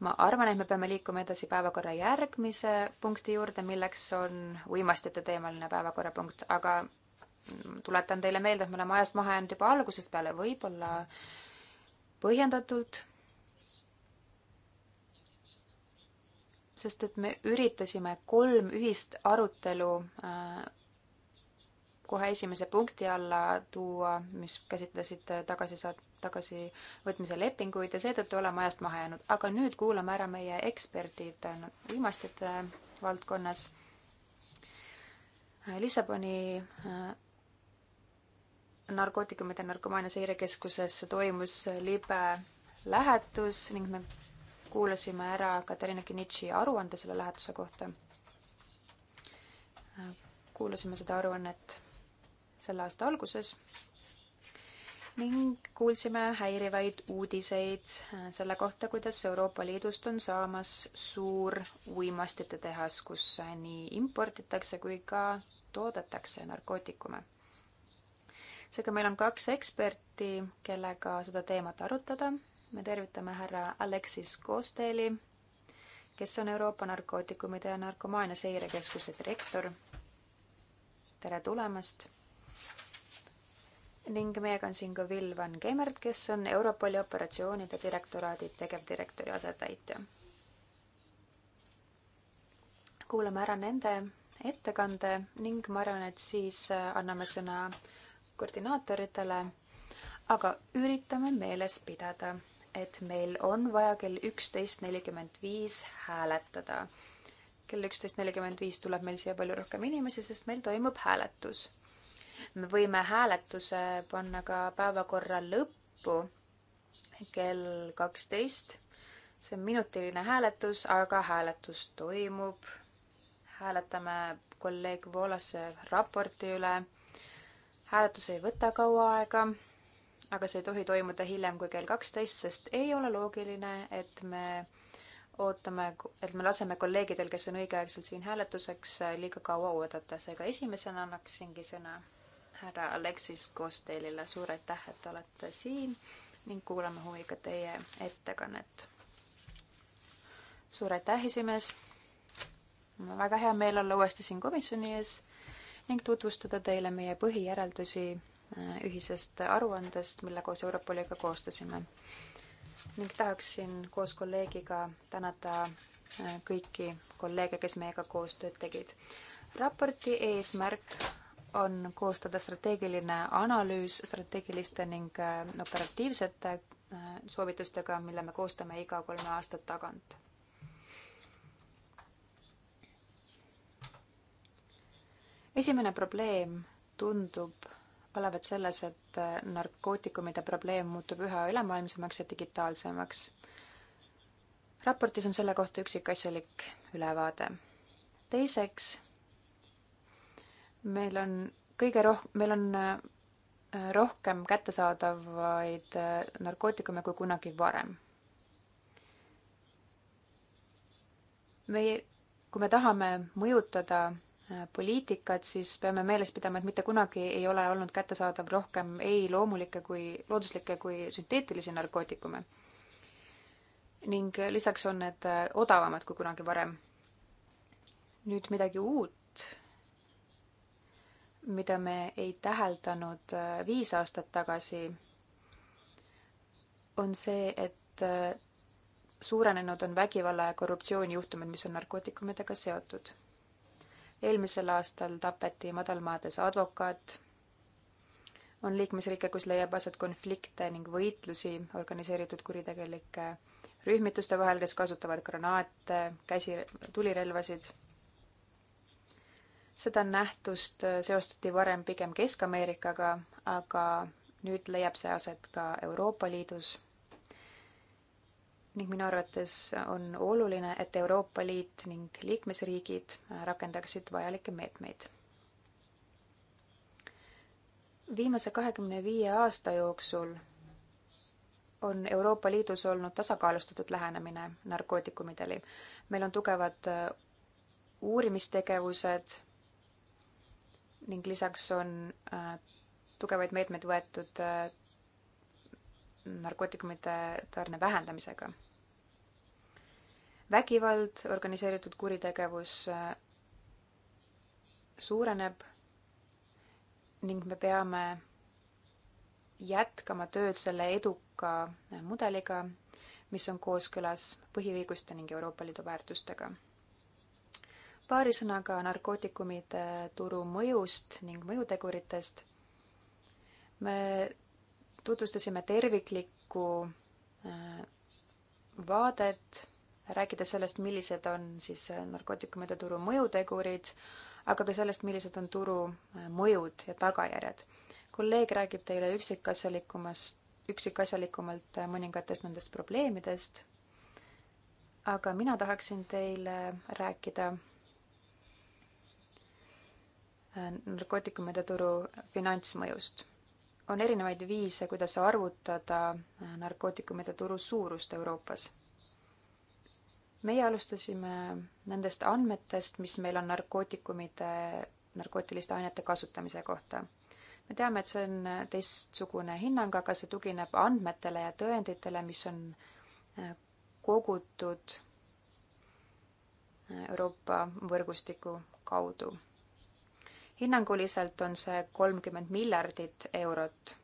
S3: ma arvan, et me peame liikuma edasi päevakorra järgmise punkti juurde, milleks on uimastite teemaline päevakorrapunkt, aga tuletan teile meelde, et me oleme ajast maha jäänud juba algusest peale, võib-olla põhjendatult sest et me üritasime kolm ühist arutelu äh, kohe esimese punkti alla tuua, mis käsitlesid äh, tagasisaat-, tagasivõtmise lepinguid ja seetõttu oleme ajast maha jäänud. aga nüüd kuulame ära meie eksperdid uimastite äh, valdkonnas. Lissaboni narkootikumide narkomaania seirekeskuses toimus libe lähetus ning me kuulasime ära Katariina Kinitši aruande selle lähetuse kohta. kuulasime seda aruannet selle aasta alguses ning kuulsime häirivaid uudiseid selle kohta, kuidas Euroopa Liidust on saamas suur uimastite tehas, kus nii imporditakse kui ka toodetakse narkootikume. seega meil on kaks eksperti, kellega seda teemat arutada me tervitame härra Alexis Kosteli, kes on Euroopa Narkootikumide ja Narkomaania Seirekeskuse direktor. tere tulemast! ning meiega on siin ka Vill Van Kemmert, kes on Europoli operatsioonide direktoraadi tegevdirektori asetäitja. kuulame ära nende ettekande ning ma arvan, et siis äh, anname sõna koordinaatoritele aga üritame meeles pidada, et meil on vaja kell üksteist nelikümmend viis hääletada. kell üksteist nelikümmend viis tuleb meil siia palju rohkem inimesi, sest meil toimub hääletus. me võime hääletuse panna ka päevakorra lõppu kell kaksteist. see on minutiline hääletus, aga hääletus toimub. hääletame kolleeg Voolase raporti üle. hääletus ei võta kaua aega aga see ei tohi toimuda hiljem kui kell kaksteist, sest ei ole loogiline, et me ootame, et me laseme kolleegidel, kes on õigeaegselt siin hääletuseks, liiga kaua oodata. seega esimesena annaksingi sõna härra Aleksis Kostelile. suur aitäh, et olete siin ning kuulame huviga teie ettekannet. suur aitäh, esimees. mul on väga hea meel olla uuesti siin komisjoni ees ning tutvustada teile meie põhijäreldusi ühisest aruandest, mille koos Europoliga koostasime. ning tahaksin koos kolleegiga tänada äh, kõiki kolleege, kes meiega koostööd tegid. raporti eesmärk on koostada strateegiline analüüs strateegiliste ning äh, operatiivsete äh, soovitustega, mille me koostame iga kolme aasta tagant. esimene probleem tundub olevat selles, et äh, narkootikumide probleem muutub üha ülemaailmsemaks ja digitaalsemaks. raportis on selle kohta üksikasjalik ülevaade. teiseks, meil on kõige roh-, meil on äh, rohkem kättesaadavaid äh, narkootikume kui kunagi varem. meie, kui me tahame mõjutada poliitikat, siis peame meeles pidama, et mitte kunagi ei ole olnud kättesaadav rohkem ei loomulikke kui, looduslikke kui sünteetilisi narkootikume. ning lisaks on need odavamad kui kunagi varem. nüüd midagi uut, mida me ei täheldanud äh, viis aastat tagasi, on see, et äh, suurenenud on vägivalla ja korruptsioonijuhtumid, mis on narkootikumidega seotud eelmisel aastal tapeti madalmaades advokaat, on liikmesriike, kus leiab aset konflikte ning võitlusi organiseeritud kuritegelike rühmituste vahel, kes kasutavad granaate, käsi, tulirelvasid. seda nähtust seostati varem pigem Kesk-Ameerikaga, aga nüüd leiab see aset ka Euroopa Liidus ning minu arvates on oluline, et Euroopa Liit ning liikmesriigid rakendaksid vajalikke meetmeid. viimase kahekümne viie aasta jooksul on Euroopa Liidus olnud tasakaalustatud lähenemine narkootikumidele. meil on tugevad äh, uurimistegevused ning lisaks on äh, tugevaid meetmeid võetud äh, narkootikumide tarne vähendamisega vägivald, organiseeritud kuritegevus äh, suureneb ning me peame jätkama tööd selle eduka äh, mudeliga, mis on kooskõlas põhiõiguste ning Euroopa Liidu väärtustega. paari sõnaga narkootikumide turu mõjust ning mõjuteguritest. me tutvustasime terviklikku äh, vaadet rääkides sellest, millised on siis äh, narkootikumide turu mõjutegurid, aga ka sellest, millised on turu äh, mõjud ja tagajärjed. kolleeg räägib teile üksikasjalikumast, üksikasjalikumalt äh, mõningatest nendest probleemidest, aga mina tahaksin teile rääkida narkootikumide turu finantsmõjust. on erinevaid viise, kuidas arvutada narkootikumide turu suurust Euroopas meie alustasime nendest andmetest, mis meil on narkootikumide, narkootiliste ainete kasutamise kohta. me teame, et see on teistsugune hinnang, aga see tugineb andmetele ja tõenditele, mis on äh, kogutud äh, Euroopa võrgustiku kaudu. hinnanguliselt on see kolmkümmend miljardit eurot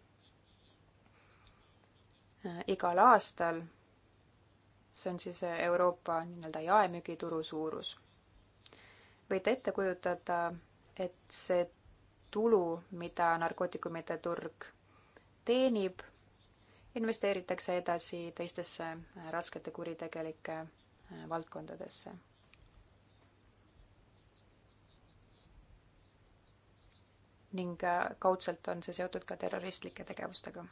S3: äh, igal aastal see on siis äh, Euroopa nii-öelda jaemüügituru suurus. võite ette kujutada, et see tulu, mida narkootikumide turg teenib, investeeritakse edasi teistesse äh, raskete kuritegelike äh, valdkondadesse. ning kaudselt on see seotud ka terroristlike tegevustega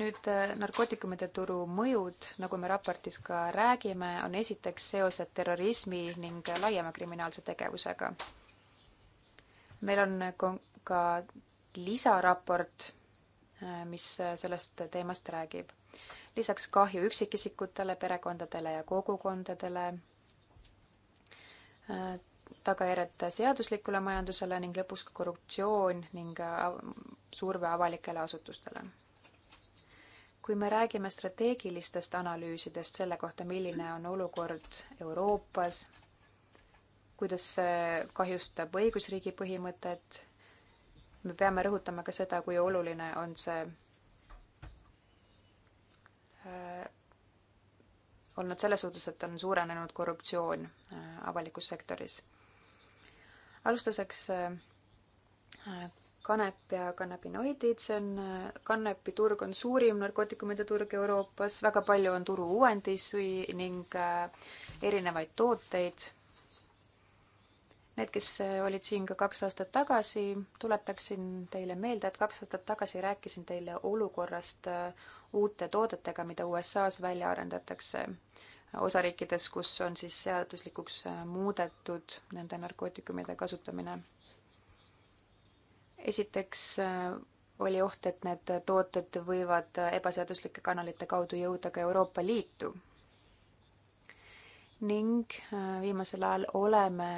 S3: nüüd äh, narkootikumide turu mõjud, nagu me raportis ka räägime, on esiteks seosed terrorismi ning laiema kriminaalse tegevusega. meil on ka lisaraport, äh, mis äh, sellest teemast räägib. lisaks kahju üksikisikutele, perekondadele ja kogukondadele, tagajärjed seaduslikule majandusele ning lõpuks korruptsioon ning surve avalikele asutustele kui me räägime strateegilistest analüüsidest selle kohta, milline on olukord Euroopas, kuidas see kahjustab õigusriigi põhimõtet, me peame rõhutama ka seda, kui oluline on see äh, olnud selles suhtes, et on suurenenud korruptsioon äh, avalikus sektoris. alustuseks äh, kanep ja kannabinoidid, see on, kanepiturg on suurim narkootikumide turg Euroopas, väga palju on turu uuendisi ning äh, erinevaid tooteid. Need, kes äh, olid siin ka kaks aastat tagasi, tuletaksin teile meelde, et kaks aastat tagasi rääkisin teile olukorrast äh, uute toodetega, mida USA-s välja arendatakse osariikides, kus on siis seaduslikuks muudetud nende narkootikumide kasutamine esiteks äh, oli oht, et need tooted võivad äh, ebaseaduslike kanalite kaudu jõuda ka Euroopa Liitu. ning äh, viimasel ajal oleme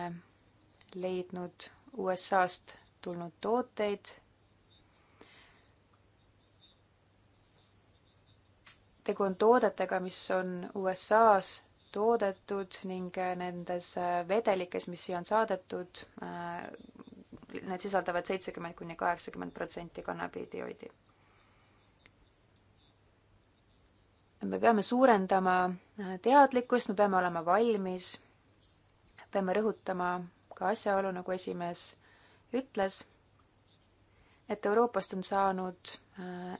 S3: leidnud USA-st tulnud tooteid. tegu on toodetega, mis on USA-s toodetud ning nendes vedelikes, mis siia on saadetud, need sisaldavad seitsekümmend kuni kaheksakümmend protsenti kannabiidioidi. me peame suurendama teadlikkust, me peame olema valmis, peame rõhutama ka asjaolu, nagu esimees ütles, et Euroopast on saanud äh,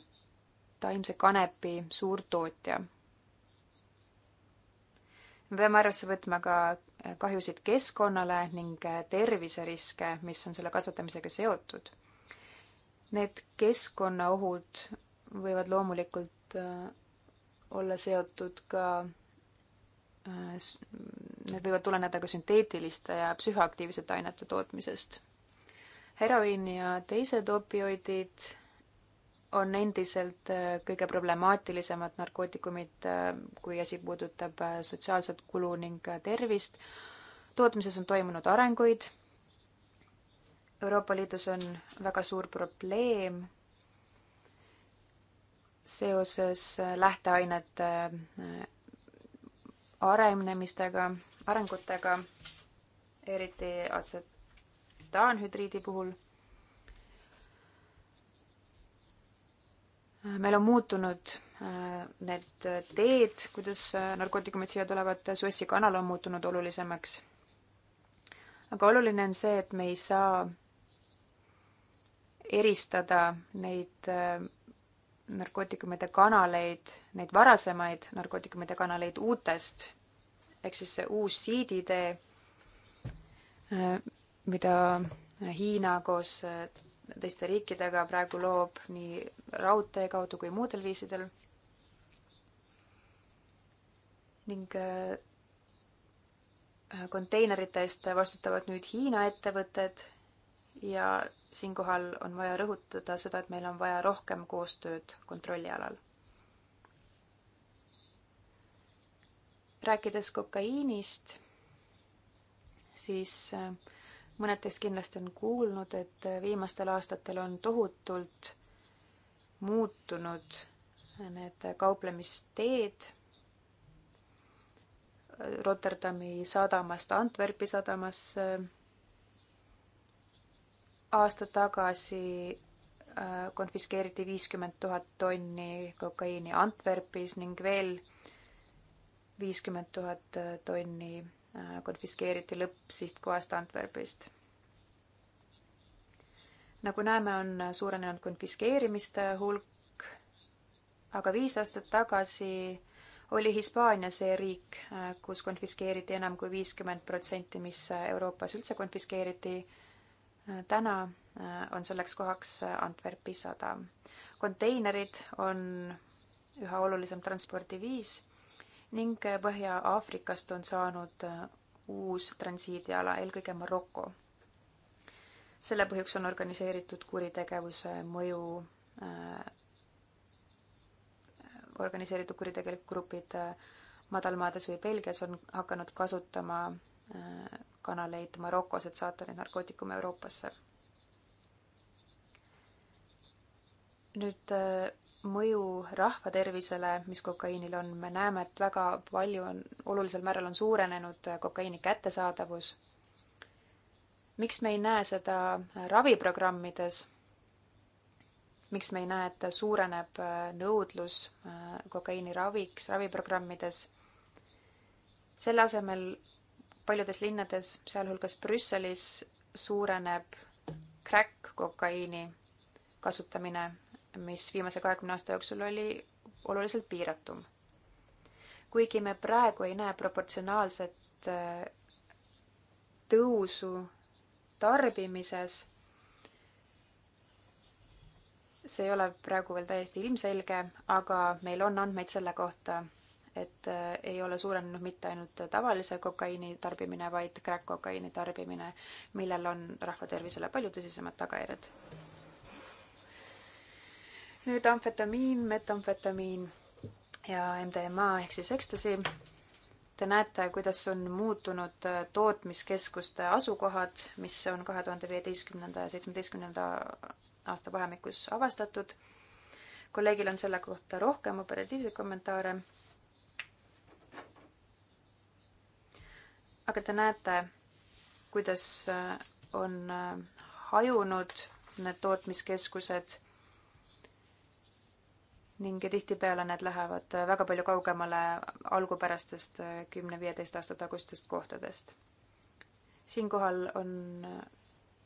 S3: taimse kanepi suurtootja. me peame arvesse võtma ka kahjusid keskkonnale ning terviseriske, mis on selle kasvatamisega seotud. Need keskkonnaohud võivad loomulikult äh, olla seotud ka, äh, need võivad tuleneda ka sünteetiliste ja psühhoaktiivsete ainete tootmisest. heroiin ja teised opioidid on endiselt äh, kõige problemaatilisemad narkootikumid, äh, kui asi puudutab äh, sotsiaalset kulu ning tervist. tootmises on toimunud arenguid. Euroopa Liidus on väga suur probleem seoses lähteainete arenemistega, arengutega, eriti atsetaanhüdriidi puhul meil on muutunud äh, need äh, teed, kuidas äh, narkootikumid siia tulevad, Suessi kanal on muutunud olulisemaks. aga oluline on see, et me ei saa eristada neid narkootikumide kanaleid, neid varasemaid narkootikumide kanaleid uutest, ehk siis see uus siiditee, mida Hiina koos teiste riikidega praegu loob nii raudtee kaudu kui muudel viisidel. ning äh, konteinerite eest vastutavad nüüd Hiina ettevõtted ja siinkohal on vaja rõhutada seda, et meil on vaja rohkem koostööd kontrollialal. rääkides kokaiinist, siis äh, mõned teist kindlasti on kuulnud, et viimastel aastatel on tohutult muutunud need kauplemisteed Rotterdami sadamast Antwerpi sadamasse. aasta tagasi äh, konfiskeeriti viiskümmend tuhat tonni kokaiini Antwerpis ning veel viiskümmend tuhat äh, tonni Äh, konfiskeeriti lõppsihtkohast Antwerpist. nagu näeme, on suurenenud konfiskeerimiste hulk, aga viis aastat tagasi oli Hispaania see riik, äh, kus konfiskeeriti enam kui viiskümmend protsenti, mis Euroopas üldse konfiskeeriti. Äh, täna on selleks kohaks Antwerpi sadam. konteinerid on üha olulisem transpordiviis ning Põhja-Aafrikast on saanud äh, uus transiidiala, eelkõige Maroko. selle põhjuks on organiseeritud kuritegevuse mõju äh,, organiseeritud kuritegelikud grupid äh, madalmaades või Belgias on hakanud kasutama äh, kanaleid Marokos, et saata neid narkootikume Euroopasse. nüüd äh, mõju rahvatervisele, mis kokaiinil on, me näeme, et väga palju on, olulisel määral on suurenenud kokaiini kättesaadavus. miks me ei näe seda raviprogrammides? miks me ei näe, et suureneb äh, nõudlus äh, kokaiini raviks raviprogrammides? selle asemel paljudes linnades, sealhulgas Brüsselis, suureneb crack kokaiini kasutamine mis viimase kahekümne aasta jooksul oli oluliselt piiratum. kuigi me praegu ei näe proportsionaalset äh, tõusu tarbimises, see ei ole praegu veel täiesti ilmselge, aga meil on andmeid selle kohta, et äh, ei ole suurenenud mitte ainult tavalise kokaiini tarbimine, vaid kräkkokaiini tarbimine, millel on rahvatervisele palju tõsisemad tagajärjed nüüd amfetamiin, metamfetamiin ja MDMA ehk siis ekstasi. Te näete, kuidas on muutunud äh, tootmiskeskuste asukohad, mis on kahe tuhande viieteistkümnenda ja seitsmeteistkümnenda aasta vahemikus avastatud. kolleegil on selle kohta rohkem operatiivseid kommentaare. aga te näete, kuidas äh, on äh, hajunud need tootmiskeskused ning tihtipeale need lähevad väga palju kaugemale algupärastest kümne-viieteist aasta tagustest kohtadest. siinkohal on,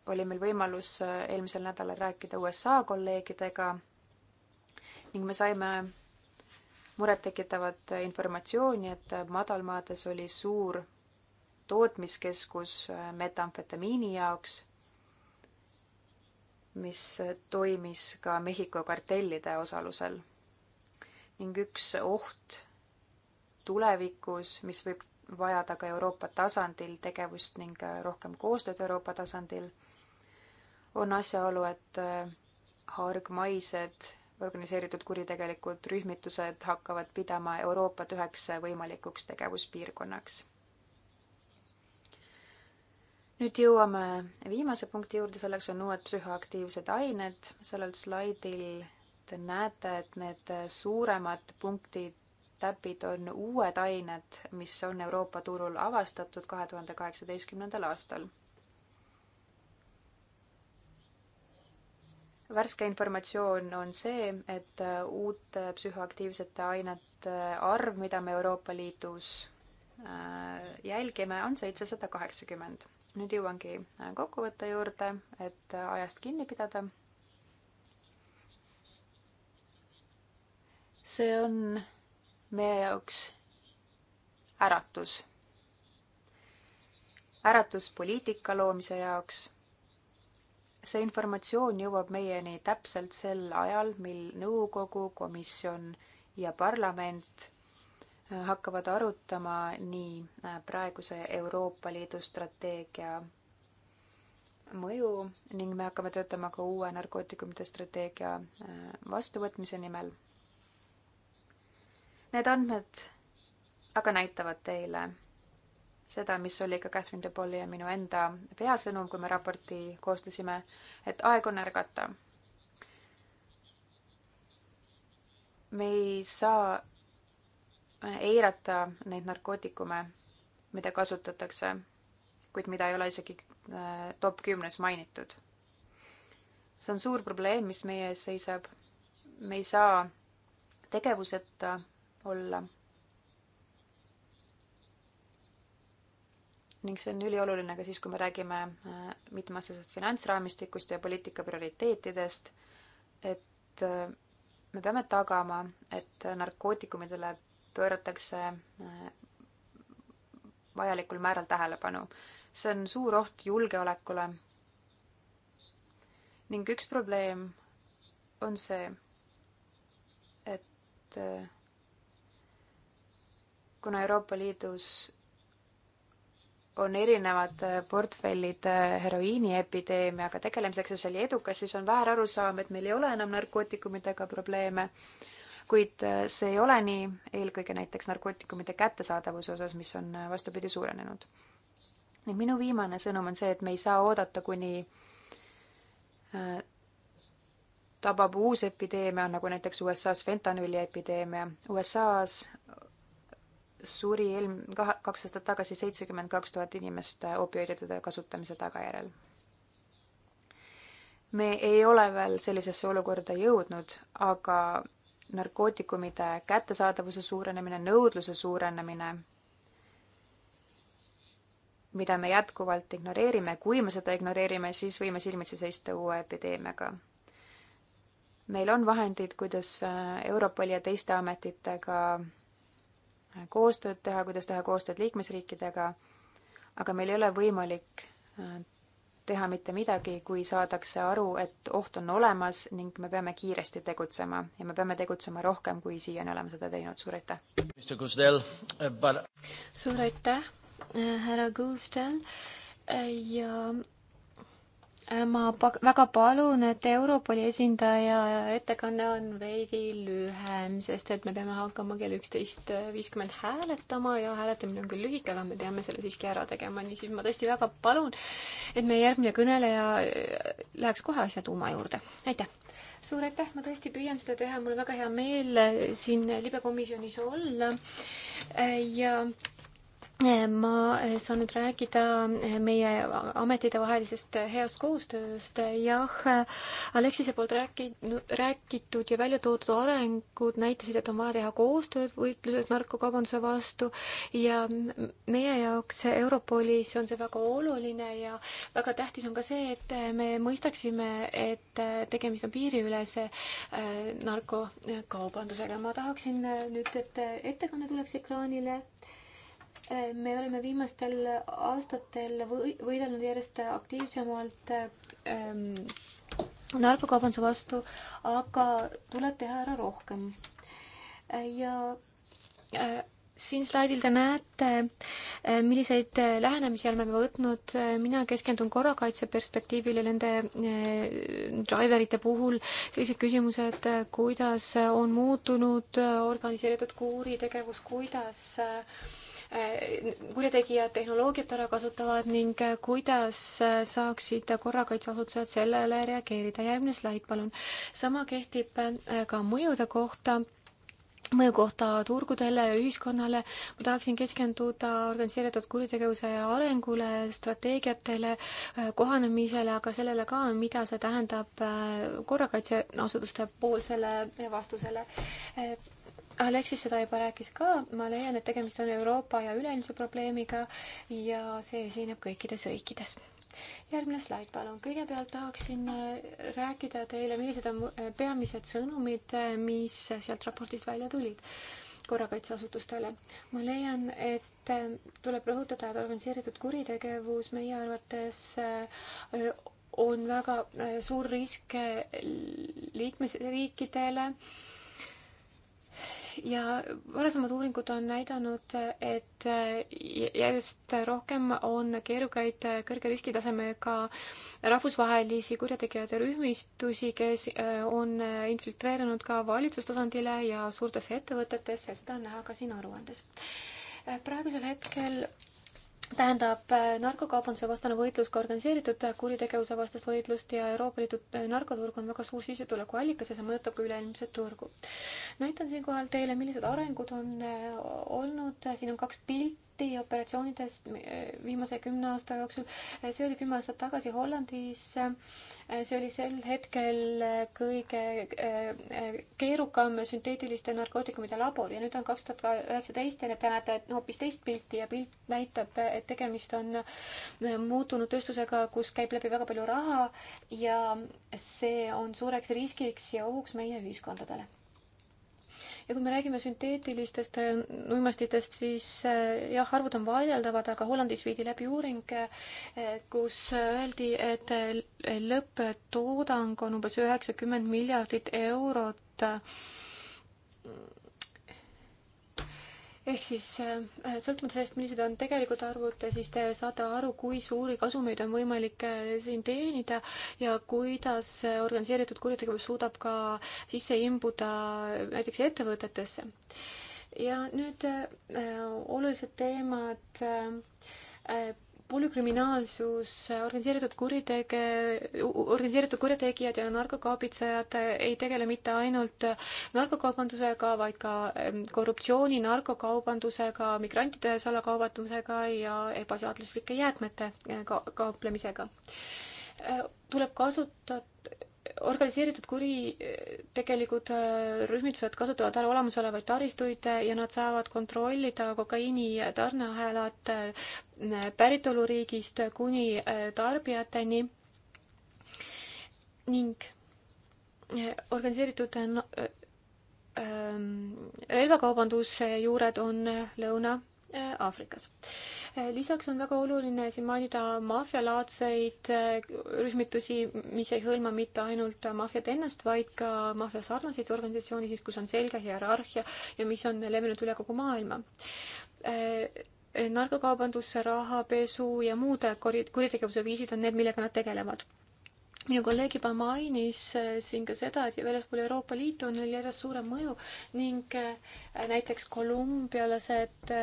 S3: oli meil võimalus eelmisel nädalal rääkida USA kolleegidega ning me saime murettekitavat informatsiooni, et madalmaades oli suur tootmiskeskus metamfetamiini jaoks, mis toimis ka Mehhiko kartellide osalusel ning üks oht tulevikus, mis võib vajada ka Euroopa tasandil tegevust ning rohkem koostööd Euroopa tasandil, on asjaolu, et äh, hargmaised organiseeritud kuritegelikud rühmitused hakkavad pidama Euroopat üheks võimalikuks tegevuspiirkonnaks. nüüd jõuame viimase punkti juurde, selleks on uued psühhoaktiivsed ained. sellel slaidil te näete, et need suuremad punktid, täpid on uued ained, mis on Euroopa turul avastatud kahe tuhande kaheksateistkümnendal aastal. värske informatsioon on see, et uute psühhoaktiivsete ainete arv, mida me Euroopa Liidus äh, jälgime, on seitsesada kaheksakümmend. nüüd jõuangi äh, kokkuvõtte juurde, et äh, ajast kinni pidada see on meie jaoks äratus. äratus poliitika loomise jaoks. see informatsioon jõuab meieni täpselt sel ajal, mil nõukogu, komisjon ja parlament hakkavad arutama nii äh, praeguse Euroopa Liidu strateegia mõju ning me hakkame töötama ka uue narkootikumide strateegia äh, vastuvõtmise nimel Need andmed aga näitavad teile seda, mis oli ka Catherine de Polli ja minu enda peasõnum, kui me raporti koostasime, et aeg on ärgata. me ei saa eirata neid narkootikume, mida kasutatakse, kuid mida ei ole isegi äh, top kümnes mainitud. see on suur probleem, mis meie ees seisab. me ei saa tegevuseta olla. ning see on ülioluline ka siis, kui me räägime äh, mitmeaastasest finantsraamistikust ja poliitika prioriteetidest, et äh, me peame tagama, et narkootikumidele pööratakse äh, vajalikul määral tähelepanu. see on suur oht julgeolekule. ning üks probleem on see, et kuna Euroopa Liidus on erinevad äh, portfellid äh, heroiiniepideemiaga tegelemiseks ja see oli edukas, siis on väär arusaam, et meil ei ole enam narkootikumidega probleeme. kuid äh, see ei ole nii, eelkõige näiteks narkootikumide kättesaadavuse osas, mis on vastupidi suurenenud. ning minu viimane sõnum on see, et me ei saa oodata, kuni tabab uus epideemia, nagu näiteks USA-s fentanüüli epideemia. USA-s suri eelm-, kahe, kaks aastat tagasi seitsekümmend kaks tuhat inimest opioidide kasutamise tagajärjel. me ei ole veel sellisesse olukorda jõudnud, aga narkootikumide kättesaadavuse suurenemine, nõudluse suurenemine, mida me jätkuvalt ignoreerime, kui me seda ignoreerime, siis võime silmitsi seista uue epideemiaga meil on vahendid, kuidas äh, Europoli ja teiste ametitega koostööd teha, kuidas teha koostööd liikmesriikidega, aga meil ei ole võimalik äh, teha mitte midagi, kui saadakse aru, et oht on olemas ning me peame kiiresti tegutsema ja me peame tegutsema rohkem, kui siiani oleme seda teinud. suur aitäh! Äh, suur aitäh, äh, härra Kustel
S2: ja ma väga palun, et Europoli esindaja ettekanne on veidi lühem, sest et me peame hakkama kell üksteist viiskümmend hääletama ja hääletamine on küll lühike, aga me peame selle siiski ära tegema, niisiis ma tõesti väga palun, et meie järgmine kõneleja läheks kohe asja tuuma juurde. aitäh! suur aitäh, ma tõesti püüan seda teha, mul on väga hea meel siin libekomisjonis olla ja ma saan nüüd rääkida meie ametitevahelisest heast koostööst. jah, Aleksise poolt rääki-, räägitud ja välja toodud arengud näitasid, et on vaja teha koostööd võitluses narkokaubanduse vastu ja meie jaoks Europolis on see väga oluline ja väga tähtis on ka see, et me mõistaksime, et tegemist on piiriülese äh, narkokaubandusega. ma tahaksin nüüd, et ettekanne tuleks ekraanile me oleme viimastel aastatel või, võidelnud järjest aktiivsemalt ähm, narkokaubanduse vastu, aga tuleb teha ära rohkem. ja äh, siin slaidil te näete, äh, milliseid äh, lähenemisi oleme võtnud, mina keskendun korrakaitse perspektiivile nende äh, driverite puhul, sellised küsimused, kuidas on muutunud organiseeritud kuritegevus, kuidas äh, Äh, kurjategijad tehnoloogiat ära kasutavad ning äh, kuidas äh, saaksid korrakaitseasutused sellele reageerida. järgmine slaid, palun. sama kehtib ka mõjude kohta mõju kohta turgudele ja ühiskonnale. ma tahaksin keskenduda organiseeritud kuritegevuse arengule, strateegiatele, kohanemisele, aga sellele ka, mida see tähendab korrakaitseasutuste poolsele vastusele. Aleksis seda juba rääkis ka, ma leian, et tegemist on Euroopa ja üleilmse probleemiga ja see esineb kõikides riikides. järgmine slaid, palun. kõigepealt tahaksin äh, rääkida teile, millised on äh, peamised sõnumid, äh, mis sealt raportist välja tulid korrakaitseasutustele. ma leian, et tuleb rõhutada, et organiseeritud kuritegevus meie arvates on väga suur risk liikmesriikidele ja varasemad uuringud on näidanud, et järjest rohkem on keerukaid kõrge riskitasemega rahvusvahelisi kurjategijate rühmistusi, kes äh, on infiltreerunud ka valitsustasandile ja suurtesse ettevõtetesse, seda on näha ka siin aruandes. Äh, praegusel hetkel tähendab äh, narkokaubanduse vastane võitlus ka organiseeritud kuritegevuse vastast võitlust ja Euroopa Liidu äh, narkoturg on väga suur sissetulekuallikas ja see mõjutab ka üleilmset turgu. näitan siinkohal teile, millised arengud on äh, olnud, siin on kaks pilti Läti operatsioonidest viimase kümne aasta jooksul. see oli kümme aastat tagasi Hollandis. see oli sel hetkel äh, kõige äh, keerukam sünteetiliste narkootikumide labor ja nüüd on kaks tuhat üheksateist ja te näete hoopis teist pilti ja pilt näitab, et tegemist on äh, muutunud tööstusega, kus käib läbi väga palju raha ja see on suureks riskiks ja ohuks meie ühiskondadele ja kui me räägime sünteetilistest äh, uimastitest, siis äh, jah, arvud on vaieldavad, aga Hollandis viidi läbi uuring, äh, kus öeldi, et lõpptoodang on umbes üheksakümmend miljardit eurot ehk siis äh, sõltumata sellest, millised on tegelikud arvud, äh, siis te saate aru, kui suuri kasumeid on võimalik äh, siin teenida ja kuidas organiseeritud kuritegevus suudab ka sisse imbuda näiteks ettevõtetesse. ja nüüd äh, olulised teemad äh, polükriminaalsus, organiseeritud kuritege-, organiseeritud kurjategijad ja narkokaabitsejad ei tegele mitte ainult narkokaubandusega, vaid ka ehm, korruptsiooni, narkokaubandusega, migrantide salakaubatusega ja ebaseaduslike jäätmete eh, ka-, kauplemisega. Eh, tuleb kasutada organiseeritud kuritegelikud äh, rühmitused kasutavad ära olemasolevaid taristuid ja nad saavad kontrollida kokaiini tarneahelat äh, päritoluriigist kuni äh, tarbijateni ning organiseeritud ähm, relvakaubanduse juured on Lõuna-Aafrikas lisaks on väga oluline siin mainida maffialaadseid äh, rühmitusi, mis ei hõlma mitte ainult maffiat ennast, vaid ka maffia sarnaseid organisatsioone, siis kus on selge hierarhia ja mis on levinud üle kogu maailma äh, narkokaubandus, rahapesu ja muud kuritegevuse viisid on need, millega nad tegelevad. minu kolleeg juba mainis äh, siin ka seda, et väljaspool Euroopa Liitu on neil järjest suurem mõju ning näiteks kolumbialased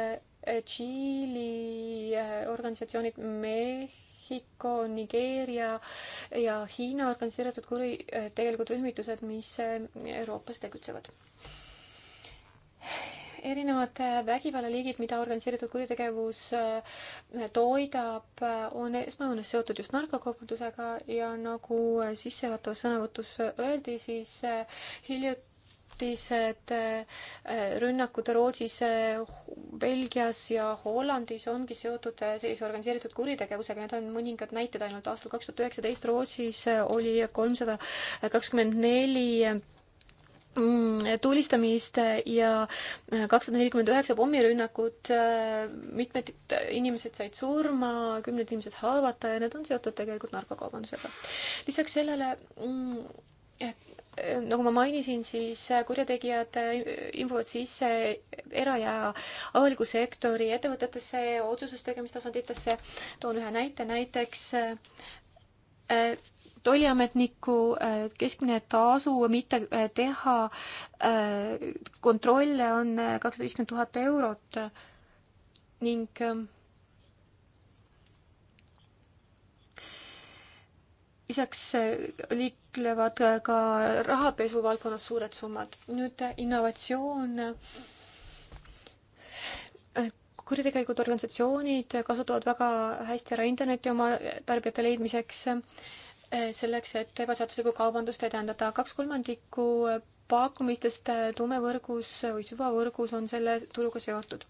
S2: Tšiili eh, organisatsioonid, Mehhiko, Nigeeria ja Hiina organiseeritud kuritegelikud eh, rühmitused, mis eh, Euroopas tegutsevad erinevad vägivallaliigid, mida organiseeritud kuritegevus toidab, on esmajoones seotud just narkokaubandusega ja nagu sissejuhatavas sõnavõtus öeldi, siis hiljuti ajutised äh, rünnakud Rootsis, äh, Belgias ja Hollandis ongi seotud äh, sellise organiseeritud kuritegevusega, need on mõningad näited ainult. aastal kaks tuhat üheksateist Rootsis oli kolmsada kakskümmend neli mm, tulistamist ja kakssada nelikümmend üheksa pommirünnakut, mitmed inimesed said surma, kümned inimesed haavata ja need on seotud tegelikult narkokaubandusega. lisaks sellele mm, Äh, nagu ma mainisin, siis äh, kurjategijad äh, imbuvad sisse era- ja avaliku sektori ettevõtetesse, otsustustegemistasanditesse. toon ühe näite, näiteks tolliametniku keskmine tasu mitte teha kontrolle on kakssada viiskümmend tuhat eurot ning ähm, lisaks äh, liiklevad äh, ka rahapesu valdkonnas suured summad. nüüd äh, innovatsioon. kuritegelikud organisatsioonid kasutavad väga hästi ära Internetti oma tarbijate leidmiseks, selleks, et ebaseaduslikku kaubandust edendada. kaks kolmandikku pakkumistest tumevõrgus või süvavõrgus on selle turuga seotud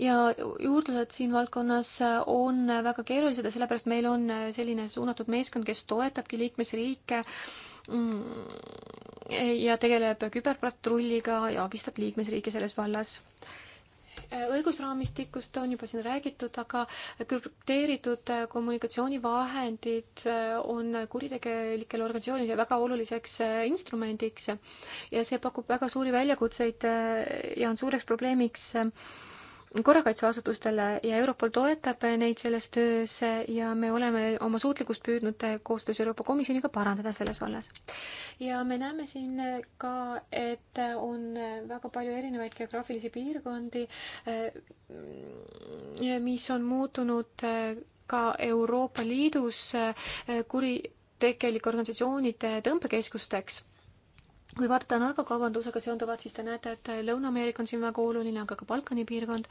S2: ja juurdlused siin valdkonnas äh, on äh, väga keerulised ja sellepärast meil on äh, selline suunatud meeskond, kes toetabki liikmesriike mm, ja tegeleb küberpatrulliga ja abistab liikmesriike selles vallas õigusraamistikust on juba siin räägitud, aga krüpteeritud kommunikatsioonivahendid on kuritegelikele organisatsioonidele väga oluliseks instrumendiks ja see pakub väga suuri väljakutseid ja on suureks probleemiks korrakaitseasutustele ja Europol toetab neid selles töös ja me oleme oma suutlikkust püüdnud koostöös Euroopa Komisjoniga parandada selles vallas. ja me näeme siin ka, et on väga palju erinevaid geograafilisi piirkondi, mis on muutunud ka Euroopa Liidus kuri tegelike organisatsioonide tõmbekeskusteks kui vaadata narkokaubandusega seonduvat, siis te näete, et Lõuna-Ameerika on siin väga oluline, aga ka Balkani piirkond.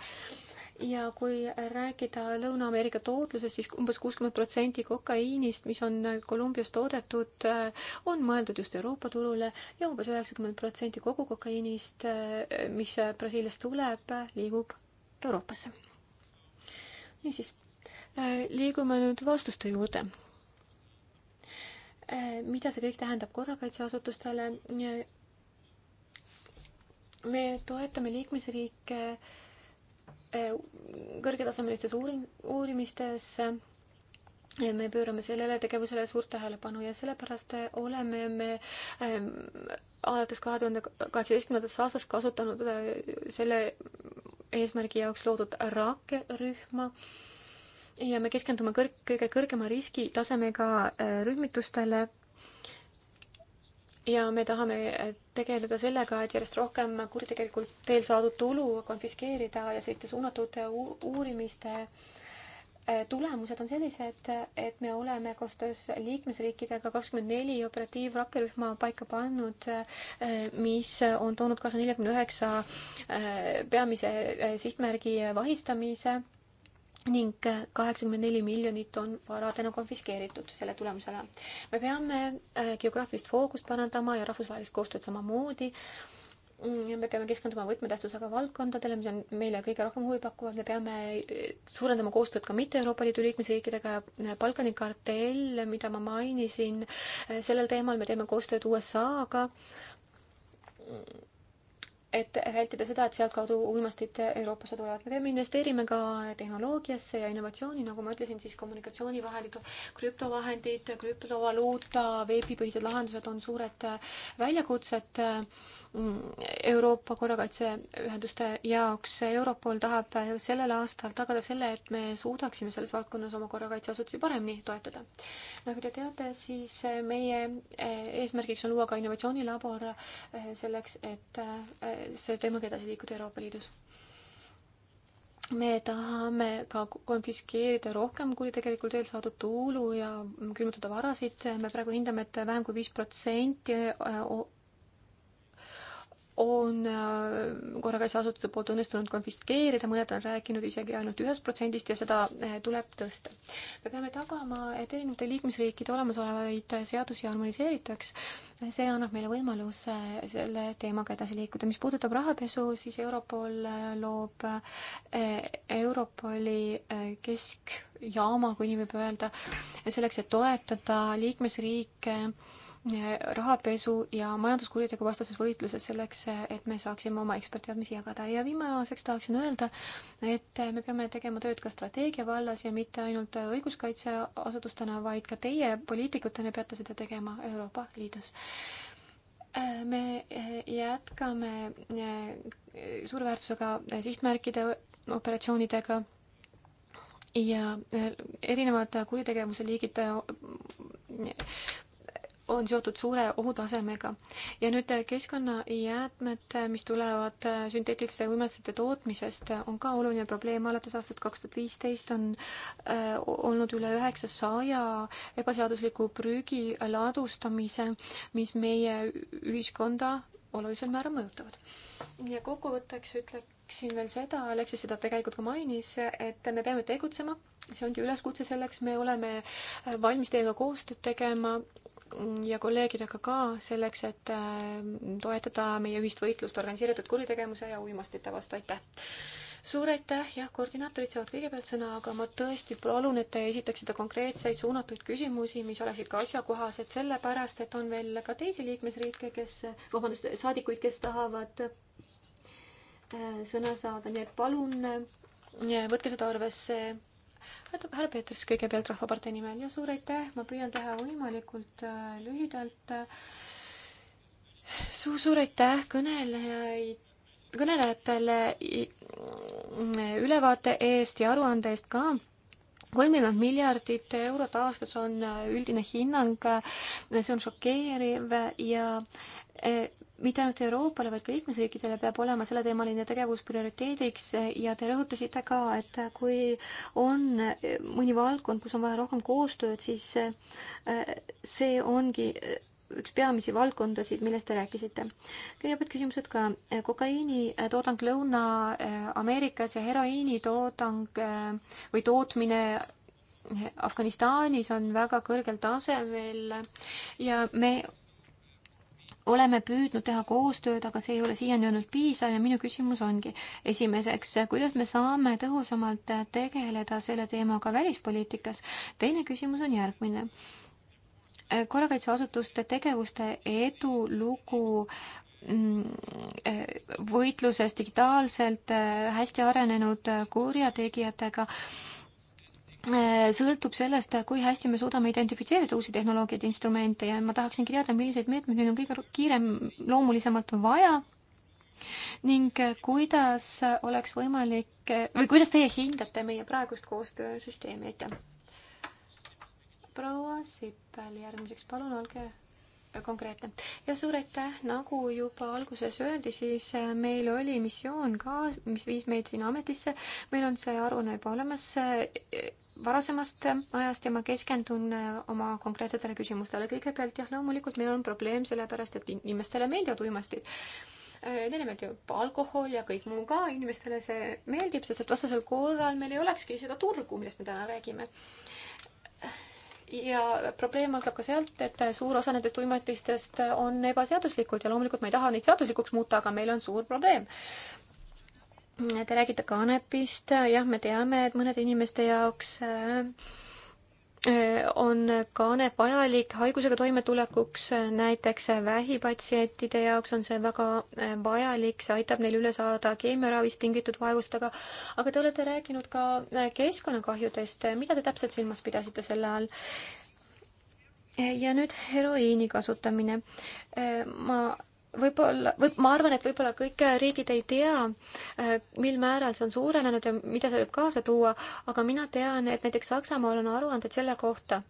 S2: ja kui rääkida Lõuna-Ameerika tootlusest, siis umbes kuuskümmend protsenti kokaiinist, mis on Kolumbias toodetud, on mõeldud just Euroopa turule ja umbes üheksakümmend protsenti kogu kokaiinist, mis Brasiiliast tuleb, liigub Euroopasse. niisiis, liigume nüüd vastuste juurde Äh, mida see kõik tähendab korrakaitseasutustele. me toetame liikmesriike äh, kõrgetasemelistes uuring, uurimistes. me pöörame sellele tegevusele suurt tähelepanu ja sellepärast oleme me ähm, alates kahe tuhande kaheksateistkümnendast aastast kasutanud äh, selle eesmärgi jaoks loodud rakkerühma äh, ja me keskendume kõrg-, kõige kõrgema riskitasemega äh, rühmitustele ja me tahame äh, tegeleda sellega, et järjest rohkem kuritegelikult teel saadud tulu konfiskeerida ja selliste suunatud äh, uurimiste tulemused on sellised, et me oleme koostöös liikmesriikidega kakskümmend neli operatiivrakkerühma paika pannud, mis on toonud kaasa neljakümne üheksa peamise sihtmärgi vahistamise ning kaheksakümmend neli miljonit on varadena konfiskeeritud selle tulemusena. me peame äh, geograafilist fookust parandama ja rahvusvahelist koostööd samamoodi. Mm, me peame keskenduma võtmetähtsusega valdkondadele, mis on meile kõige rohkem huvi pakuvad, me peame äh, suurendama koostööd ka mitte Euroopa Liidu liikmesriikidega ja Balkani kartell, mida ma mainisin, äh, sellel teemal me teeme koostööd USA-ga mm, et vältida seda, et sealtkaudu uimastit Euroopasse tulevad. me peame investeerima ka tehnoloogiasse ja innovatsiooni, nagu ma ütlesin, siis kommunikatsioonivahendid, krüptovahendid, krüptovaluuta, veebipõhised lahendused on suured väljakutsed mm, Euroopa korrakaitseühenduste jaoks. Europol tahab sellel aastal tagada selle, et me suudaksime selles valdkonnas oma korrakaitseasutusi paremini toetada. nagu te teate, siis meie eesmärgiks on luua ka innovatsioonilabor selleks, et selle teemaga edasi liikuda Euroopa Liidus. me tahame ka konfiskeerida rohkem kuritegelikult veel saadud tulu ja külmutada varasid, me praegu hindame, et vähem kui viis protsenti on äh, korrakaitseasutuse poolt õnnestunud konfiskeerida, mõned on rääkinud isegi ainult ühest protsendist ja seda äh, tuleb tõsta. me peame tagama, et erinevate liikmesriikide olemasolevaid seadusi harmoniseeritaks. see annab meile võimaluse äh, selle teemaga edasi liikuda. mis puudutab rahapesu, siis Europol loob Europoli keskjaama, kui nii võib öelda, selleks, et toetada liikmesriike rahapesu ja majanduskuritegu vastases võitluses selleks, et me saaksime oma ekspertteadmisi jagada. ja viimaseks tahaksin öelda, et me peame tegema tööd ka strateegia vallas ja mitte ainult õiguskaitseasutustena, vaid ka teie poliitikutena peate seda tegema Euroopa Liidus. me jätkame suure väärtusega sihtmärkide operatsioonidega ja erinevad kuritegevuse liigid on seotud suure ohutasemega. ja nüüd äh, keskkonnajäätmed, äh, mis tulevad äh, sünteetiliste võimetsete tootmisest, on ka oluline probleem, alates aastast kaks tuhat viisteist on äh, olnud üle üheksasaja ebaseadusliku prügi ladustamise, mis meie ühiskonda olulisel määral mõjutavad. ja kokkuvõtteks ütleksin veel seda, Aleksis seda tegelikult ka mainis, et me peame tegutsema, see ongi üleskutse selleks, me oleme valmis teiega koostööd tegema ja kolleegidega ka selleks, et äh, toetada meie ühist võitlust organiseeritud kuritegevuse ja uimastite vastu, aitäh! suur aitäh, jah, koordinaatorid saavad kõigepealt sõna, aga ma tõesti palun, et te esitaksite konkreetseid suunatuid küsimusi, mis oleksid ka asjakohased, sellepärast et on veel ka teisi liikmesriike, kes, vabandust, saadikuid, kes tahavad äh, sõna saada, nii et palun äh, võtke seda arvesse härra Peeters kõigepealt Rahvapartei nimel ja suur aitäh, ma püüan teha võimalikult äh, lühidalt. suur-suur aitäh kõnelejaid kõnelejatele mm, ülevaate eest ja aruande eest ka. kolmveerand miljardit eurot aastas on üldine hinnang, see on šokeeriv ja äh, mitte ainult Euroopale, vaid ka liikmesriikidele peab olema selleteemaline tegevus prioriteediks ja te rõhutasite ka, et kui on mõni valdkond, kus on vaja rohkem koostööd, siis äh, see ongi üks peamisi valdkondasid, millest te rääkisite. kõigepealt küsimused ka. kokaiinitoodang äh, Lõuna-Ameerikas äh, ja heroiinitoodang või tootmine Afganistanis on väga kõrgel tasemel ja me oleme püüdnud teha koostööd, aga see ei ole siiani olnud piisav ja minu küsimus ongi esimeseks, kuidas me saame tõhusamalt tegeleda selle teemaga välispoliitikas. teine küsimus on järgmine. korrakaitseasutuste tegevuste edulugu mm, võitluses digitaalselt äh, hästi arenenud kurjategijatega Äh, sõltub sellest, kui hästi me suudame identifitseerida uusi tehnoloogiaid ja instrumente ja ma tahaksingi teada, milliseid meetmeid meil on kõige kiirem loomulisemalt vaja ning kuidas oleks võimalik või kuidas teie hindate meie praegust koostöösüsteemi, aitäh! proua Sippel järgmiseks, palun olge konkreetne. ja suur aitäh, nagu juba alguses öeldi, siis meil oli missioon ka, mis viis meid sinna ametisse, meil on see aruanne juba olemas varasemast ajast ja ma keskendun äh, oma konkreetsetele küsimustele. kõigepealt jah, loomulikult meil on probleem sellepärast, et inimestele meeldivad uimastid. Äh, neile meeldib alkohol ja kõik muu ka, inimestele see meeldib, sest et vastasel korral meil ei olekski seda turgu, millest me täna räägime ja probleem algab ka sealt, et suur osa nendest uimatistest on ebaseaduslikud ja loomulikult ma ei taha neid seaduslikuks muuta, aga meil on suur probleem. Te räägite kanepist, jah, me teame, et mõnede inimeste jaoks äh, on kanep vajalik haigusega toimetulekuks, näiteks vähipatsientide jaoks on see väga äh, vajalik, see aitab neil üle saada keemiaravist tingitud vaevustega. aga te olete rääkinud ka äh, keskkonnakahjudest, mida te täpselt silmas pidasite selle all? ja nüüd heroiini kasutamine. ma võib-olla, võib, ma arvan, et võib-olla kõik riigid ei tea, äh, mil määral see on suurenenud ja mida see võib kaasa tuua, aga mina tean, et näiteks Saksamaal on aruanded selle kohta,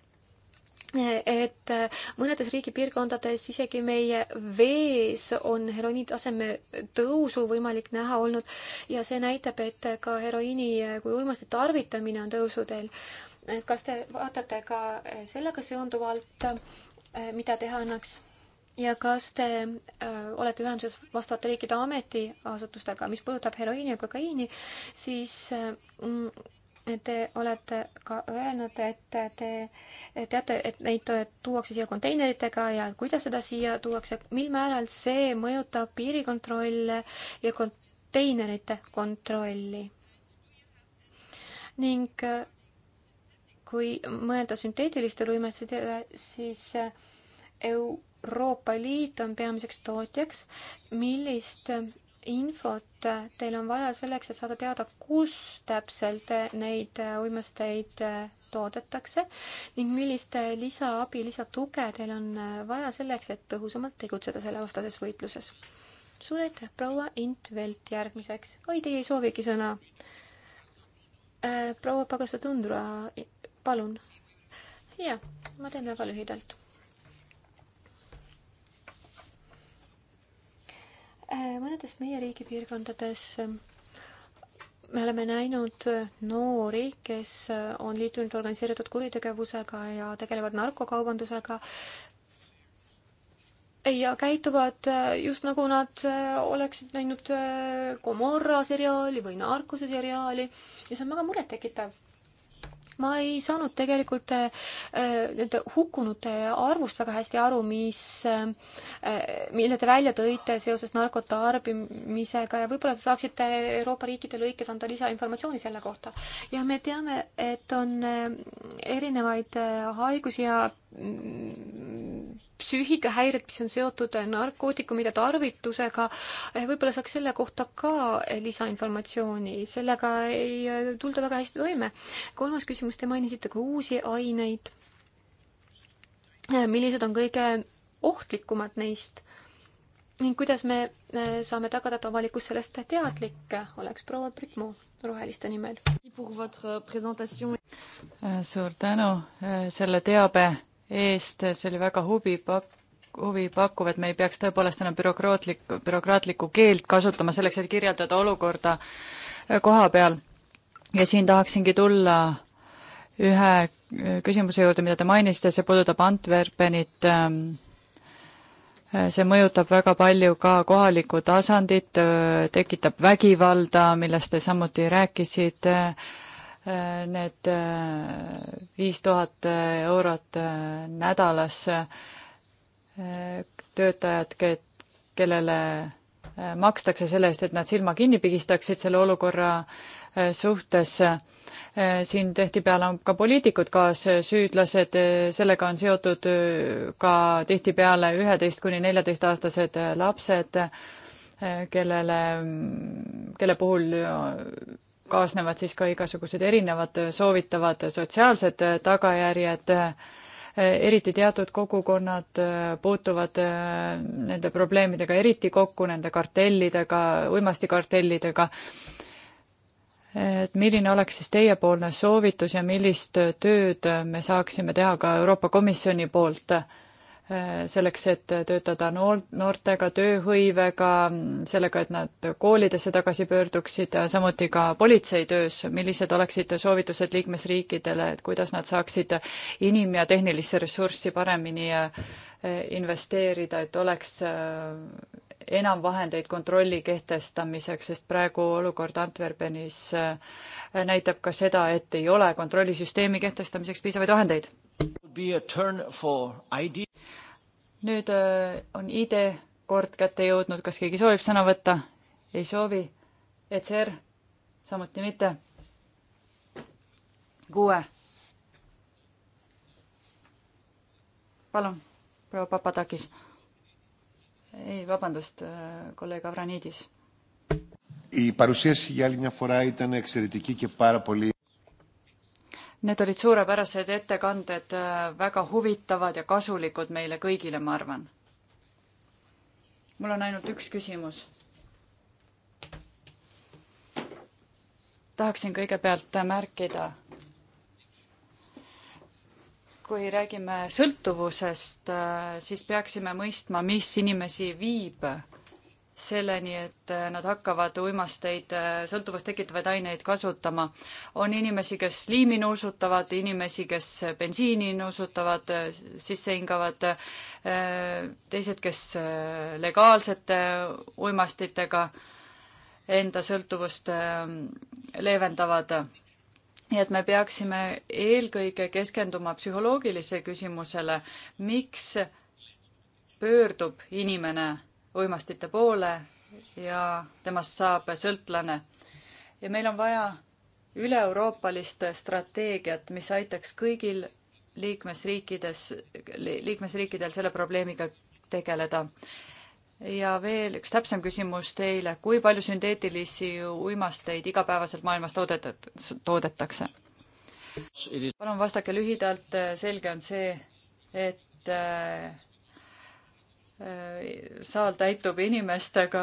S2: et äh, mõnedes riigipiirkondades isegi meie vees on heroiini taseme tõusu võimalik näha olnud ja see näitab, et ka heroiini äh, kui uimaste tarvitamine on tõusuteel. kas te vaatate ka sellega seonduvalt, mida teha annaks? ja kas te äh, olete ühenduses vastavate riikide ametiasutustega, mis puudutab heroiini ja kokaiini, siis äh, mm, te olete ka öelnud, et te teate, et neid tuuakse siia konteineritega ja kuidas seda siia tuuakse, mil määral see mõjutab piirikontrolle ja konteinerite kontrolli? ning äh, kui mõelda sünteetilistele uimestidele, siis äh, Euroopa Liit on peamiseks tootjaks, millist infot teil on vaja selleks, et saada teada, kus täpselt neid uimasteid toodetakse ning millist lisaabi, lisatuge teil on vaja selleks, et tõhusamalt tegutseda sellevastases võitluses. suur aitäh, proua Int Velt järgmiseks. oi, teie ei soovigi sõna äh,. proua Pagasatundra, palun. jaa, ma teen väga lühidalt Äh, mõnedes meie riigi piirkondades äh, me oleme näinud äh, noori, kes on liitunud organiseeritud kuritegevusega ja tegelevad narkokaubandusega ja käituvad just nagu nad oleksid näinud Gomorra seriaali või Narcose seriaali ja see on väga murettekitav ma ei saanud tegelikult äh, nende hukkunute arvust väga hästi aru, mis, äh, mille te välja tõite seoses narkotarbimisega ja võib-olla te saaksite Euroopa riikide lõikes anda lisainformatsiooni selle kohta. ja me teame, et on äh, erinevaid haigusi ja psüühikahäired, mis on seotud narkootikumide tarvitusega, võib-olla saaks selle kohta ka lisainformatsiooni, sellega ei tulda väga hästi toime. kolmas küsimus, te mainisite ka uusi aineid. millised on kõige ohtlikumad neist? ning kuidas me saame tagada, et avalikkus sellest teadlik oleks, proua Prikmu roheliste nimel?
S1: suur tänu selle teabe eest, see oli väga huvipak-, huvipakkuv, et me ei peaks tõepoolest enam bürokraatlik, bürokraatlikku keelt kasutama selleks, et kirjeldada olukorda äh, koha peal. ja siin tahaksingi tulla ühe äh, küsimuse juurde, mida te mainisite, see puudutab Antwerpenit. Ähm, äh, see mõjutab väga palju ka kohalikku tasandit, tekitab vägivalda, millest te samuti rääkisite need äh, viis tuhat äh, eurot äh, nädalas töötajad, kellele makstakse selle eest, et nad silma kinni pigistaksid selle olukorra suhtes. siin tihtipeale on ka poliitikud kaassüüdlased, sellega on seotud ka tihtipeale üheteist kuni neljateistaastased lapsed, kellele, mm, kelle puhul kaasnevad siis ka igasugused erinevad soovitavad sotsiaalsed tagajärjed, eriti teatud kogukonnad puutuvad nende probleemidega eriti kokku, nende kartellidega, uimastikartellidega. et milline oleks siis teiepoolne soovitus ja millist tööd me saaksime teha ka Euroopa Komisjoni poolt? selleks, et töötada noor, noortega, tööhõivega, sellega, et nad koolidesse tagasi pöörduksid, samuti ka politseitöös, millised oleksid soovitused liikmesriikidele, et kuidas nad saaksid inim- ja tehnilisse ressurssi paremini äh, investeerida, et oleks äh, enam vahendeid kontrolli kehtestamiseks, sest praegu olukord Antwerpenis äh, näitab ka seda, et ei ole kontrollisüsteemi kehtestamiseks piisavaid vahendeid nüüd äh, on ID-kord kätte jõudnud, kas keegi soovib sõna võtta? ei soovi. ECR samuti mitte. kuue. palun, proua Papadakis. ei, vabandust, äh, kolleeg Avranidis.
S3: Η παρουσίαση για άλλη μια φορά ήταν εξαιρετική και πάρα πολύ
S1: Need olid suurepärased ettekanded, äh, väga huvitavad ja kasulikud meile kõigile, ma arvan. mul on ainult üks küsimus. tahaksin kõigepealt märkida, kui räägime sõltuvusest, äh, siis peaksime mõistma, mis inimesi viib selleni, et äh, nad hakkavad uimasteid, äh, sõltuvust tekitavaid aineid kasutama. on inimesi, kes liimi nuusutavad, inimesi, kes äh, bensiini nuusutavad, sisse hingavad, teised, kes legaalsete uimastitega enda sõltuvust leevendavad. nii et me peaksime eelkõige keskenduma psühholoogilise küsimusele, miks pöördub inimene uimastite poole ja temast saab sõltlane. ja meil on vaja üle-euroopalist strateegiat, mis aitaks kõigil liikmesriikides, liikmesriikidel selle probleemiga tegeleda. ja veel üks täpsem küsimus teile, kui palju sünteetilisi uimasteid igapäevaselt maailmas toodetat-, toodetakse? palun vastake lühidalt, selge on see, et saal täitub inimestega,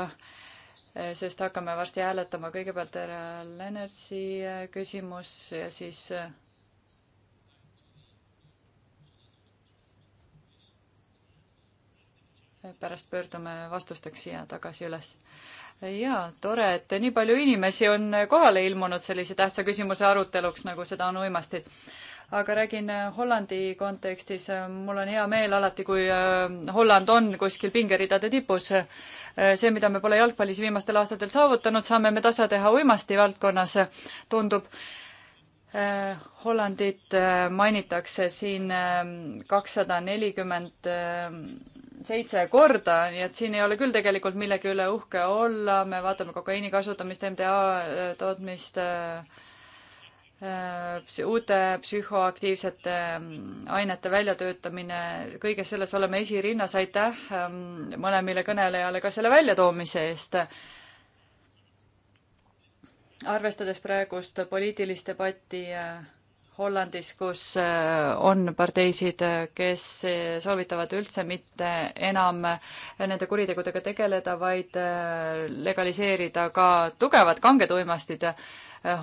S1: sest hakkame varsti hääletama kõigepealt härra Lennertsi äh, küsimus ja siis äh, pärast pöördume vastusteks siia tagasi üles. jaa, tore, et nii palju inimesi on kohale ilmunud sellise tähtsa küsimuse aruteluks, nagu seda on uimastid aga räägin äh, Hollandi kontekstis, äh, mul on hea meel alati, kui äh, Holland on kuskil pingeridade tipus. see, mida me pole jalgpallis viimastel aastatel saavutanud, saame me tasa teha uimasti valdkonnas, tundub. Hollandit mainitakse siin ähm, kakssada nelikümmend ähm, seitse korda, nii et siin ei ole küll tegelikult millegi üle uhke olla, me vaatame kokaiini kasutamist, MDA tootmist äh, Äh, uute psühhoaktiivsete ähm, ainete väljatöötamine, kõiges selles oleme esirinnas, aitäh ähm, mõlemile kõnelejale ka selle väljatoomise eest. arvestades praegust poliitilist debatti äh, Hollandis, kus äh, on parteisid, äh, kes äh, soovitavad üldse mitte enam nende kuritegudega tegeleda, vaid legaliseerida ka tugevad kanged uimastid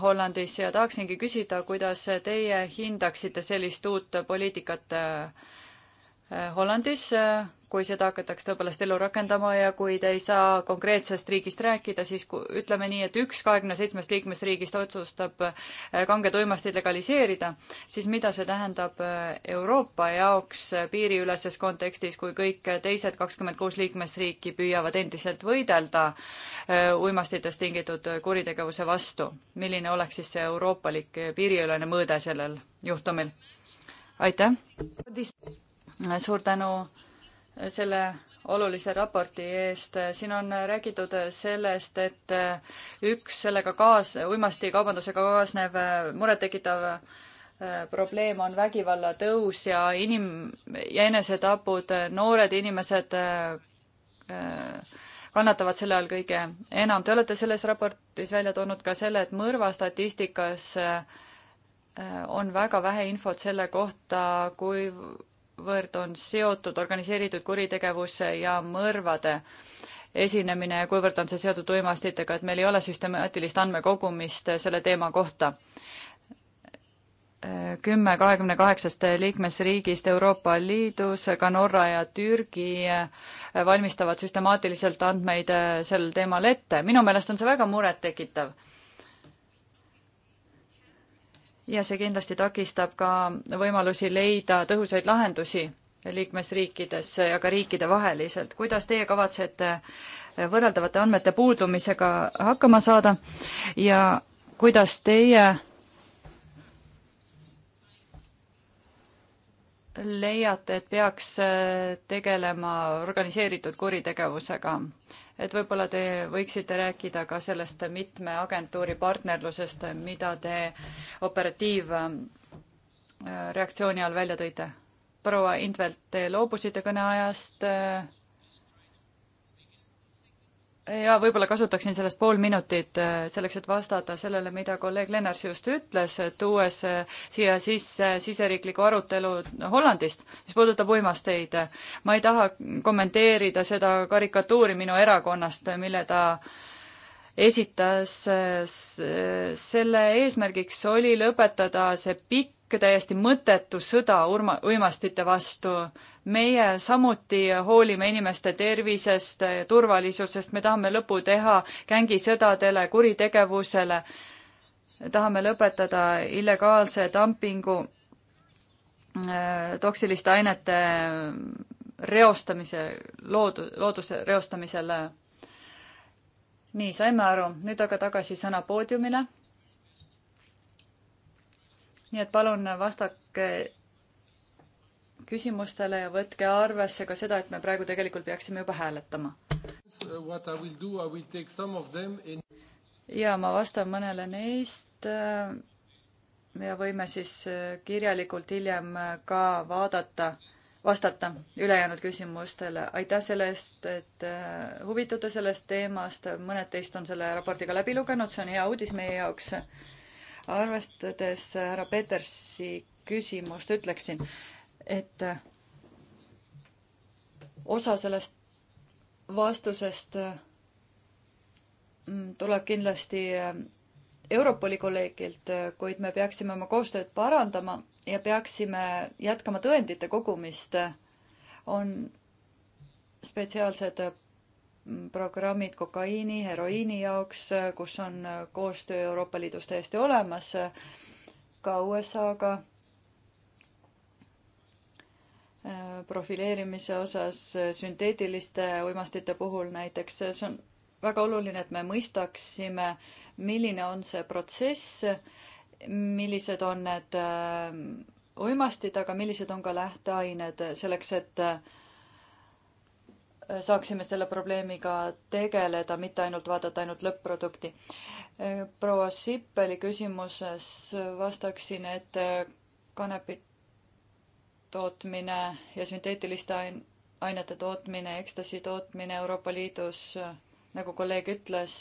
S1: Hollandis ja tahaksingi küsida, kuidas teie hindaksite sellist uut poliitikat Äh, Hollandis, äh, kui seda hakatakse tõepoolest ellu rakendama ja kui te ei saa konkreetsest riigist rääkida, siis ütleme nii, et üks kahekümne seitsmest liikmesriigist otsustab äh, kanged uimastid legaliseerida, siis mida see tähendab Euroopa jaoks piiriüleses kontekstis, kui kõik teised kakskümmend kuus liikmesriiki püüavad endiselt võidelda uimastitest tingitud kuritegevuse vastu? milline oleks siis see euroopalik piiriülene mõõde sellel juhtumil? aitäh! suur tänu selle olulise raporti eest. siin on räägitud sellest, et üks sellega kaas, uimastikaubandusega kaasnev murettekitav äh, probleem on vägivalla tõus ja inim- ja enesetapud, noored inimesed äh, äh, kannatavad selle all kõige enam. Te olete selles raportis välja toonud ka selle, et mõrvastatistikas on väga vähe infot selle kohta, kui kuivõrd on seotud organiseeritud kuritegevuse ja mõrvade esinemine ja kuivõrd on see seotud uimastitega, et meil ei ole süstemaatilist andmekogumist selle teema kohta. kümme kahekümne kaheksast liikmesriigist Euroopa Liidus, ka Norra ja Türgi valmistavad süstemaatiliselt andmeid sel teemal ette. minu meelest on see väga murettekitav ja see kindlasti takistab ka võimalusi leida tõhusaid lahendusi liikmesriikides ja ka riikidevaheliselt. kuidas teie kavatsete võrreldavate andmete puudumisega hakkama saada ja kuidas teie leiate, et peaks tegelema organiseeritud kuritegevusega? et võib-olla te võiksite rääkida ka sellest mitme agentuuri partnerlusest, mida te operatiivreaktsiooni äh, all välja tõite. proua Intvelt, te loobusite kõneajast äh, ja võib-olla kasutaksin sellest pool minutit äh, selleks, et vastata sellele, mida kolleeg Lennart just ütles, äh, tuues äh, siia sisse siseriikliku arutelu Hollandist, mis puudutab uimasteid. ma ei taha kommenteerida seda karikatuuri minu erakonnast, mille ta äh, esitas äh, selle eesmärgiks oli lõpetada see pikk, täiesti mõttetu sõda urma, uimastite vastu. meie samuti hoolime inimeste tervisest, turvalisusest, me tahame lõpu teha gängisõdadele, kuritegevusele. tahame lõpetada illegaalse dumpingu, äh, toksiliste ainete reostamise, loodu, looduse reostamisele nii, saime aru, nüüd aga tagasi sõna poodiumile. nii et palun vastake küsimustele ja võtke arvesse ka seda, et me praegu tegelikult peaksime juba hääletama. ja ma vastan mõnele neist äh, ja võime siis äh, kirjalikult hiljem äh, ka vaadata vastata ülejäänud küsimustele. aitäh selle eest, et äh, huvitute sellest teemast, mõned teist on selle raportiga läbi lugenud, see on hea uudis meie jaoks. arvestades härra Petersi küsimust, ütleksin, et äh, osa sellest vastusest äh, tuleb kindlasti Europoli kolleegilt, kuid me peaksime oma koostööd parandama ja peaksime jätkama tõendite kogumist, on spetsiaalsed mm, programmid kokaiini, heroiini jaoks, kus on koostöö Euroopa Liidus täiesti olemas, ka USA-ga. profileerimise osas sünteetiliste uimastite puhul näiteks, see on väga oluline, et me mõistaksime, milline on see protsess millised on need äh, uimastid, aga millised on ka lähteained selleks, et äh, saaksime selle probleemiga tegeleda, mitte ainult vaadata ainult lõpp-produkti. Äh, proua Sippeli küsimuses vastaksin, et kanepi tootmine ja sünteetiliste ain-, ainete tootmine, ekstasi tootmine Euroopa Liidus, nagu kolleeg ütles,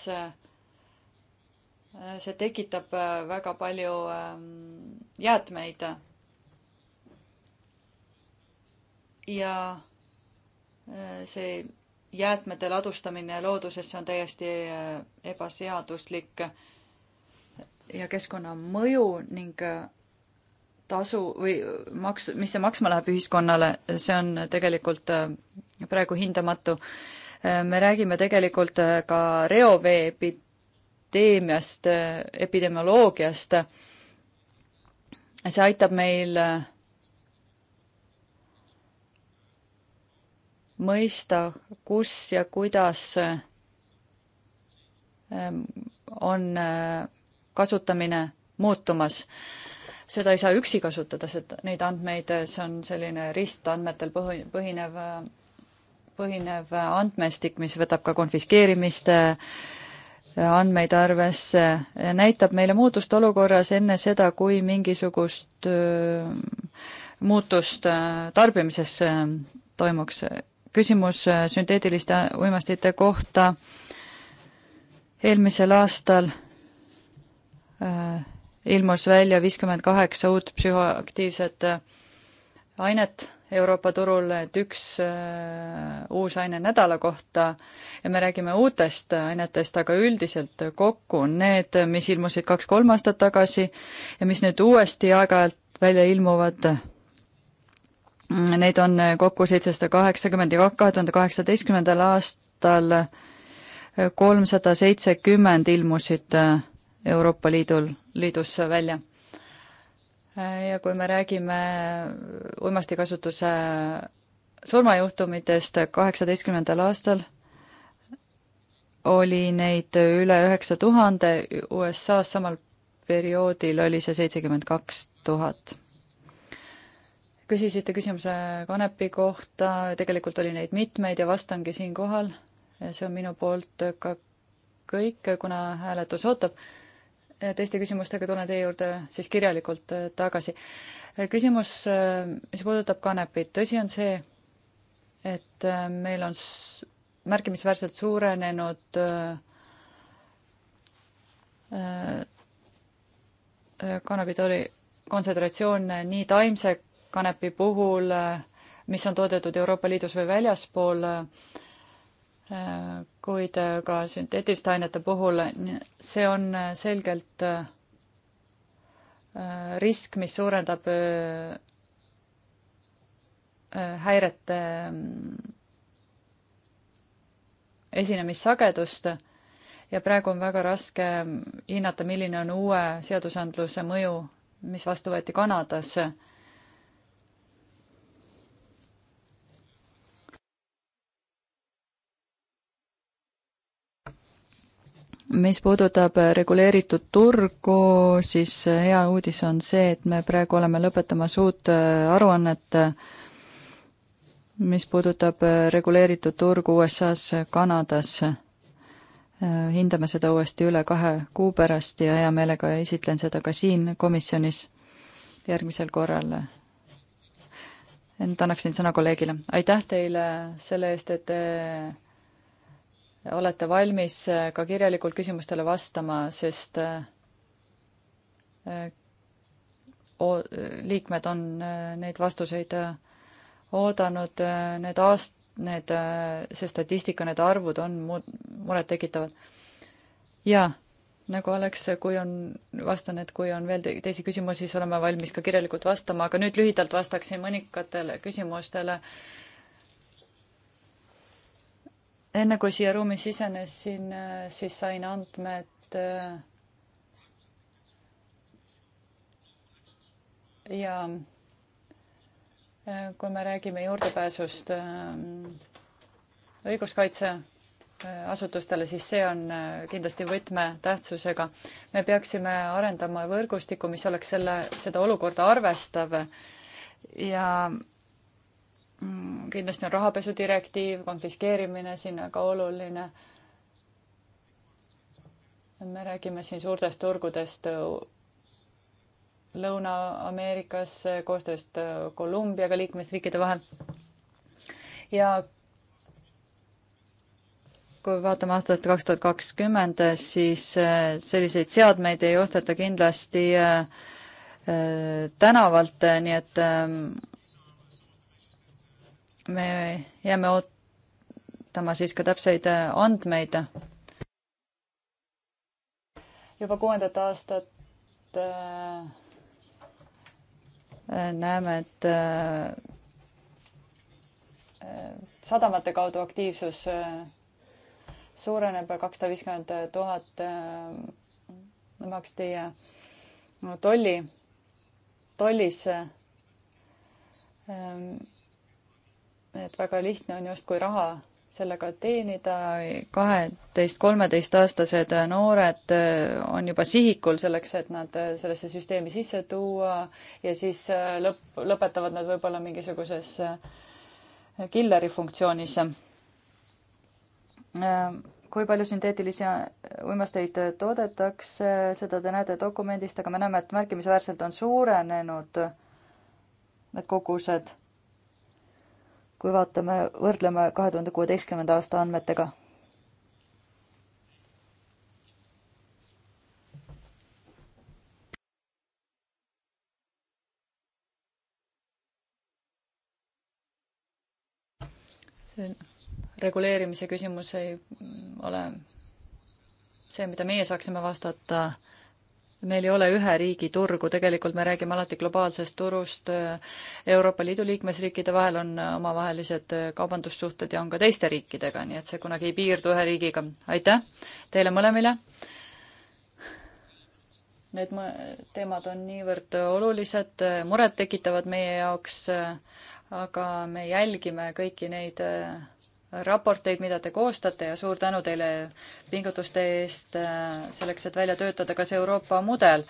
S1: Äh, see tekitab äh, väga palju ähm, jäätmeid. ja äh, see jäätmete ladustamine loodusesse on täiesti ebaseaduslik ja keskkonnamõju ning tasu või maks, mis see maksma läheb ühiskonnale, see on tegelikult praegu hindamatu. me räägime tegelikult ka reovee epideemiast, epidemioloogiast. see aitab meil mõista, kus ja kuidas ähm, on äh, kasutamine muutumas. seda ei saa üksi kasutada, seda, neid andmeid, äh, see on selline ristandmetel põhi, põhinev, äh, põhinev andmestik, mis võtab ka konfiskeerimiste äh, andmeid arvesse, näitab meile muutust olukorras enne seda, kui mingisugust muutust tarbimises toimuks. küsimus sünteetiliste uimastite kohta eelmisel aastal ilmus välja viiskümmend kaheksa uut psühhoaktiivset ainet Euroopa turul, et üks äh, uus aine nädala kohta ja me räägime uutest ainetest, aga üldiselt kokku on need, mis ilmusid kaks-kolm aastat tagasi ja mis nüüd uuesti aeg-ajalt välja ilmuvad, neid on kokku seitsesada kaheksakümmend ja kahe tuhande kaheksateistkümnendal aastal kolmsada seitsekümmend ilmusid Euroopa Liidul, liidus välja ja kui me räägime uimastikasutuse surmajuhtumitest kaheksateistkümnendal aastal, oli neid üle üheksa tuhande, USA-s samal perioodil oli see seitsekümmend kaks tuhat. küsisite küsimuse kanepi kohta, tegelikult oli neid mitmeid ja vastangi siinkohal, see on minu poolt ka kõik, kuna hääletus ootab teiste küsimustega tulen teie juurde siis kirjalikult äh, tagasi. Äh, küsimus, äh, mis puudutab kanepit, tõsi on see, et meil on märkimisväärselt suurenenud kanepitooli kontsentratsioon nii taimse kanepi puhul, mis on toodetud Euroopa Liidus või väljaspool, kuid äh, ka sünteetiliste ainete puhul see on äh, selgelt äh, risk, mis suurendab häirete esinemissagedust ja praegu on väga raske hinnata, milline on uue seadusandluse mõju, mis vastu võeti Kanadas mis puudutab reguleeritud turgu, siis hea uudis on see, et me praegu oleme lõpetamas uut äh, aruannet, mis puudutab äh, reguleeritud turgu USA-s, Kanadas. Äh, hindame seda uuesti üle kahe kuu pärast ja hea meelega esitlen seda ka siin komisjonis järgmisel korral. ent annaksin sõna kolleegile. aitäh teile selle eest, et te olete valmis äh, ka kirjalikult küsimustele vastama, sest äh, äh, liikmed on neid vastuseid oodanud, need aast-, need, see statistika, need arvud on mu-, murettekitavad. jaa, nagu oleks, kui on, vastan, et kui on veel te teisi küsimusi, siis oleme valmis ka kirjalikult vastama, aga nüüd lühidalt vastaksin mõningatele küsimustele äh, enne kui siia ruumi sisenesin, äh, siis sain andmed äh, ja äh, kui me räägime juurdepääsust õiguskaitseasutustele, siis see on kindlasti võtmetähtsusega. me peaksime arendama võrgustikku, mis oleks selle, seda olukorda arvestav ja Mm, kindlasti on rahapesudirektiiv, konfiskeerimine siin väga oluline. me räägime siin suurtest turgudest Lõuna-Ameerikas koostööst Kolumbiaga liikmesriikide vahel. ja kui vaatame aastat kaks tuhat kakskümmend, siis eh, selliseid seadmeid ei osteta kindlasti eh, eh, tänavalt, nii et me jääme ootama siis ka täpseid äh, andmeid. juba kuuendat aastat äh, äh, näeme, et sadamate kaudu aktiivsus suureneb kakssada viiskümmend tuhat maksti tolli, tollis et väga lihtne on justkui raha sellega teenida, kaheteist-kolmeteistaastased noored on juba sihikul selleks, et nad sellesse süsteemi sisse tuua ja siis lõpp, lõpetavad nad võib-olla mingisuguses killeri funktsioonis. kui palju sünteetilisi uimasteid toodetakse, seda te näete dokumendist, aga me näeme, et märkimisväärselt on suurenenud need kogused kui vaatame, võrdleme kahe tuhande kuueteistkümnenda aasta andmetega. see reguleerimise küsimus ei ole see, mida meie saaksime vastata meil ei ole ühe riigi turgu, tegelikult me räägime alati globaalsest turust, Euroopa Liidu liikmesriikide vahel on omavahelised kaubandussuhted ja on ka teiste riikidega, nii et see kunagi ei piirdu ühe riigiga. aitäh teile mõlemile! Need teemad on niivõrd olulised, murettekitavad meie jaoks, aga me jälgime kõiki neid raporteid, mida te koostate ja suur tänu teile pingutuste eest äh, selleks, et välja töötada ka see Euroopa mudel.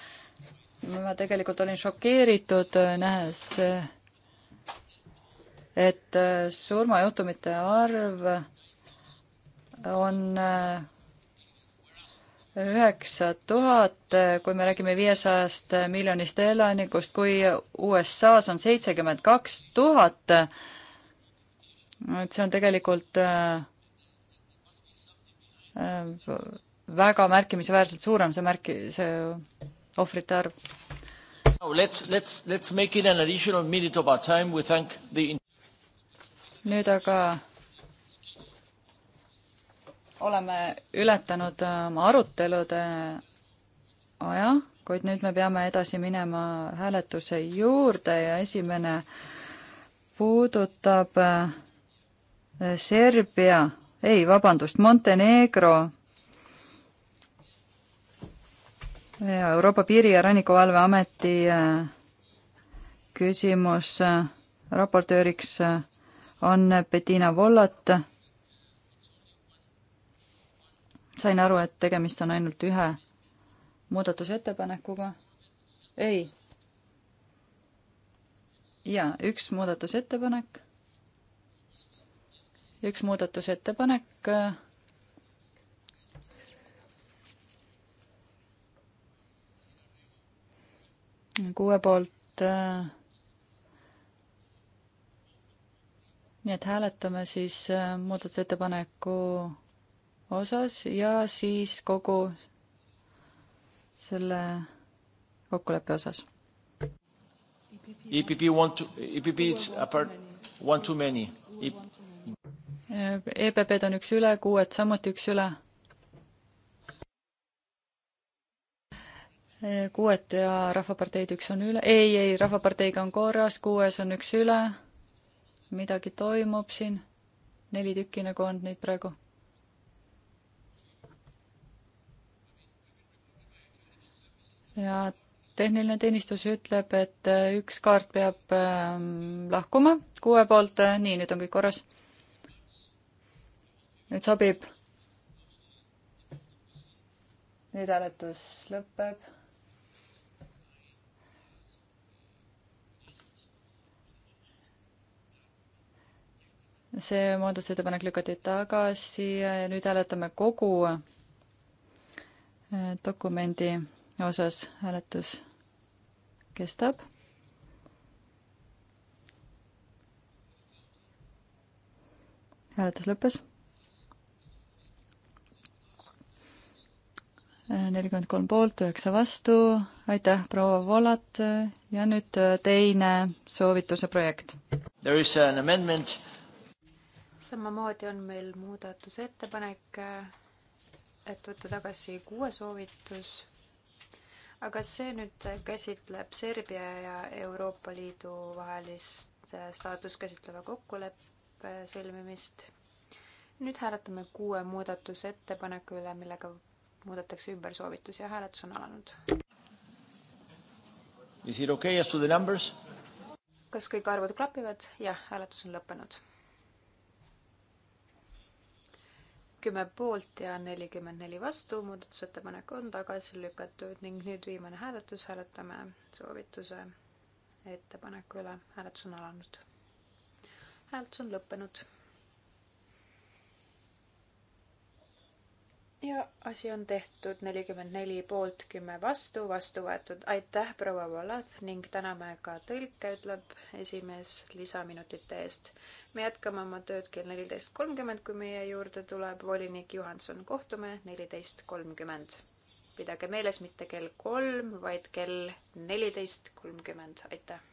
S1: ma tegelikult olin šokeeritud, äh, nähes, et äh, surmajuhtumite arv on üheksa tuhat, kui me räägime viiesajast miljonist elanikust, kui USA-s on seitsekümmend kaks tuhat et see on tegelikult äh, äh, väga märkimisväärselt suurem, see märki, see ohvrite arv.
S2: Let's, let's, let's make it an additional minute of our time, we thank the
S1: nüüd aga oleme ületanud äh, oma arutelude aja, kuid nüüd me peame edasi minema hääletuse juurde ja esimene puudutab äh, Äh, Serbia, ei, vabandust, Montenegro ja Euroopa Piiri- ja Rannikuvalveameti äh, küsimus äh, raportööriks on Bettina Vollat. sain aru, et tegemist on ainult ühe muudatusettepanekuga. ei. jaa, üks muudatusettepanek üks muudatusettepanek. Äh, kuue poolt. Äh, nii et hääletame siis äh, muudatusettepaneku osas ja siis kogu selle kokkuleppe osas. EPP want to, EPP it's apart, one too many e. EPP-d on üks üle, kuued samuti üks üle. kuuet ja Rahvaparteid üks on üle, ei, ei, Rahvaparteiga on korras, kuues on üks üle. midagi toimub siin, neli tükki nagu on neid praegu. ja tehniline teenistus ütleb, et üks kaart peab ähm, lahkuma kuue poolt, äh, nii, nüüd on kõik korras nüüd sobib. nüüd hääletus lõpeb. see muudatusettepanek lükati tagasi, nüüd hääletame kogu äh, dokumendi osas, hääletus kestab hääletus lõppes. nelikümmend kolm poolt, üheksa vastu, aitäh, proua Volat ja nüüd äh, teine soovituse projekt.
S3: samamoodi on meil muudatusettepanek, äh, et võtta tagasi kuue soovitus, aga see nüüd käsitleb Serbia ja Euroopa Liidu vahelist äh, staatust käsitleva kokkuleppe sõlmimist. nüüd hääletame kuue muudatusettepaneku üle, millega muudetakse ümber soovitusi ja hääletus on alanud.
S1: Is it okay as to the numbers?
S3: kas kõik arvud klapivad? jah, hääletus on lõppenud. kümme poolt ja nelikümmend neli vastu, muudatusettepanek on tagasi lükatud ning nüüd viimane hääletus, hääletame soovituse ettepaneku üle, hääletus on alanud. hääletus on lõppenud ja asi on tehtud nelikümmend neli poolt, kümme vastu, vastu võetud. aitäh, proua Valath ning täname ka tõlke, ütleb esimees lisaminutite eest. me jätkame oma tööd kell neliteist kolmkümmend, kui meie juurde tuleb volinik Johanson. kohtume neliteist kolmkümmend. pidage meeles mitte kell kolm, vaid kell neliteist kolmkümmend. aitäh!